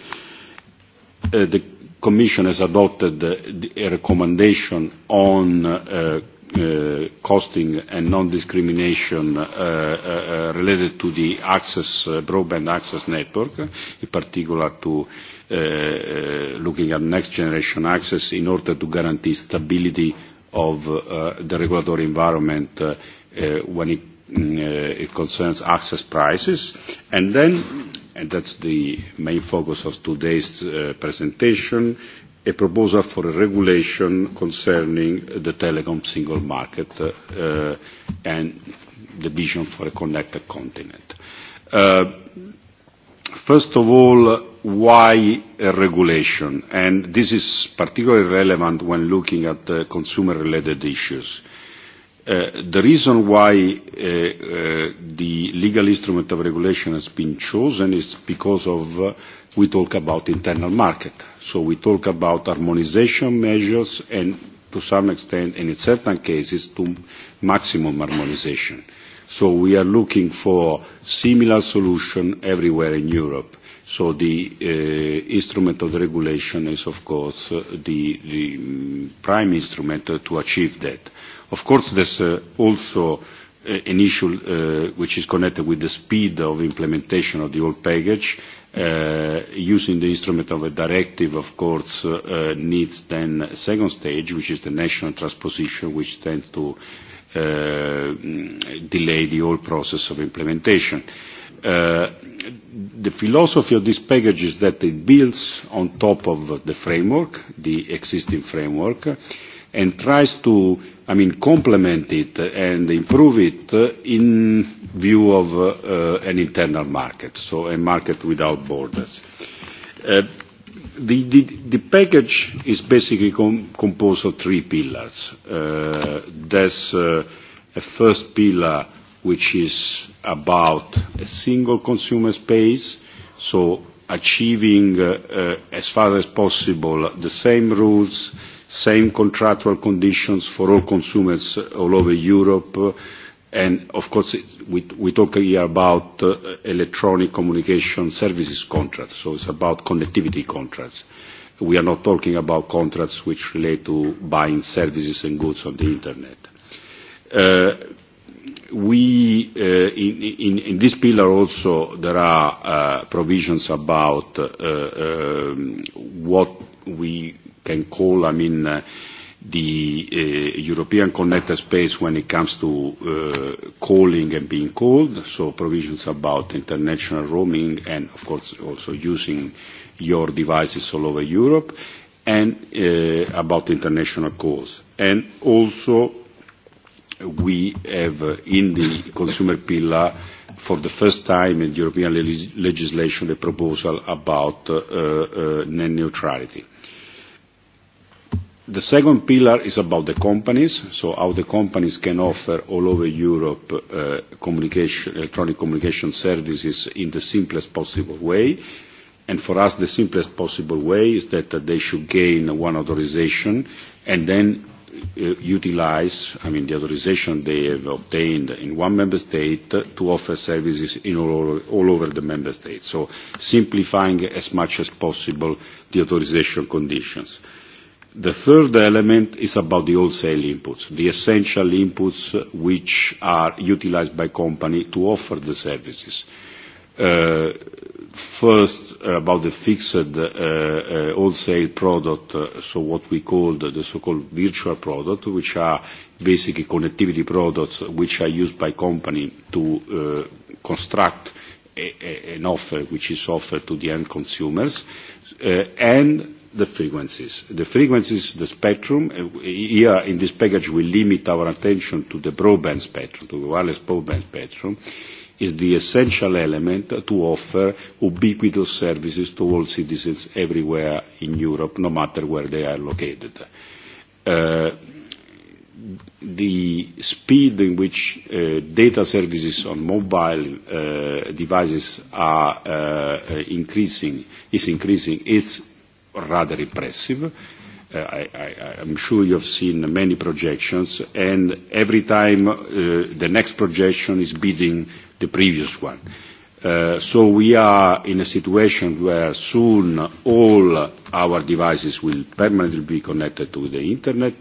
the Commission has adopted a recommendation on uh, uh, costing and non-discrimination uh, uh, related to the access, uh, broadband access network, in particular to uh, uh, looking at next generation access in order to guarantee stability of uh, the regulatory environment uh, uh, when it, mm, uh, it concerns access prices. And then, and that's the main focus of today's uh, presentation, a proposal for a regulation concerning the telecom single market uh, uh and the vision for a connected continent. Uh, first of all, why a regulation? And this is particularly relevant when looking at uh, consumer-related issues. Uh, the reason why uh, uh, the legal instrument of regulation has been chosen is because of uh, we talk about internal market. So we talk about harmonization measures and to some extent, and in certain cases, to maximum harmonization. So we are looking for similar solution everywhere in Europe So the uh, instrument of the regulation is, of course, uh, the, the mm, prime instrument uh, to achieve that. Of course, there's uh, also uh, an issue uh, which is connected with the speed of implementation of the whole package. Uh, using the instrument of a directive, of course, uh, needs then a second stage, which is the national transposition, which tends to uh, mm, delay the whole process of implementation. Uh, Uh, the philosophy of this package is that it builds on top of the framework, the existing framework, and tries to, I mean, complement it and improve it in view of uh, uh an internal market, so a market without borders. Uh, the, the, the package is basically com composed of three pillars. Uh, there's uh, a first pillar which is about a single consumer space, so achieving, uh, uh, as far as possible, the same rules, same contractual conditions for all consumers all over Europe. Uh, and of course, we, we talk here about uh, electronic communication services contracts, so it's about connectivity contracts. We are not talking about contracts which relate to buying services and goods on the internet. Uh, we, uh, in, in, in this pillar also, there are uh, provisions about uh, uh, what we can call, I mean, uh, the uh, European connected space when it comes to uh, calling and being called, so provisions about international roaming and, of course, also using your devices all over Europe, and uh, about international calls. And also we have in the consumer pillar for the first time in European legislation a proposal about uh, uh, net neutrality. The second pillar is about the companies, so how the companies can offer all over Europe uh, communication, electronic communication services in the simplest possible way. And for us, the simplest possible way is that uh, they should gain one authorization and then Uh, utilize, I mean, the authorization they have obtained in one member state to offer services in all, all over the member state. So simplifying as much as possible the authorization conditions. The third element is about the wholesale inputs, the essential inputs which are utilized by company to offer the services. Uh, Uh, first, about the fixed uh, uh, wholesale product, uh, so what we call the, the so-called virtual product, which are basically connectivity products which are used by company to uh, construct a, a, an offer which is offered to the end consumers, uh, and the frequencies. The frequencies, the spectrum, uh, here in this package we limit our attention to the broadband spectrum, to the wireless broadband spectrum. Uh, is the essential element to offer ubiquitous services to all citizens everywhere in Europe, no matter where they are located. Uh, the speed in which uh, data services on mobile uh, devices are uh, uh increasing is increasing is rather impressive. Uh, I, I, I'm sure you've seen many projections, and every time uh, the next projection is beating uh, the previous one. Uh, so we are in a situation where soon all our devices will permanently be connected to the internet.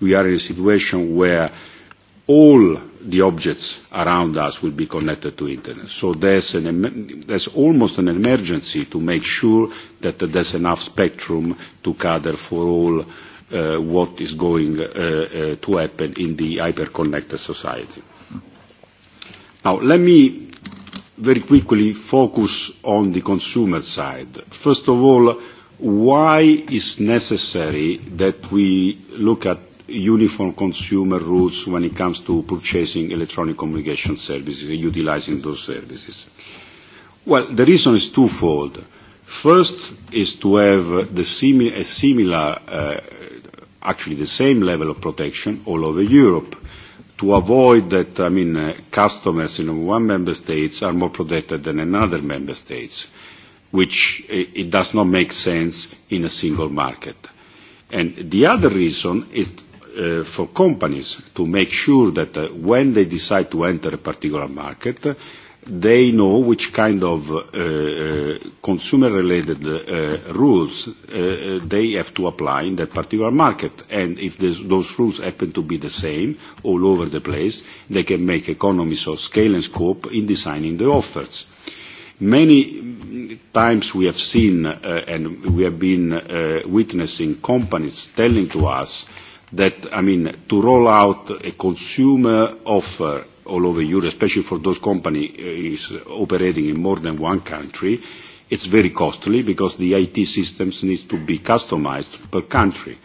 We are in a situation where all the objects around us will be connected to internet. So there's, an, there's almost an emergency to make sure that there's enough spectrum to cater for all uh, what is going uh, uh, to happen in the hyper-connected society. Now, let me very quickly focus on the consumer side. First of all, why is necessary that we look at uniform consumer rules when it comes to purchasing electronic communication services and utilizing those services? Well, the reason is twofold. First is to have the simi- a similar, uh, actually the same level of protection all over Europe to avoid that, I mean, uh, customers in one member state are more protected than another member state, which it, uh, it does not make sense in a single market. And the other reason is uh, for companies to make sure that uh, when they decide to enter a particular market, uh, they know which kind of uh, uh, consumer-related uh, rules uh, they have to apply in that particular market. And if this, those rules happen to be the same all over the place, they can make economies of scale and scope in designing the offers. Many times we have seen uh, and we have been uh, witnessing companies telling to us that, I mean, to roll out a consumer offer all over Europe, especially for those companies uh, operating in more than one country, it's very costly because the IT systems need to be customized per country.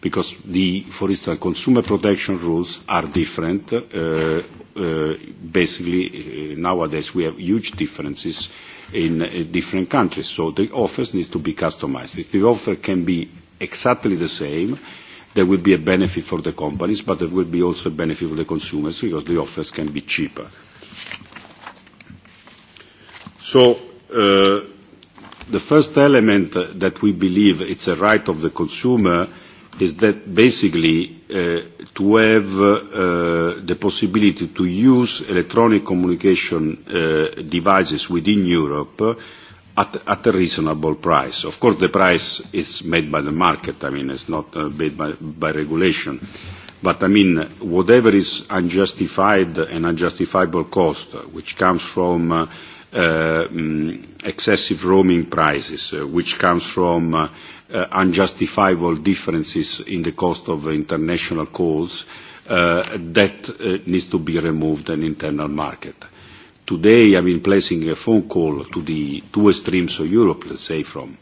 Because the, for instance, consumer protection rules are different. Uh, uh, basically, uh, nowadays we have huge differences in uh, different countries. So the offers need to be customized. If the offer can be exactly the same, uh, there will be a benefit for the companies, but there will be also a benefit for the consumers because the offers can be cheaper. So uh, the first element that we believe it's a right of the consumer is that basically uh, to have uh, the possibility to use electronic communication uh, devices within Europe uh, at, at a reasonable price. Of course, the price is made by the market. I mean, it's not uh, made by, by regulation. But I mean, whatever is unjustified and unjustifiable cost, uh, which comes from uh, uh, excessive roaming prices, uh, which comes from uh, uh, unjustifiable differences in the cost of international calls, uh, that uh, needs to be removed in internal market. Uh, Today I've been placing a phone call to the two extremes of Europe, let's say from,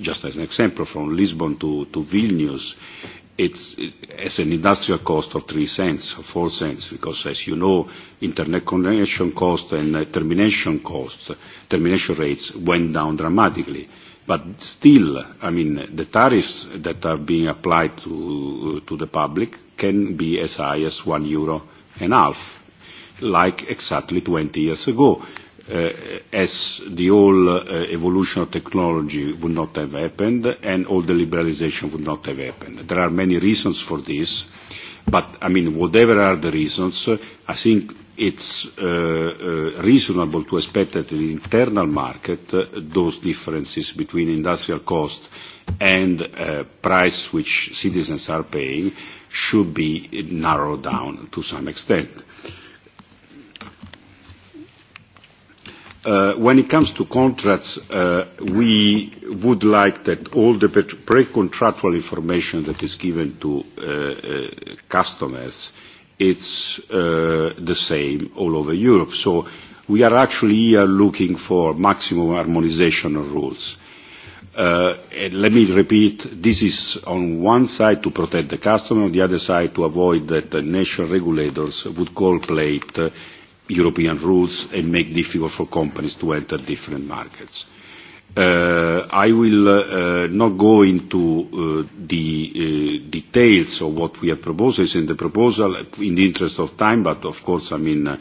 just as an example, from Lisbon to, to Vilnius, it's as an industrial cost of 3 cents or 4 cents, because as you know, internet connection cost and uh, termination costs, termination rates went down dramatically. But still, I mean, the tariffs that are being applied to, to the public can be as high as 1 euro and a half like exactly 20 years ago, uh, as the whole uh, evolution of technology would not have happened and all the liberalization would not have happened. There are many reasons for this, but I mean, whatever are the reasons, uh, I think it's uh, uh, reasonable to expect that in the internal market, uh, those differences between industrial cost and uh, price which citizens are paying should be narrowed down to some extent. Uh, Uh, when it comes to contracts, uh, we would like that all the pre-contractual information that is given to uh, uh, customers, it's uh, the same all over Europe. So we are actually here looking for maximum harmonization of rules. Uh, and let me repeat, this is on one side to protect the customer, on the other side to avoid that the national regulators would gold plate uh, European rules and make difficult for companies to enter different markets. Uh, I will uh, not go into uh, the uh, details of what we have proposed. It's in the proposal in the interest of time, but of course, I mean, uh,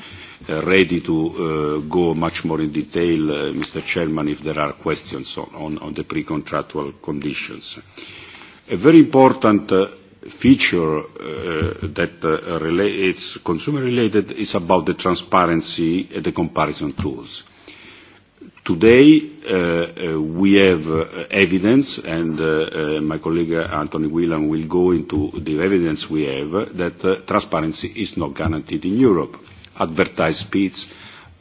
ready to uh, go much more in detail, uh, Mr. Chairman, if there are questions on, on, on the pre-contractual conditions. A very important uh, feature uh, that uh, relates consumer related is about the transparency and the comparison tools. Today, uh, uh, we have uh, evidence, and uh, uh, my colleague Anthony Whelan will go into the evidence we have, uh, that uh, transparency is not guaranteed in Europe. Advertised speeds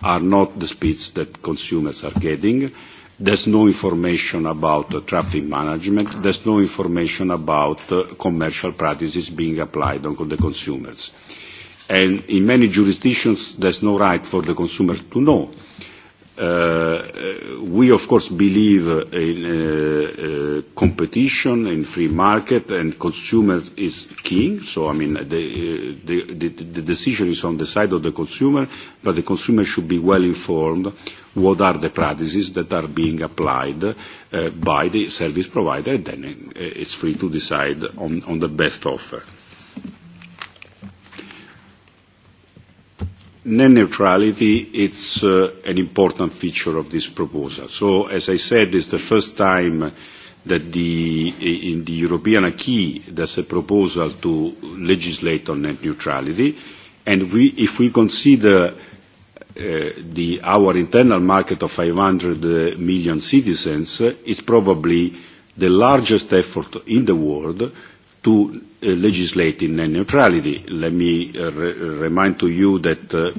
are not the speeds that consumers are getting. Uh, There's no information about uh, traffic management. There's no information about uh, commercial practices being applied on the consumers. And in many jurisdictions, there's no right for the consumer to know. Uh, uh we, of course, believe in uh, uh, competition, in free market, and consumer is king. So, I mean, the, uh, the, the, the decision is on the side of the consumer, but the consumer should be well informed what are the practices that are being applied uh, by the service provider, and then uh, it's free to decide on, on the best offer. Net neutrality, it's uh, an important feature of this proposal. So, as I said, it's the first time that the, in the European acquis there's a proposal to legislate on net neutrality. And we, if we consider Uh, the, our internal market of 500 uh, million citizens is probably the largest effort in the world to uh, legislate in net neutrality. Let me uh, re remind to you that uh,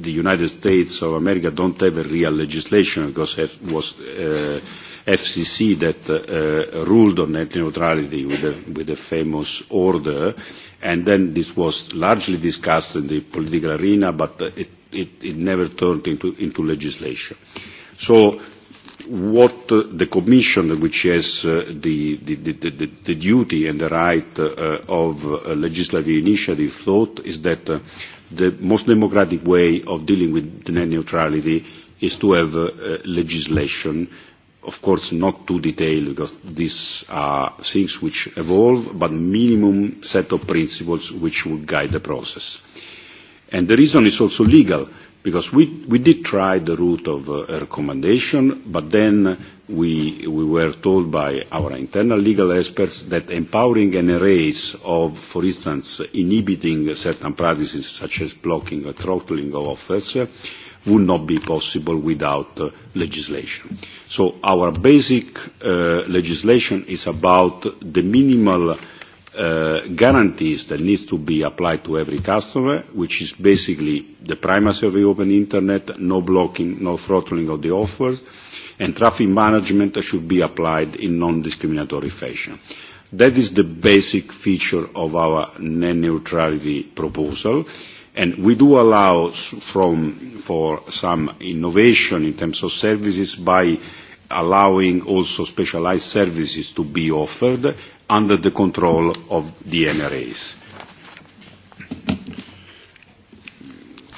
the United States of America don't have a real legislation because it was uh, FCC that uh, uh, ruled on net neutrality with a, with a famous order, and then this was largely discussed in the political arena, but uh, it it, it never turned into, into legislation. So what uh, the Commission, which has uh, the, the, the, the duty and the right uh, of uh, legislative initiative, thought is that uh, the most democratic way of dealing with net neutrality is to have uh, uh, legislation of course not too detailed because these are things which evolve, but minimum set of principles which would guide the process. And the reason is also legal, because we, we did try the route of uh, a recommendation, but then we, we were told by our internal legal experts that empowering NRAs of, for instance, inhibiting certain practices such as blocking or throttling of offers uh, would not be possible without uh, legislation. So our basic uh, legislation is about the minimal uh, uh, guarantees that needs to be applied to every customer, which is basically the primacy of the open internet, no blocking, no throttling of the offers, and traffic management should be applied in non-discriminatory fashion. That is the basic feature of our net neutrality proposal. And we do allow from, for some innovation in terms of services by allowing also specialized services to be offered, under the control of the MRAs.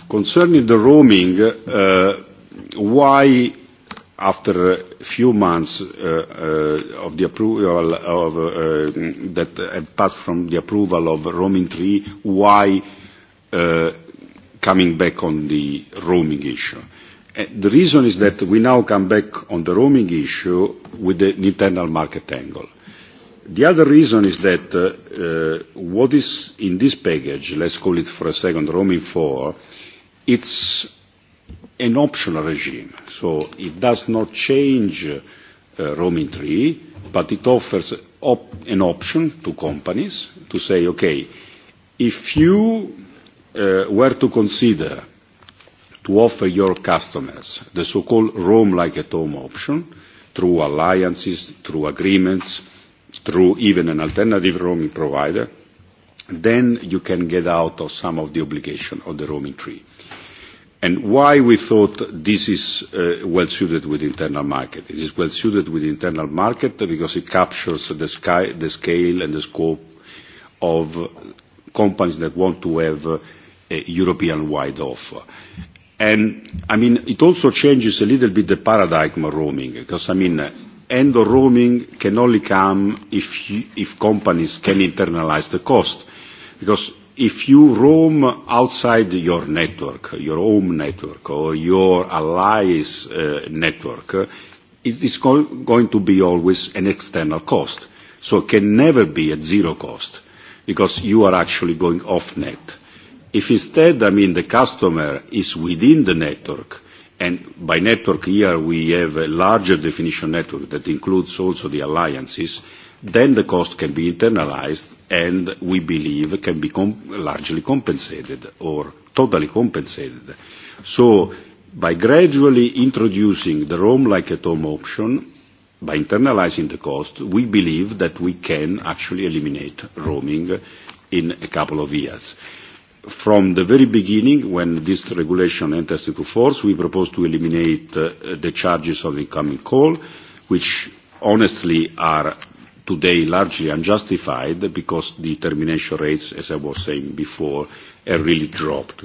Concerning the roaming, uh, why after a few months uh, uh, of the approval of, uh, that had passed from the approval of roaming 3, why uh, coming back on the roaming issue? Uh, the reason is that we now come back on the roaming issue with an internal market angle The other reason is that uh, uh, what is in this package, let's call it for a second roaming 4, it's an optional regime. So it does not change uh, roaming 3, but it offers op- an option to companies to say, okay, if you uh, were to consider to offer your customers the so-called roam like at home option through alliances, through agreements, through even an alternative roaming provider, then you can get out of some of the obligation of the roaming tree. And why we thought this is uh, well suited with internal market. It is well suited with internal market because it captures the, sky, the scale and the scope of companies that want to have a European-wide offer. And, I mean, it also changes a little bit the paradigm of roaming because, I mean, end of roaming can only come if, you, if companies can internalize the cost. Because if you roam outside your network, your home network, or your allies' uh, network, uh, it is go going to be always an external cost. So it can never be at zero cost, because you are actually going off net. If instead, I mean, the customer is within the network, And by network here we have a larger definition network that includes also the alliances, then the cost can be internalized and we believe can be com largely compensated or totally compensated. So by gradually introducing the Roam like at home option, by internalizing the cost, we believe that we can actually eliminate roaming in a couple of years from the very beginning, when this regulation enters into force, we propose to eliminate uh, the charges on incoming call, which honestly are today largely unjustified because the termination rates, as I was saying before, have really dropped.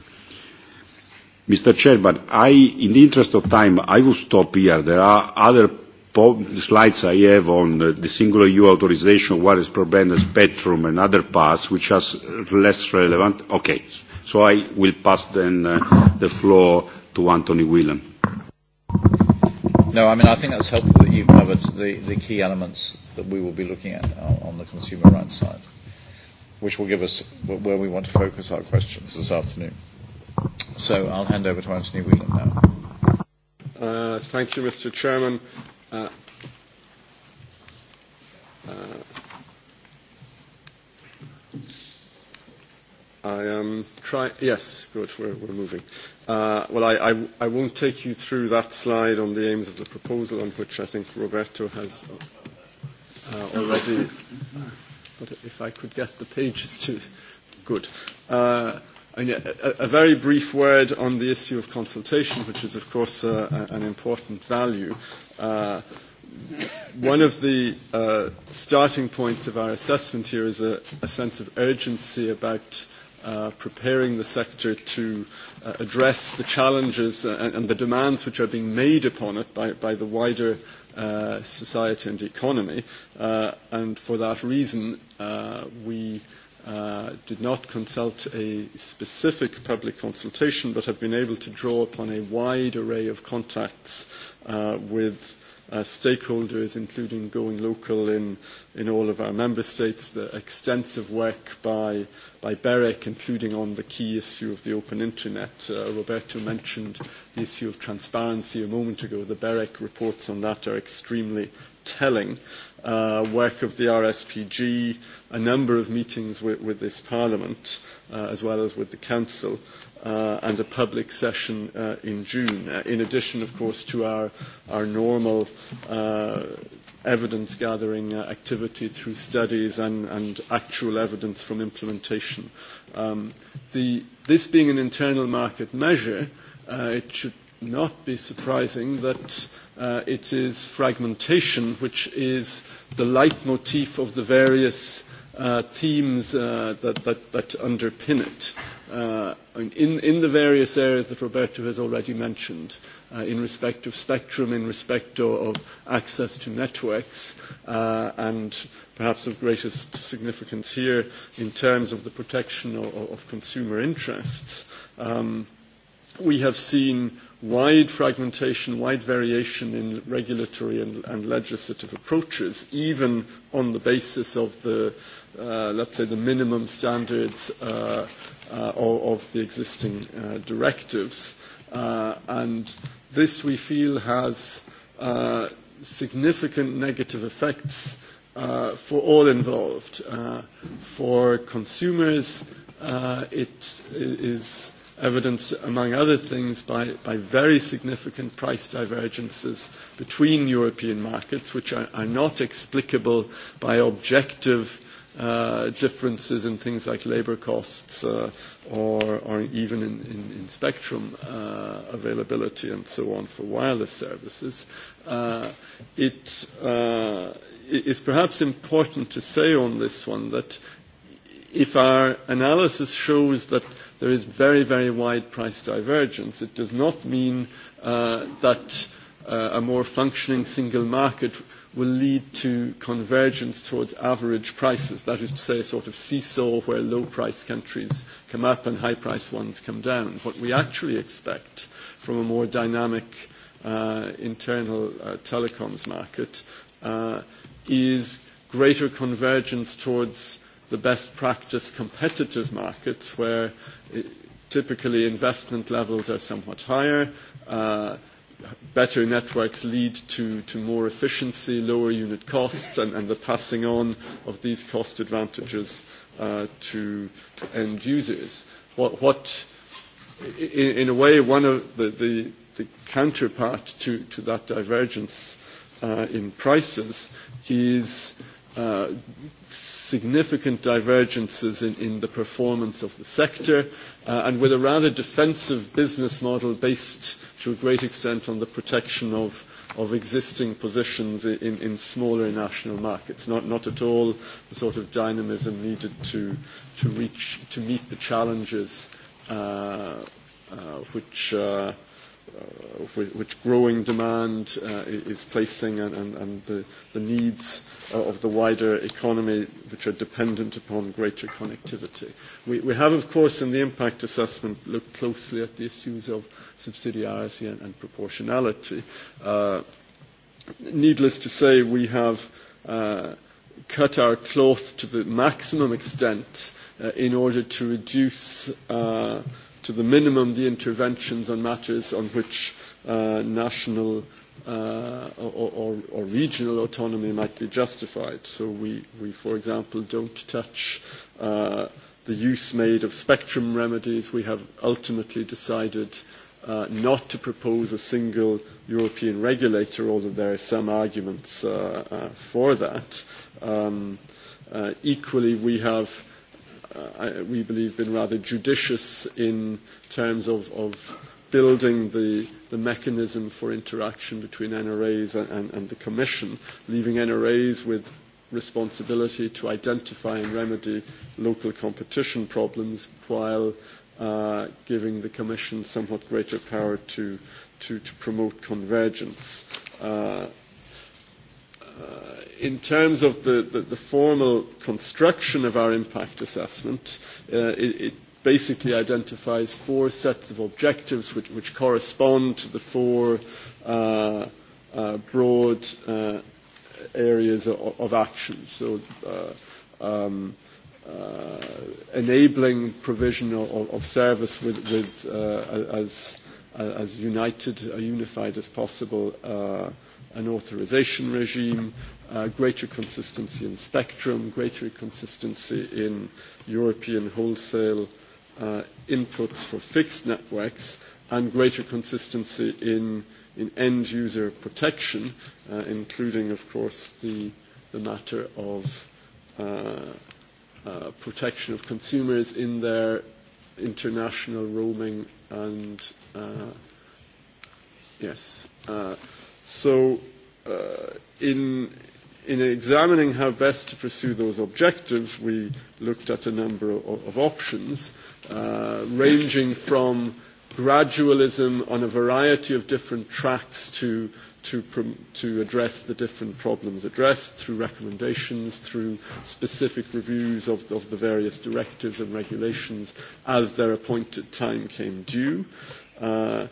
Mr. Chairman, I, in the interest of time, I will stop here. There are other slides I have on the single EU authorization, wireless broadband spectrum, and other parts which are less relevant? Okay. So I will pass then uh, the floor to Anthony Whelan. No, I mean, I think that's helpful that you've covered the, the key elements that we will be looking at on the consumer rights side, which will give us where we want to focus our questions this afternoon. So I'll hand over to Anthony Whelan now. Uh, thank you, Mr. Chairman. Uh, uh, I am um, trying. Yes, good. We're, we're moving. Uh, well, I, I, I won't take you through that slide on the aims of the proposal, on which I think Roberto has uh, uh already. But if I could get the pages to. Good. Uh, a, a very brief word on the issue of consultation, which is, of course, uh, an important value. Uh, one of the uh, starting points of our assessment here is a, a sense of urgency about uh, preparing the sector to uh, address the challenges uh, and, and the demands which are being made upon it by, by the wider uh, society and economy. Uh, and for that reason, uh, we uh, uh, did not consult a specific public consultation but have been able to draw upon a wide array of contacts uh, with uh, stakeholders, including going local in, in all of our member states, the extensive work by, by BEREC, including on the key issue of the open internet. Uh, Roberto mentioned the issue of transparency a moment ago. The BEREC reports on that are extremely telling uh, work of the RSPG, a number of meetings with, with this Parliament, uh, as well as with the Council, uh, and a public session uh, in June, uh, in addition, of course, to our, our normal uh, evidence gathering uh, activity through studies and, and actual evidence from implementation. Um, the, this being an internal market measure, uh, it should not be surprising that Uh, it is fragmentation, which is the leitmotif of the various uh, themes uh, that, that, that underpin it. Uh, in, in the various areas that Roberto has already mentioned, uh, in respect of spectrum, in respect of, of access to networks, uh, and perhaps of greatest significance here in terms of the protection of, of consumer interests, um, we have seen wide fragmentation, wide variation in regulatory and, and legislative approaches, even on the basis of the, uh, let's say, the minimum standards uh, uh, of, of the existing uh, directives. Uh, and this, we feel, has uh, significant negative effects uh, for all involved. Uh, for consumers, uh, it is evidenced, among other things, by, by very significant price divergences between European markets, which are, are not explicable by objective uh, differences in things like labor costs uh, or, or even in, in, in spectrum uh, availability and so on for wireless services. Uh, it uh, is perhaps important to say on this one that if our analysis shows that there is very, very wide price divergence. It does not mean uh, that uh, a more functioning single market will lead to convergence towards average prices. That is to say, a sort of seesaw where low price countries come up and high price ones come down. What we actually expect from a more dynamic uh, internal uh, telecoms market uh, is greater convergence towards the best practice competitive markets where eh, typically investment levels are somewhat higher. Uh, better networks lead to, to more efficiency, lower unit costs, and, and the passing on of these cost advantages uh, to, to end users. What, what in, in a way, one of the, the, the counterpart to, to that divergence uh, in prices is uh, significant divergences in, in the performance of the sector uh, and with a rather defensive business model based to a great extent on the protection of of existing positions in, in smaller national markets, not, not at all the sort of dynamism needed to, to, reach, to meet the challenges uh, uh, which uh, uh, which growing demand uh, is placing and, and, and the, the needs uh, of the wider economy which are dependent upon greater connectivity. We, we have, of course, in the impact assessment looked closely at the issues of subsidiarity and, and proportionality. Uh, needless to say, we have uh, cut our cloth to the maximum extent uh, in order to reduce uh, to the minimum the interventions on matters on which uh, national uh, or, or, or regional autonomy might be justified. So we, we for example, don't touch uh, the use made of spectrum remedies. We have ultimately decided uh, not to propose a single European regulator, although there are some arguments uh, uh, for that. Um, uh, equally, we have uh, uh, we believe, been rather judicious in terms of, of building the, the mechanism for interaction between NRAs and, and, and the Commission, leaving NRAs with responsibility to identify and remedy local competition problems while uh, giving the Commission somewhat greater power to, to, to promote convergence. Uh, uh, in terms of the, the, the formal construction of our impact assessment, uh, it, it basically identifies four sets of objectives which, which correspond to the four uh, uh, broad uh, areas of, of action. So, uh, um, uh, enabling provision of, of service with, with uh, as, as united, uh, unified as possible uh, an authorization regime, uh, greater consistency in spectrum, greater consistency in European wholesale uh, inputs for fixed networks, and greater consistency in, in end user protection, uh, including, of course, the, the matter of uh, uh, protection of consumers in their international roaming and, uh, yes. Uh, So uh, in, in examining how best to pursue those objectives, we looked at a number of, of options, uh, ranging from gradualism on a variety of different tracks to to, prom- to address the different problems addressed through recommendations, through specific reviews of, of the various directives and regulations as their appointed time came due. Uh,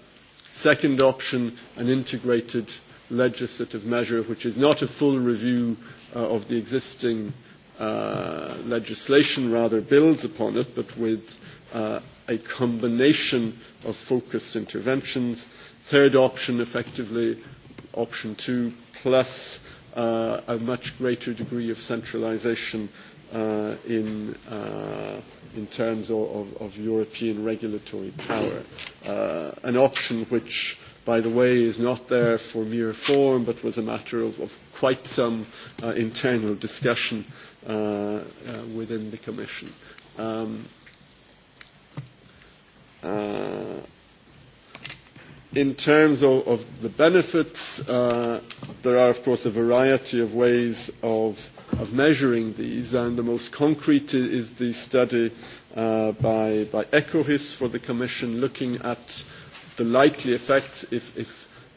Second option, an integrated legislative measure, which is not a full review uh, of the existing uh, legislation, rather builds upon it, but with uh, a combination of focused interventions. Third option, effectively, option two, plus uh, a much greater degree of centralization uh, in, uh, in terms of, of, of European regulatory power. Uh, an option which, by the way, is not there for mere form, but was a matter of, of quite some uh, internal discussion uh, uh, within the Commission. Um, uh, in terms of, of the benefits, uh, there are, of course, a variety of ways of uh, of measuring these, and the most concrete is the study uh, by, by ECOHIS for the Commission looking at the likely effects if, if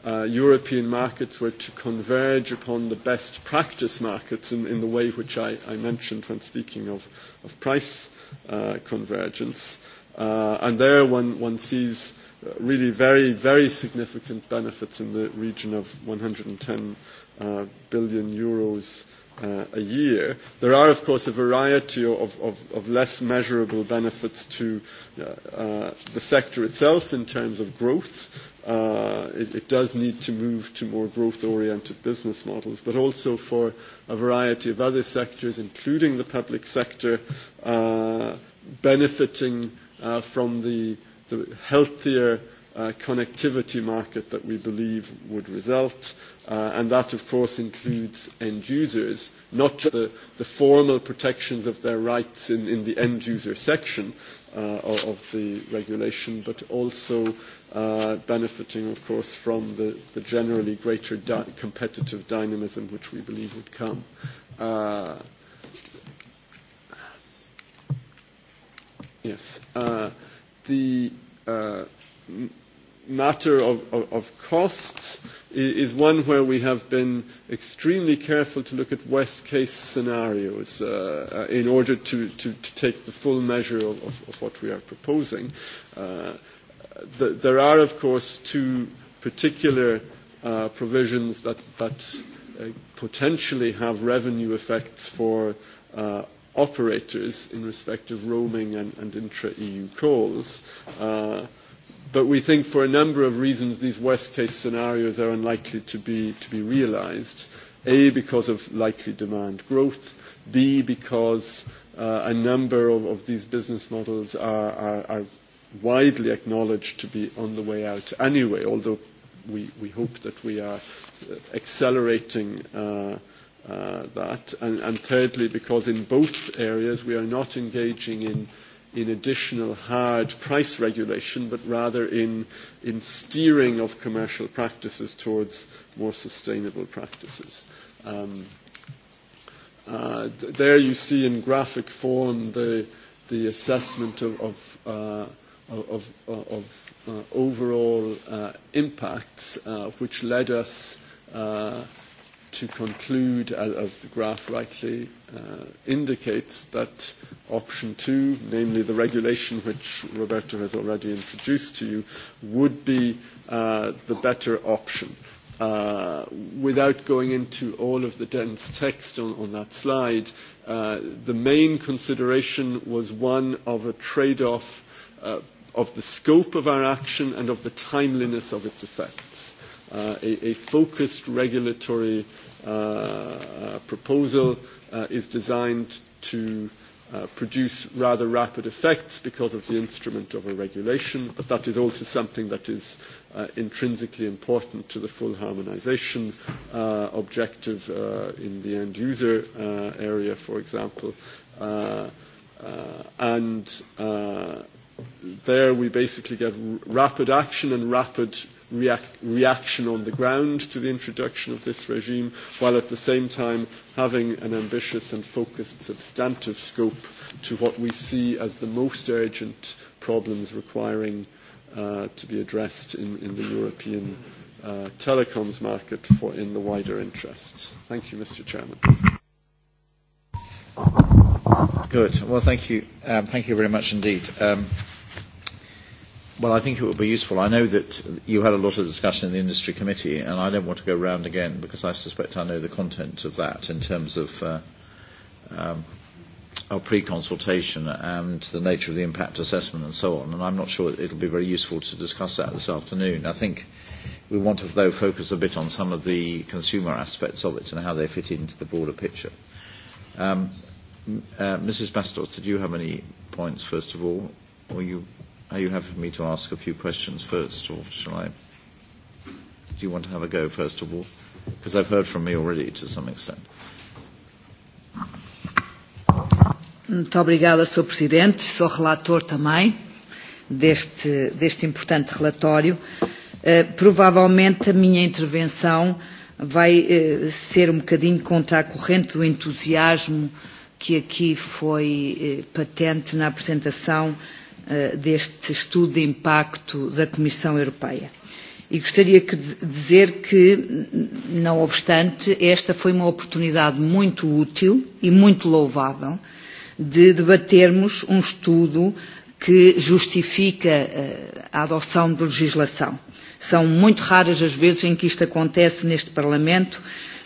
uh, European markets were to converge upon the best practice markets in, in the way which I, I mentioned when speaking of, of price uh, convergence. Uh, and there one, one sees uh, really very, very significant benefits in the region of 110 uh, billion euros uh, a year. There are, of course, a variety of, of, of less measurable benefits to uh, uh, the sector itself in terms of growth. Uh, it, it does need to move to more growth-oriented business models, but also for a variety of other sectors, including the public sector, uh, benefiting uh, from the, the healthier uh, connectivity market that we believe would result. Uh, Uh, and that, of course, includes end users, not just the, the formal protections of their rights in, in the end user section uh, of the regulation, but also uh, benefiting, of course, from the, the generally greater di- competitive dynamism which we believe would come. Uh, yes. Uh, the uh, m- matter of, of, of costs. Uh, is one where we have been extremely careful to look at worst case scenarios uh, uh, in order to, to, to take the full measure of, of, of what we are proposing. Uh, th- there are, of course, two particular uh, provisions that, that uh, potentially have revenue effects for uh, operators in respect of roaming and, and intra-EU calls. Uh, but we think for a number of reasons these worst case scenarios are unlikely to be, to be realized. A, because of likely demand growth. B, because uh, a number of, of these business models are, are, are widely acknowledged to be on the way out anyway, although we, we hope that we are uh, accelerating uh, uh, that. And, and thirdly, because in both areas we are not engaging in uh, in additional hard price regulation, but rather in, in steering of commercial practices towards more sustainable practices. Um, uh, there you see in graphic form the, the assessment of, of, uh, of, of uh, uh overall uh, impacts, uh, which led us uh, to conclude, as, as the graph rightly uh, indicates, that option two, namely the regulation which Roberto has already introduced to you, would be uh, the better option. Uh, without going into all of the dense text on, on that slide, uh, the main consideration was one of a trade-off uh, of the scope of our action and of the timeliness of its effects uh, a, a focused regulatory uh, uh, proposal uh, is designed to uh, produce rather rapid effects because of the instrument of a regulation, but that is also something that is uh, intrinsically important to the full harmonization uh, objective uh, in the end user uh, area, for example. Uh, uh, and uh, there we basically get r- rapid action and rapid reac- reaction on the ground to the introduction of this regime, while at the same time having an ambitious and focused substantive scope to what we see as the most urgent problems requiring uh, to be addressed in, in the European uh, telecoms market for in the wider interest. Thank you, Mr. Chairman. Good. Well, thank you. Um, thank you very much indeed. Um, Well, I think it would be useful. I know that you had a lot of discussion in the industry committee, and I don't want to go round again because I suspect I know the content of that in terms of uh, um, our pre-consultation and the nature of the impact assessment and so on. And I'm not sure it'll be very useful to discuss that this afternoon. I think we want to, though, focus a bit on some of the consumer aspects of it and how they fit into the broader picture. Um, uh, Mrs. Bastos, did you have any points, first of all? Or you Are you happy for me to ask a few questions first, or shall I? Do you want to have a go first of all? Because I've heard from me already to some extent. Muito obrigada, Sr. Presidente. Sou relator também deste, deste importante relatório. Uh, provavelmente a minha intervenção vai uh, ser um bocadinho contra a corrente do entusiasmo que aqui foi uh, patente na apresentação uh, Eh, deste estudo de impacto da Comissão Europeia. E gostaria que dizer que, não obstante, esta foi uma oportunidade muito útil e muito louvável de debatermos um estudo que justifica eh, a adoção de legislação. São muito raras as vezes em que isto acontece neste Parlamento,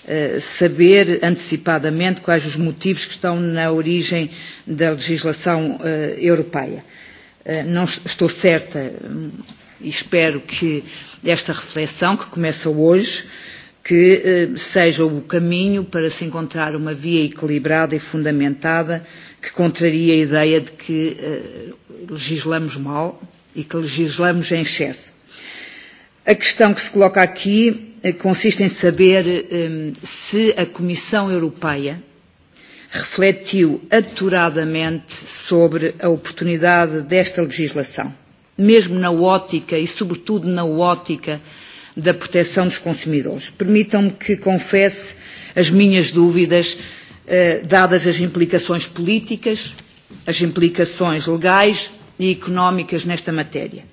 eh, saber antecipadamente quais os motivos que estão na origem da legislação europeia. Eh, não estou certa e espero que esta reflexão, que começa hoje, que eh, seja o caminho para se encontrar uma via equilibrada e fundamentada que contraria a ideia de que eh, legislamos mal e que legislamos em excesso. A questão que se coloca aqui consiste em saber se a Comissão Europeia refletiu aturadamente sobre a oportunidade desta legislação, mesmo na ótica e, sobretudo, na ótica da proteção dos consumidores. Permitam-me que confesse as minhas dúvidas, eh, dadas as implicações políticas, as implicações legais e económicas nesta matéria.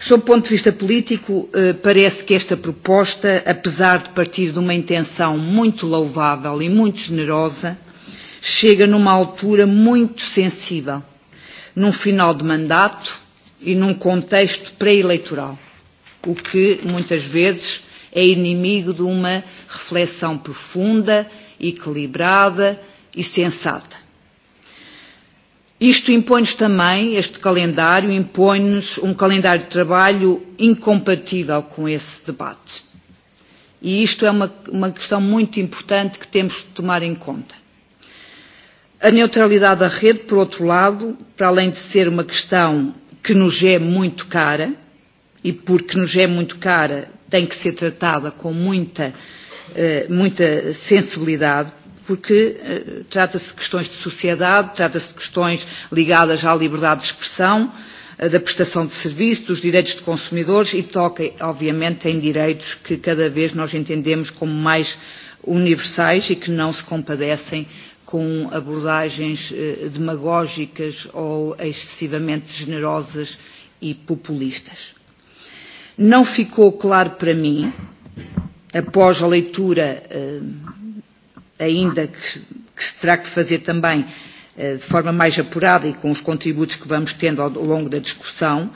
Sob o ponto de vista político, eh, parece que esta proposta, apesar de partir de uma intenção muito louvável e muito generosa, chega numa altura muito sensível, num final de mandato e num contexto pré-eleitoral, o que muitas vezes é inimigo de uma reflexão profunda, equilibrada e sensata. Isto impõe-nos também, este calendário, impõe-nos um calendário de trabalho incompatível com esse debate. E isto é uma, uma questão muito importante que temos de tomar em conta. A neutralidade da rede, por outro lado, para além de ser uma questão que nos é muito cara, e porque nos é muito cara, tem que ser tratada com muita, eh, muita sensibilidade, porque eh, trata-se de questões de sociedade, trata-se de questões ligadas à liberdade de expressão, eh, da prestação de serviço, dos direitos de consumidores e toca, obviamente, em direitos que cada vez nós entendemos como mais universais e que não se compadecem com abordagens eh, demagógicas ou excessivamente generosas e populistas. Não ficou claro para mim, após a leitura, eh, ainda que, que se terá que fazer também eh, de forma mais apurada e com os contributos que vamos tendo ao longo da discussão,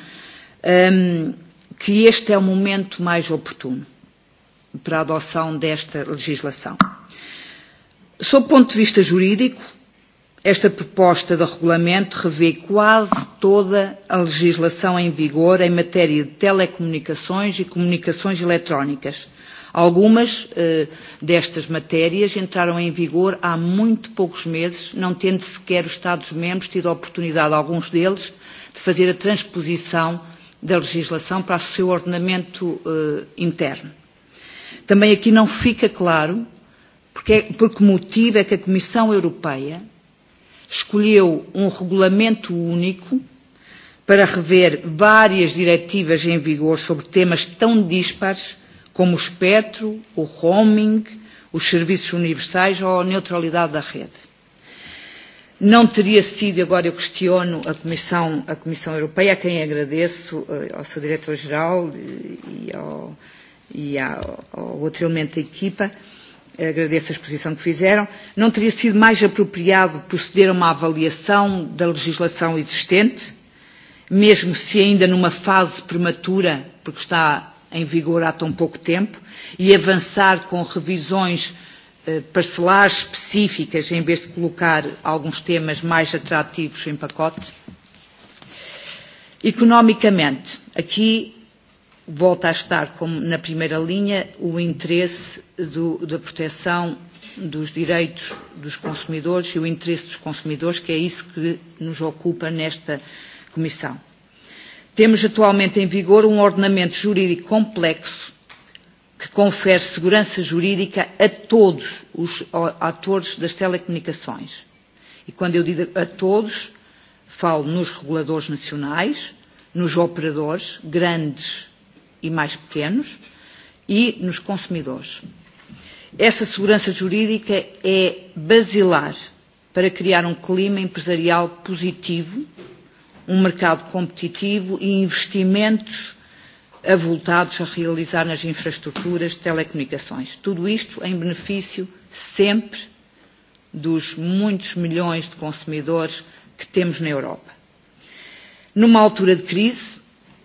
ehm, que este é o momento mais oportuno para a adoção desta legislação. Sob o ponto de vista jurídico, esta proposta de regulamento revê quase toda a legislação em vigor em matéria de telecomunicações e comunicações eletrónicas. Algumas eh, destas matérias entraram em vigor há muito poucos meses, não tendo sequer os Estados-membros tido a oportunidade, alguns deles, de fazer a transposição da legislação para o seu ordenamento eh, interno. Também aqui não fica claro Porque, por que motivo é que a Comissão Europeia escolheu um regulamento único para rever várias diretivas em vigor sobre temas tão dispares como o espectro, o roaming, os serviços universais ou a neutralidade da rede. Não teria sido, agora eu questiono a Comissão, a Comissão Europeia, a quem agradeço, eh, ao seu Diretor-Geral e, e, ao, e ao, ao outro elemento da equipa, agradeço a exposição que fizeram. Não teria sido mais apropriado proceder a uma avaliação da legislação existente, mesmo se ainda numa fase prematura, porque está em vigor há tão pouco tempo, e avançar com revisões eh, parcelares específicas em vez de colocar alguns temas mais atrativos em pacote? Economicamente, aqui volta a estar como na primeira linha o interesse do, da proteção dos direitos dos consumidores e o interesse dos consumidores, que é isso que nos ocupa nesta Comissão. Temos atualmente em vigor um ordenamento jurídico complexo que confere segurança jurídica a todos os atores das telecomunicações. E quando eu digo a todos, falo nos reguladores nacionais, nos operadores, grandes e mais pequenos e nos consumidores. Essa segurança jurídica é basilar para criar um clima empresarial positivo, um mercado competitivo e investimentos avultados a realizar nas infraestruturas de telecomunicações. Tudo isto em benefício sempre dos muitos milhões de consumidores que temos na Europa. Numa altura de crise,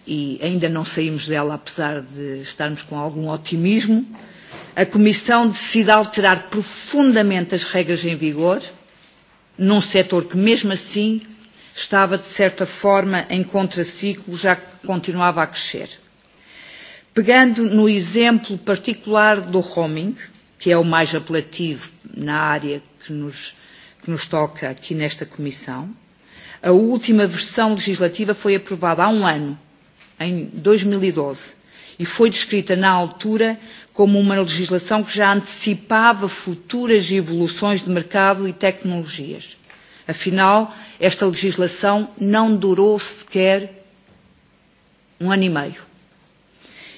e ainda não saímos dela, apesar de estarmos com algum otimismo. A Comissão decide alterar profundamente as regras em vigor, num setor que, mesmo assim, estava, de certa forma, em contraciclo, já que continuava a crescer. Pegando no exemplo particular do roaming, que é o mais apelativo na área que nos, que nos toca aqui nesta Comissão, a última versão legislativa foi aprovada há um ano em 2012, e, e foi descrita na altura como uma legislação que já antecipava futuras evoluções de mercado e tecnologias. Afinal, esta legislação não durou sequer um ano e meio.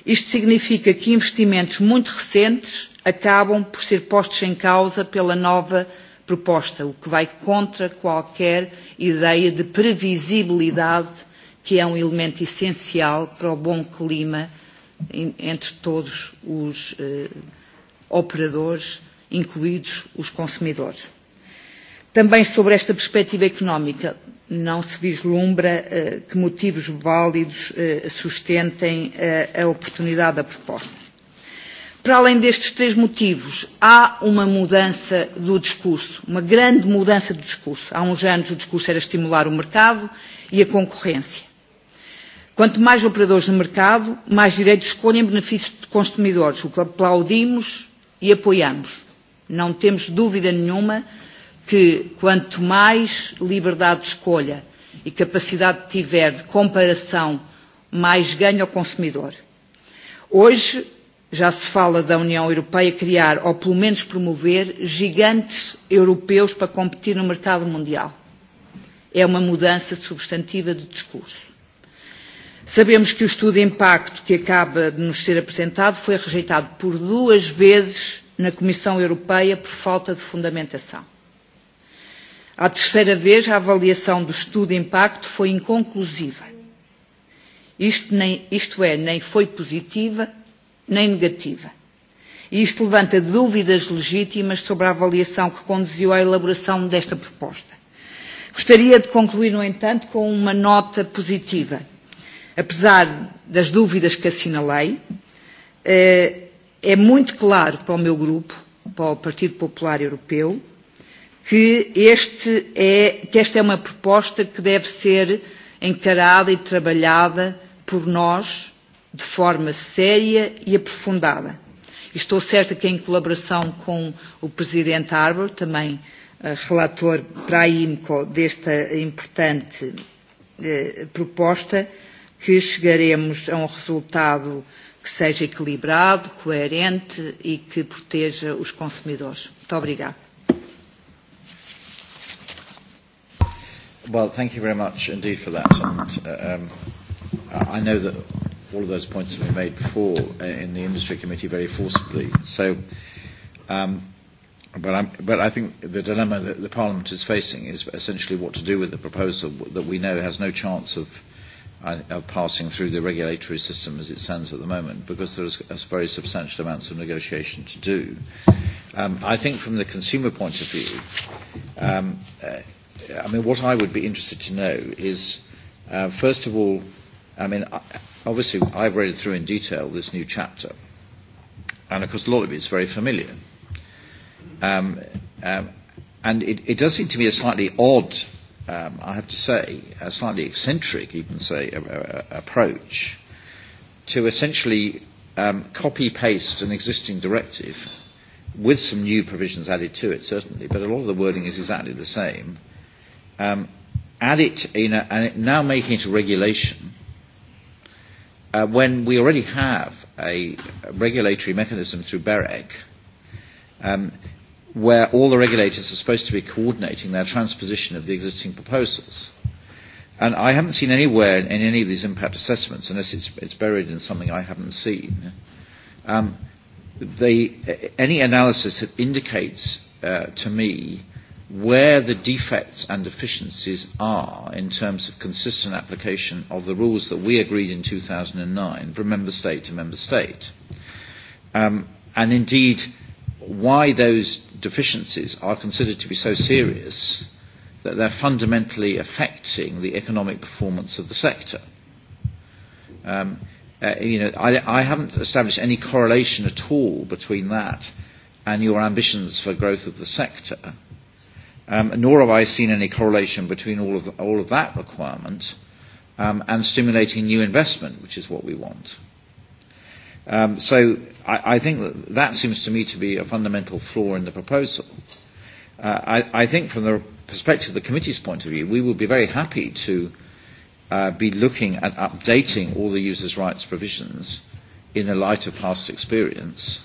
Isto significa que investimentos muito recentes acabam por ser postos em causa pela nova proposta, o que vai contra qualquer ideia de previsibilidade que é um elemento essencial para o bom clima entre todos os eh, operadores, incluídos os consumidores. Também sobre esta perspectiva económica, não se vislumbra eh, que motivos válidos eh, sustentem eh, a oportunidade da proposta. Para além destes três motivos, há uma mudança do discurso, uma grande mudança do discurso. Há uns anos o discurso era estimular o mercado e a concorrência. Quanto mais operadores de mercado, mais direitos de escolha em benefício de consumidores, o que aplaudimos e apoiamos. Não temos dúvida nenhuma que quanto mais liberdade de escolha e capacidade tiver de comparação, mais ganho ao consumidor. Hoje já se fala da União Europeia criar, ou pelo menos promover, gigantes europeus para competir no mercado mundial. É uma mudança substantiva de discurso. Sabemos que o estudo de impacto que acaba de nos ser apresentado foi rejeitado por duas vezes na Comissão Europeia por falta de fundamentação. À terceira vez, a avaliação do estudo de impacto foi inconclusiva. Isto, nem, isto é, nem foi positiva nem negativa. E isto levanta dúvidas legítimas sobre a avaliação que conduziu à elaboração desta proposta. Gostaria de concluir, no entanto, com uma nota positiva apesar das dúvidas que assinalei, eh, é muito claro para o meu grupo, para o Partido Popular Europeu, que, este é, que esta é uma proposta que deve ser encarada e trabalhada por nós de forma séria e aprofundada. E estou certa que em colaboração com o Presidente Arbor, também eh, relator para a IMCO desta importante eh, proposta, eh, que chegaremos a um resultado que seja equilibrado, coerente e que proteja os consumidores. Muito obrigada. Well, thank you very much indeed for that. And, uh, um, I know that all of those points have been made before in the industry committee very forcibly. So, um, but, I'm, but I think the dilemma that the Parliament is facing is essentially what to do with the proposal that we know has no chance of uh, of passing through the regulatory system as it stands at the moment, because there is very substantial amounts of negotiation to do. Um, I think from the consumer point of view, um, uh, I mean, what I would be interested to know is, uh, first of all, I mean, obviously I've read through in detail this new chapter, and of course a lot of it is very familiar. Um, um, and it, it does seem to me a slightly odd um, I have to say, a slightly eccentric, even say, a, a, a approach to essentially um, copy paste an existing directive with some new provisions added to it, certainly, but a lot of the wording is exactly the same. Um, add it in a, and it, now making it a regulation uh, when we already have a regulatory mechanism through BEREC. Um, where all the regulators are supposed to be coordinating their transposition of the existing proposals. And I haven't seen anywhere in any of these impact assessments, unless it's, it's buried in something I haven't seen, um, the, any analysis that indicates uh, to me where the defects and deficiencies are in terms of consistent application of the rules that we agreed in 2009 from member state to member state. Um, and indeed, why those deficiencies are considered to be so serious that they're fundamentally affecting the economic performance of the sector. Um, uh, you know, I, I haven't established any correlation at all between that and your ambitions for growth of the sector, um, nor have I seen any correlation between all of, the, all of that requirement um, and stimulating new investment, which is what we want. Um, so I, I think that, that seems to me to be a fundamental flaw in the proposal. Uh, I, I think from the perspective of the committee's point of view, we would be very happy to uh, be looking at updating all the users' rights provisions in the light of past experience.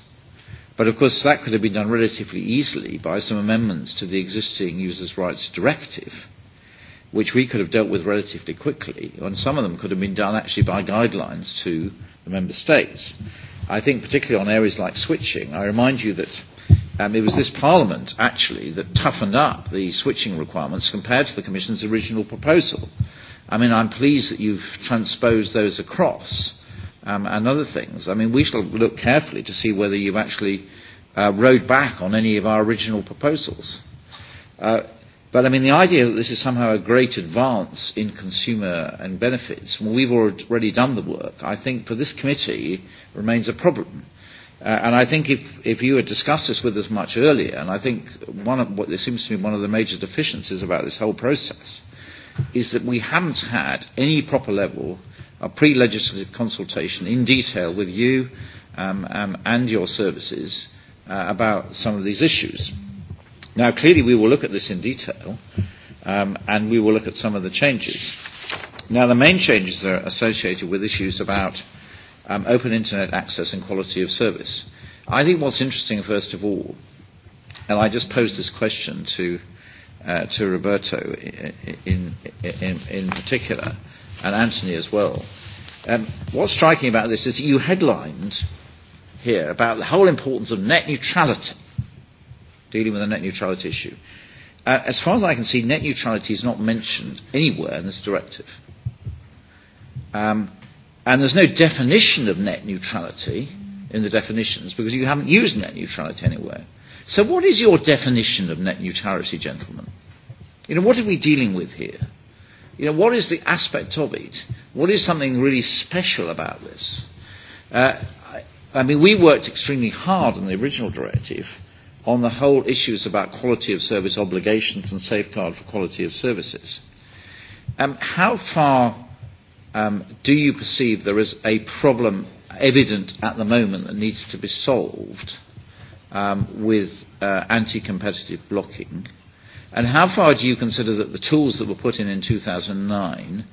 But of course, that could have been done relatively easily by some amendments to the existing users' rights directive, which we could have dealt with relatively quickly. And some of them could have been done actually by guidelines to uh, the member states. I think particularly on areas like switching, I remind you that um, it was this Parliament actually that toughened up the switching requirements compared to the Commission's original proposal. I mean, I'm pleased that you've transposed those across um, and other things. I mean, we shall look carefully to see whether you've actually uh, rode back on any of our original proposals. Uh, But I mean, the idea that this is somehow a great advance in consumer and benefits, well, we've already done the work, I think for this committee remains a problem. Uh, and I think if, if you had discussed this with us much earlier, and I think one of what there seems to be one of the major deficiencies about this whole process, is that we haven't had any proper level of pre-legislative consultation in detail with you um, um, and your services uh, about some of these issues. Mm-hmm. Now, clearly, we will look at this in detail, um, and we will look at some of the changes. Now, the main changes are associated with issues about um, open internet access and quality of service. I think what's interesting, first of all, and I just posed this question to uh, to Roberto in, in, in, in particular, and Anthony as well. Um, what's striking about this is that you headlined here about the whole importance of net neutrality dealing with the net neutrality issue. Uh, as far as I can see, net neutrality is not mentioned anywhere in this directive. Um, and there's no definition of net neutrality in the definitions because you haven't used net neutrality anywhere. So what is your definition of net neutrality, gentlemen? You know, what are we dealing with here? You know, what is the aspect of it? What is something really special about this? Uh, I, I mean, we worked extremely hard on the original directive. Uh, on the whole issues about quality of service obligations and safeguard for quality of services. Um, how far um, do you perceive there is a problem evident at the moment that needs to be solved um, with uh, anti-competitive blocking? And how far do you consider that the tools that were put in in 2009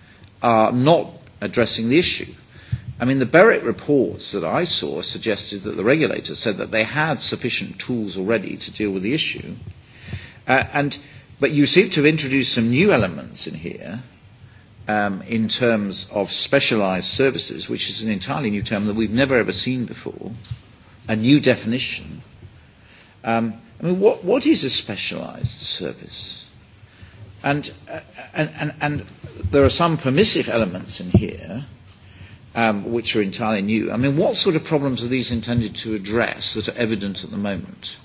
are not addressing the issue? I mean, the Berwick reports that I saw suggested that the regulators said that they had sufficient tools already to deal with the issue. Uh, and, but you seem to have introduced some new elements in here um, in terms of specialized services, which is an entirely new term that we've never ever seen before, a new definition. Um, I mean, what, what is a specialized service? And, uh, and, and, and there are some permissive elements in here um, which are entirely new. I mean, what sort of problems are these intended to address that are evident at the moment?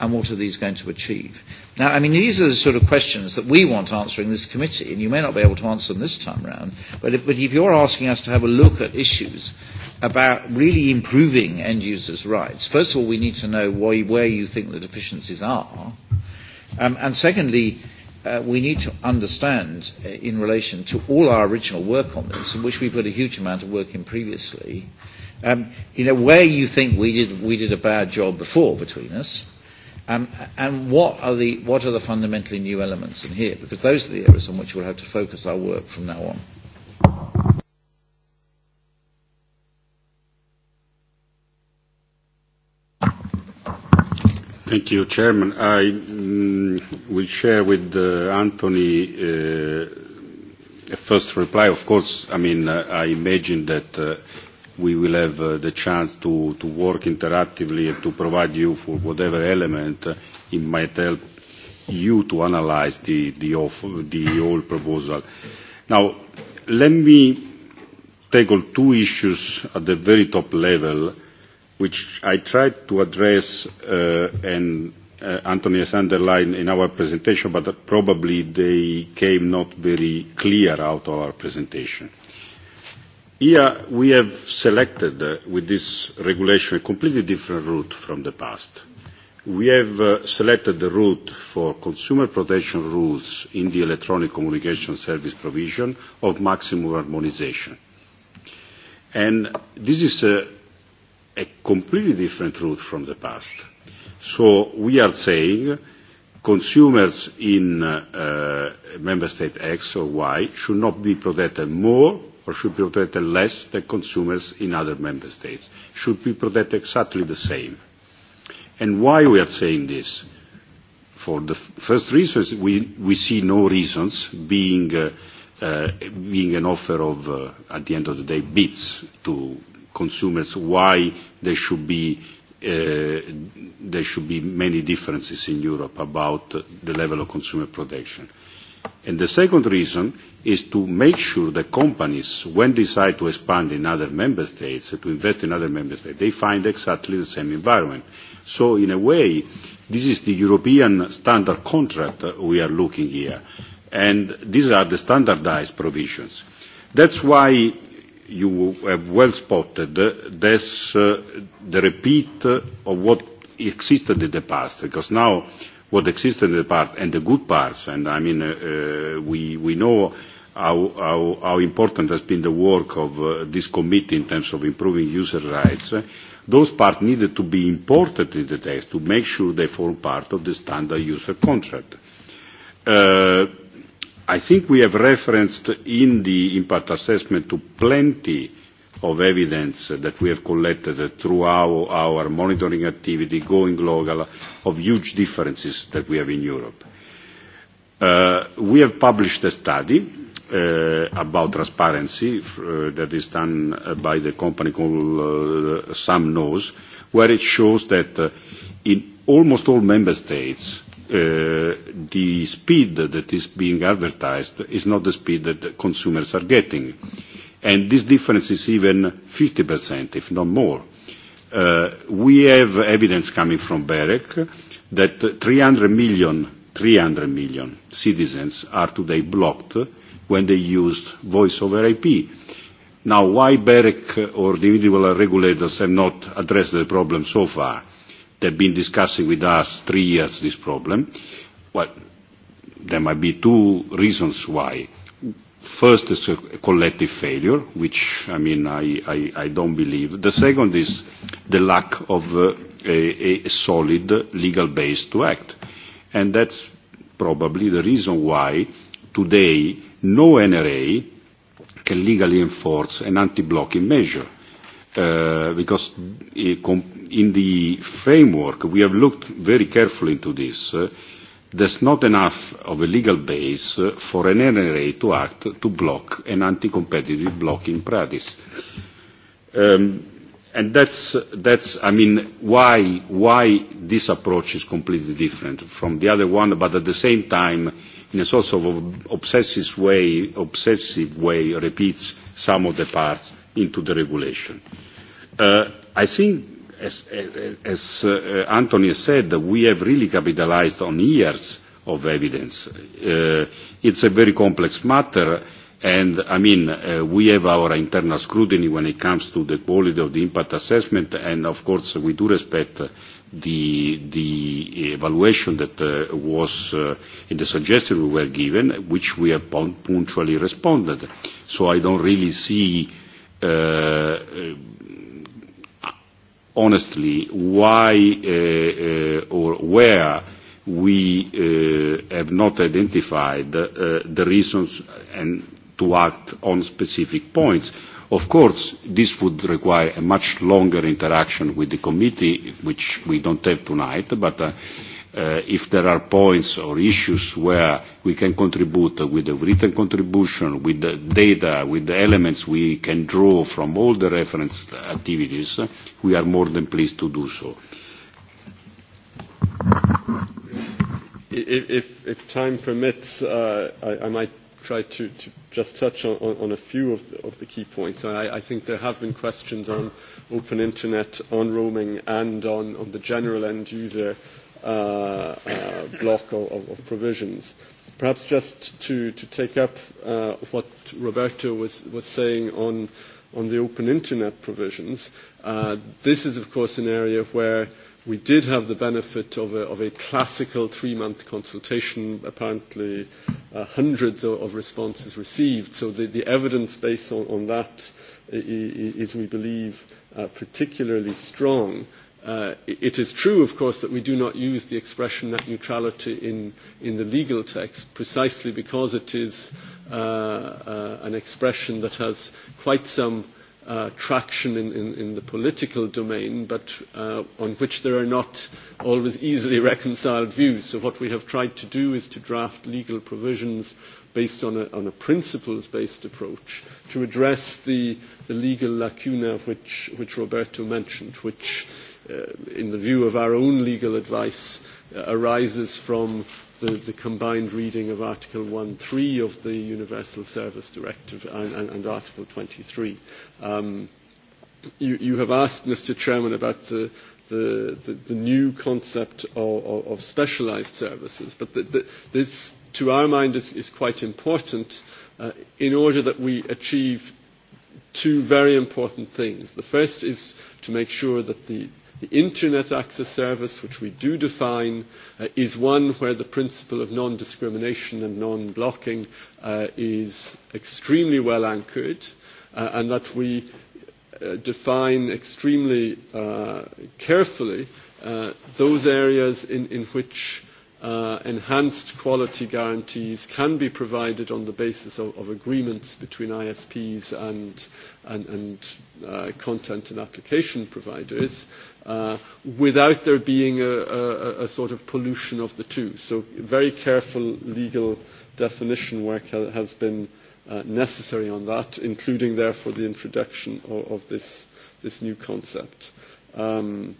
And what are these going to achieve? Now, I mean, these are the sort of questions that we want answering this committee, and you may not be able to answer them this time around, but if, but if you're asking us to have a look at issues about really improving end users' rights, first of all, we need to know why, where you think the deficiencies are. Um, and secondly, uh, uh, we need to understand uh, in relation to all our original work on this, in which we put a huge amount of work in previously, um, you know, where you think we did, we did a bad job before between us, um, and what are, the, what are the fundamentally new elements in here, because those are the areas on which we'll have to focus our work from now on. Thank you, Chairman. I mm, will share with uh, Anthony uh, a first reply. Of course, I mean, uh, I imagine that uh, we will have uh, the chance to, to work interactively and to provide you for whatever element uh, it might help you to analyze the, the, off, the whole proposal. Now, let me tackle two issues at the very top level uh, which I tried to address uh, and uh, Anthony has underlined in our presentation, but probably they came not very clear out of our presentation. Here we have selected uh, with this regulation a completely different route from the past. We have uh, selected the route for consumer protection rules in the electronic communication service provision of maximum harmonization. And this is a a completely different route from the past. So we are saying consumers in uh, uh, member state X or Y should not be protected more or should be protected less than consumers in other member states. Should be protected exactly the same. And why we are saying this? For the first reasons, we, we see no reasons being, uh, uh, being an offer of, uh, at the end of the day, bids to consumers why there should be uh, there should be many differences in Europe about the level of consumer protection. And the second reason is to make sure that companies, when they decide to expand in other member states, to invest in other member states, they find exactly the same environment. So in a way, this is the European standard contract we are looking here. And these are the standardized provisions. That's why you have well spotted this, uh, the repeat of what existed in the past, because now what existed in the past and the good parts, and I mean, uh, uh, we, we know how, how, how important has been the work of uh, this committee in terms of improving user rights. Those parts needed to be imported in the text to make sure they form part of the standard user contract. Uh, I think we have referenced in the impact assessment to plenty of evidence that we have collected through our, our monitoring activity going global of huge differences that we have in Europe. Uh, we have published a study uh, about transparency uh, that is done uh, by the company called uh, Some Knows, where it shows that uh, in almost all member states, uh, the speed that is being advertised is not the speed that consumers are getting. And this difference is even 50%, if not more. Uh, we have evidence coming from BEREC that 300 million, 300 million citizens are today blocked when they use voice over IP. Now, why BEREC or the individual regulators have not addressed the problem so far? They've been discussing with us three years this problem. Well, there might be two reasons why. First is a collective failure, which, I mean, I, I, I don't believe. The second is the lack of uh, a, a solid legal base to act. And that's probably the reason why today no NRA can legally enforce an anti-blocking measure Uh, because in the framework, we have looked very carefully into this. Uh, there's not enough of a legal base uh, for an NRA to act to block an anti-competitive blocking practice. Um, and that's, that's, I mean, why, why this approach is completely different from the other one, but at the same time, in a sort of obsessive way, obsessive way repeats some of the parts into the regulation. Uh, I think, as, as uh, Anthony has said, we have really capitalized on years of evidence. Uh, it's a very complex matter, and I mean, uh, we have our internal scrutiny when it comes to the quality of the impact assessment, and of course, we do respect uh, the, the evaluation that uh, was uh, in the suggestion we were given, which we have punctually responded. So I don't really see Uh, uh, honestly why uh, uh, or where we uh, have not identified uh, the reasons and to act on specific points. Of course, this would require a much longer interaction with the committee, which we don't have tonight, but uh, uh, if there are points or issues where we can contribute with a written contribution, with the data, with the elements we can draw from all the reference activities, we are more than pleased to do so. If, if, if time permits, uh, I, I might try to, to just touch on, on a few of the, of the key points. I, I think there have been questions on open internet, on roaming, and on, on the general end user uh, uh, uh, block of, of, of provisions. Perhaps just to, to take up uh, what Roberto was, was saying on, on the open internet provisions, uh, this is of course an area where we did have the benefit of a, of a classical three-month consultation, apparently uh, hundreds of, of responses received. So the, the evidence base on, on that is, is we believe, uh, particularly strong. Uh, Uh, it is true, of course, that we do not use the expression net neutrality in, in the legal text precisely because it is uh, uh, an expression that has quite some uh, traction in, in, in the political domain, but uh, on which there are not always easily reconciled views. So what we have tried to do is to draft legal provisions based on a, on a principles-based approach to address the, the legal lacuna which, which Roberto mentioned, which uh, Uh, in the view of our own legal advice, uh, arises from the, the combined reading of Article 1.3 of the Universal Service Directive and, and, and Article 23. Um, you, you have asked, Mr. Chairman, about the, the, the, the new concept of, of, of specialized services, but the, the, this, to our mind, is, is quite important uh, in order that we achieve two very important things. The first is to make sure that the The Internet Access Service, which we do define, uh, is one where the principle of non-discrimination and non-blocking uh, is extremely well anchored, uh, and that we uh, define extremely uh, carefully uh, those areas in, in which uh, enhanced quality guarantees can be provided on the basis of, of agreements between ISPs and, and, and uh, content and application providers uh, without there being a, a, a sort of pollution of the two. So very careful legal definition work ha has been uh, necessary on that, including therefore the introduction of, of this, this new concept. Um,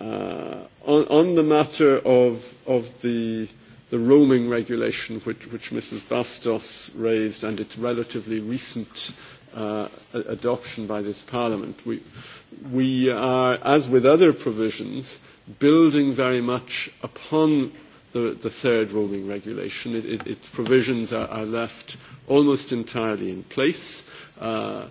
Uh, on, on the matter of, of the, the roaming regulation which, which Mrs. Bastos raised and its relatively recent uh, adoption by this Parliament, we, we are, as with other provisions, building very much upon the, the third roaming regulation. It, it, its provisions are, are left almost entirely in place. Uh,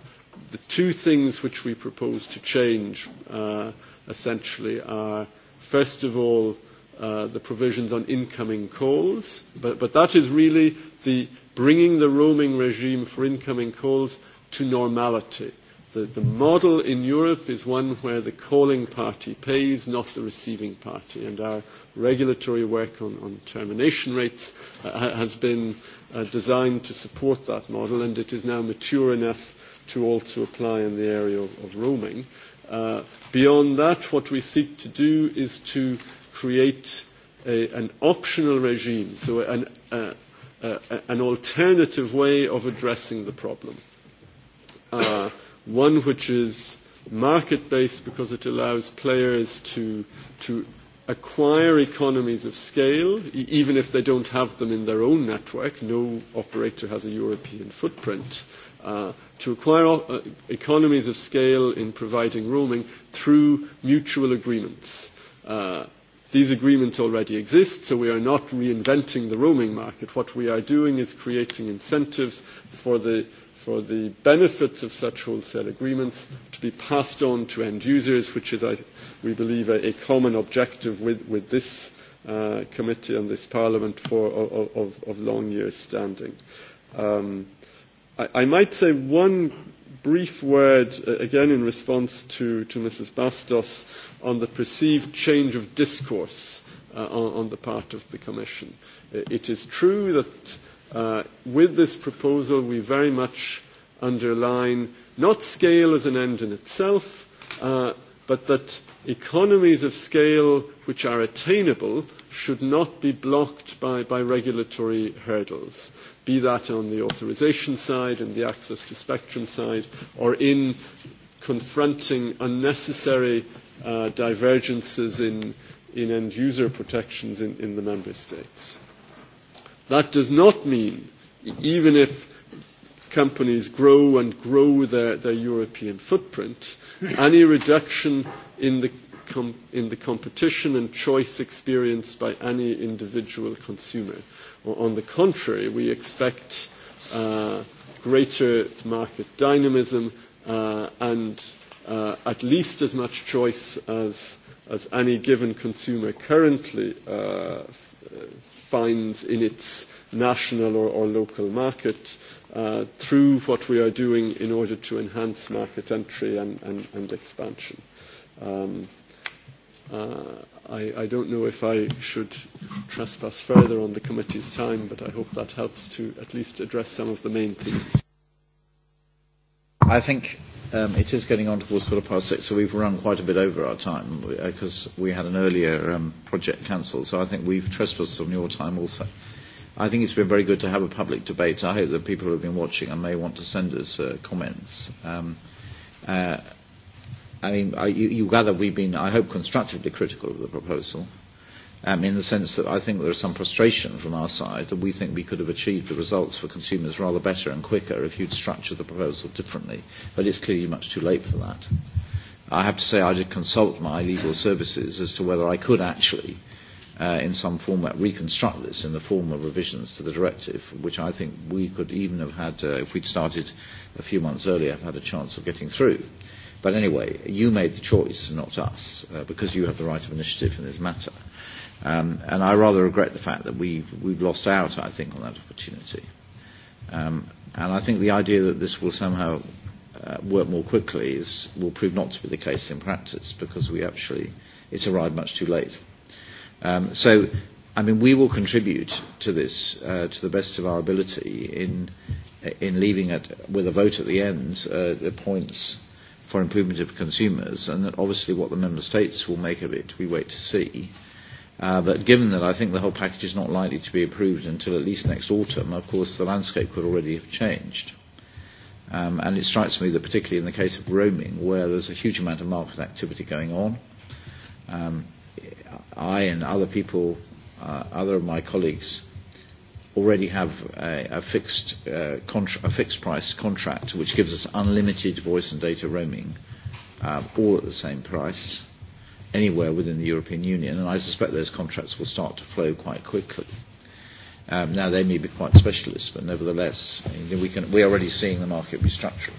the two things which we propose to change uh, essentially are, first of all, uh, the provisions on incoming calls, but, but that is really the bringing the roaming regime for incoming calls to normality. The, the model in Europe is one where the calling party pays, not the receiving party. And our regulatory work on, on termination rates uh, has been uh, designed to support that model, and it is now mature enough to also apply in the area of, of roaming. Uh, beyond that, what we seek to do is to create a, an optional regime, so an, uh, uh, an alternative way of addressing the problem. Uh, one which is market based because it allows players to, to acquire economies of scale, e- even if they don't have them in their own network. No operator has a European footprint uh, to acquire uh, economies of scale in providing roaming through mutual agreements. Uh, these agreements already exist, so we are not reinventing the roaming market. What we are doing is creating incentives for the, for the benefits of such wholesale agreements to be passed on to end users, which is, I, we believe, a, a common objective with, with this uh, committee and this parliament for, of, of, of long years standing. Um, I, I might say one brief word, uh, again in response to, to Mrs. Bastos, on the perceived change of discourse uh, on, on the part of the Commission. It is true that uh, with this proposal we very much underline not scale as an end in itself, uh, but that economies of scale which are attainable should not be blocked by, by regulatory hurdles, be that on the authorization side and the access to spectrum side, or in confronting unnecessary uh, divergences in, in end user protections in, in the member states. That does not mean, e, even if companies grow and grow their, their European footprint, Any reduction in the, com- in the competition and choice experienced by any individual consumer. Or on the contrary, we expect uh, greater market dynamism uh, and uh, at least as much choice as, as any given consumer currently uh, finds in its national or, or local market. Uh, uh, through what we are doing in order to enhance market entry and, and, and expansion. Um, uh, I, I don't know if I should trespass further on the committee's time, but I hope that helps to at least address some of the main themes. I think um, it is getting on towards quarter past six, so we've run quite a bit over our time because uh, we had an earlier um, project cancelled, so I think we've trespassed on your time also. I think it's been very good to have a public debate. I hope that people who have been watching and may want to send us uh, comments. Um, uh, I mean, I, you, you gather we've been, I hope, constructively critical of the proposal, um, in the sense that I think there is some frustration from our side that we think we could have achieved the results for consumers rather better and quicker if you'd structured the proposal differently. But it's clearly much too late for that. I have to say I did consult my legal services as to whether I could actually uh, uh, in some format reconstruct this in the form of revisions to the directive, which I think we could even have had, uh, if we'd started a few months earlier, have had a chance of getting through. But anyway, you made the choice, not us, uh, because you have the right of initiative in this matter. Um, and I rather regret the fact that we've, we've lost out, I think, on that opportunity. Um, and I think the idea that this will somehow uh, work more quickly is, will prove not to be the case in practice because we actually, it's arrived much too late. Um, so, I mean, we will contribute to this uh, to the best of our ability in in leaving it with a vote at the end uh, the points for improvement of consumers, and that obviously what the member states will make of it, we wait to see. Uh, but given that I think the whole package is not likely to be approved until at least next autumn, of course the landscape could already have changed. Um, and it strikes me that particularly in the case of roaming, where there's a huge amount of market activity going on, um, I and other people, uh, other of my colleagues, already have a, a, fixed, uh, contra- a fixed price contract which gives us unlimited voice and data roaming, uh, all at the same price, anywhere within the European Union. And I suspect those contracts will start to flow quite quickly. Um, now, they may be quite specialist, but nevertheless, I mean, we can, we're already seeing the market restructuring.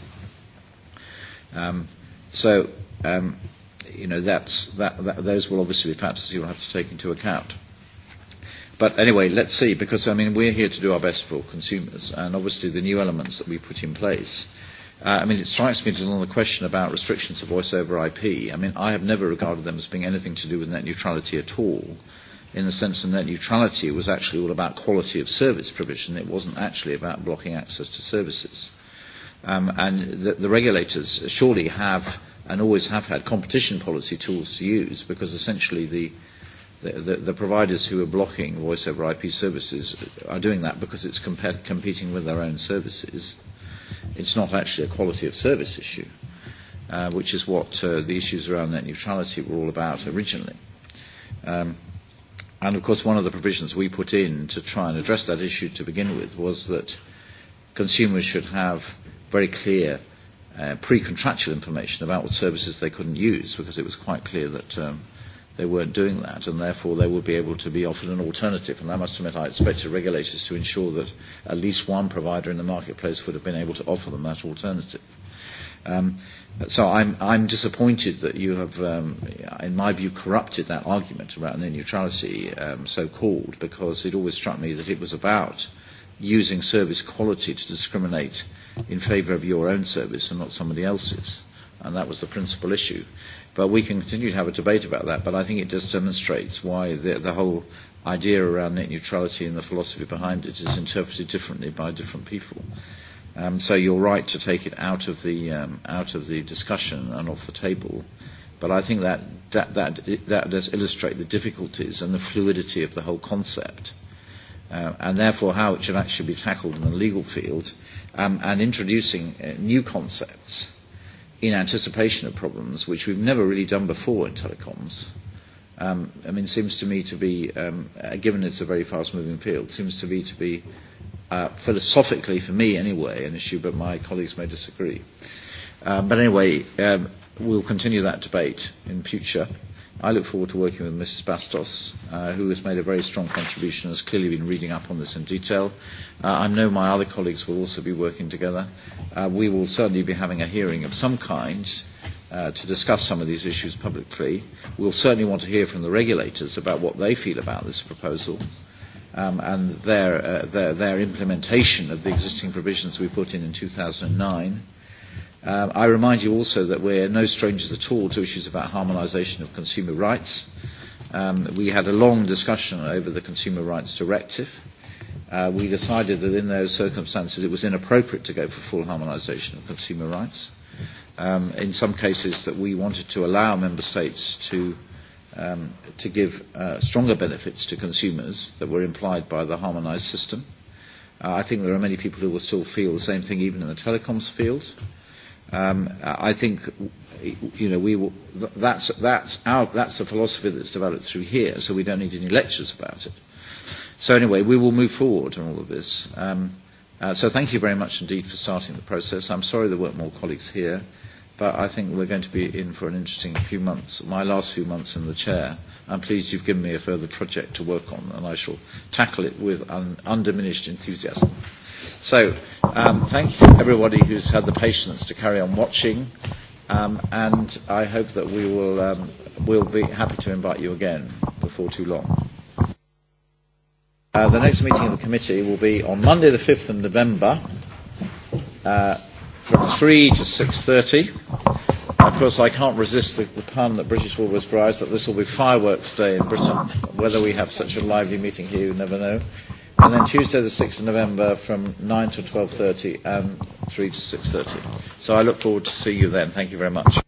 Um, so, um, you know, that's, that, that, those will obviously be factors you'll have to take into account. But anyway, let's see, because I mean, we're here to do our best for consumers, and obviously the new elements that we put in place. Uh, I mean, it strikes me to on the question about restrictions to voice over IP. I mean, I have never regarded them as being anything to do with net neutrality at all, in the sense that net neutrality was actually all about quality of service provision. It wasn't actually about blocking access to services. Um, and the, the regulators surely have and always have had competition policy tools to use because essentially the, the, the, the providers who are blocking voice over IP services are doing that because it's comp- competing with their own services. It's not actually a quality of service issue, uh, which is what uh, the issues around net neutrality were all about originally. Um, and of course, one of the provisions we put in to try and address that issue to begin with was that consumers should have very clear uh, uh, pre-contractual information about what services they couldn't use because it was quite clear that um, they weren't doing that and therefore they would be able to be offered an alternative. And I must admit I expected regulators to ensure that at least one provider in the marketplace would have been able to offer them that alternative. Um, so I'm, I'm disappointed that you have, um, in my view, corrupted that argument about net neutrality, um, so-called, because it always struck me that it was about using service quality to discriminate uh, in favour of your own service and not somebody else's. And that was the principal issue. But we can continue to have a debate about that, but I think it just demonstrates why the, the whole idea around net neutrality and the philosophy behind it is interpreted differently by different people. Um, so you're right to take it out of the um, out of the discussion and off the table, but I think that that that that does illustrate the difficulties and the fluidity of the whole concept uh, and therefore how it should actually be tackled in the legal field, um, and introducing uh, new concepts in anticipation of problems, which we've never really done before in telecoms. Um, I mean, seems to me to be, um, uh, given it's a very fast-moving field, seems to me to be, uh, philosophically for me anyway, an issue, but my colleagues may disagree. Um, but anyway, um, we'll continue that debate in future. I look forward to working with Mrs. Bastos, uh, who has made a very strong contribution and has clearly been reading up on this in detail. Uh, I know my other colleagues will also be working together. Uh, we will certainly be having a hearing of some kind uh, to discuss some of these issues publicly. We'll certainly want to hear from the regulators about what they feel about this proposal. Um, and their, uh, their, their implementation of the existing provisions we put in in 2009, Um, I remind you also that we're no strangers at all to issues about harmonisation of consumer rights. Um, we had a long discussion over the Consumer Rights Directive. Uh, we decided that in those circumstances it was inappropriate to go for full harmonisation of consumer rights. Um, in some cases that we wanted to allow member states to, um, to give uh, stronger benefits to consumers that were implied by the harmonised system. Uh, I think there are many people who will still feel the same thing even in the telecoms field. Uh, Um, I think you know, we will, that's, that's, our, that's the philosophy that's developed through here, so we don't need any lectures about it. So anyway, we will move forward on all of this. Um, uh, so thank you very much indeed for starting the process. I'm sorry there weren't more colleagues here, but I think we're going to be in for an interesting few months, my last few months in the chair. I'm pleased you've given me a further project to work on, and I shall tackle it with un- undiminished enthusiasm. So um, thank everybody who's had the patience to carry on watching. Um, and I hope that we will um, we'll be happy to invite you again before too long. Uh, the next meeting of the committee will be on Monday, the 5th of November, uh, from 3 to 6.30. Of course, I can't resist the, the pun that British will was prized that this will be fireworks day in Britain. Whether we have such a lively meeting here, you never know and then Tuesday the 6th of November from 9 to 12.30 and 3 to 6.30. So I look forward to see you then. Thank you very much.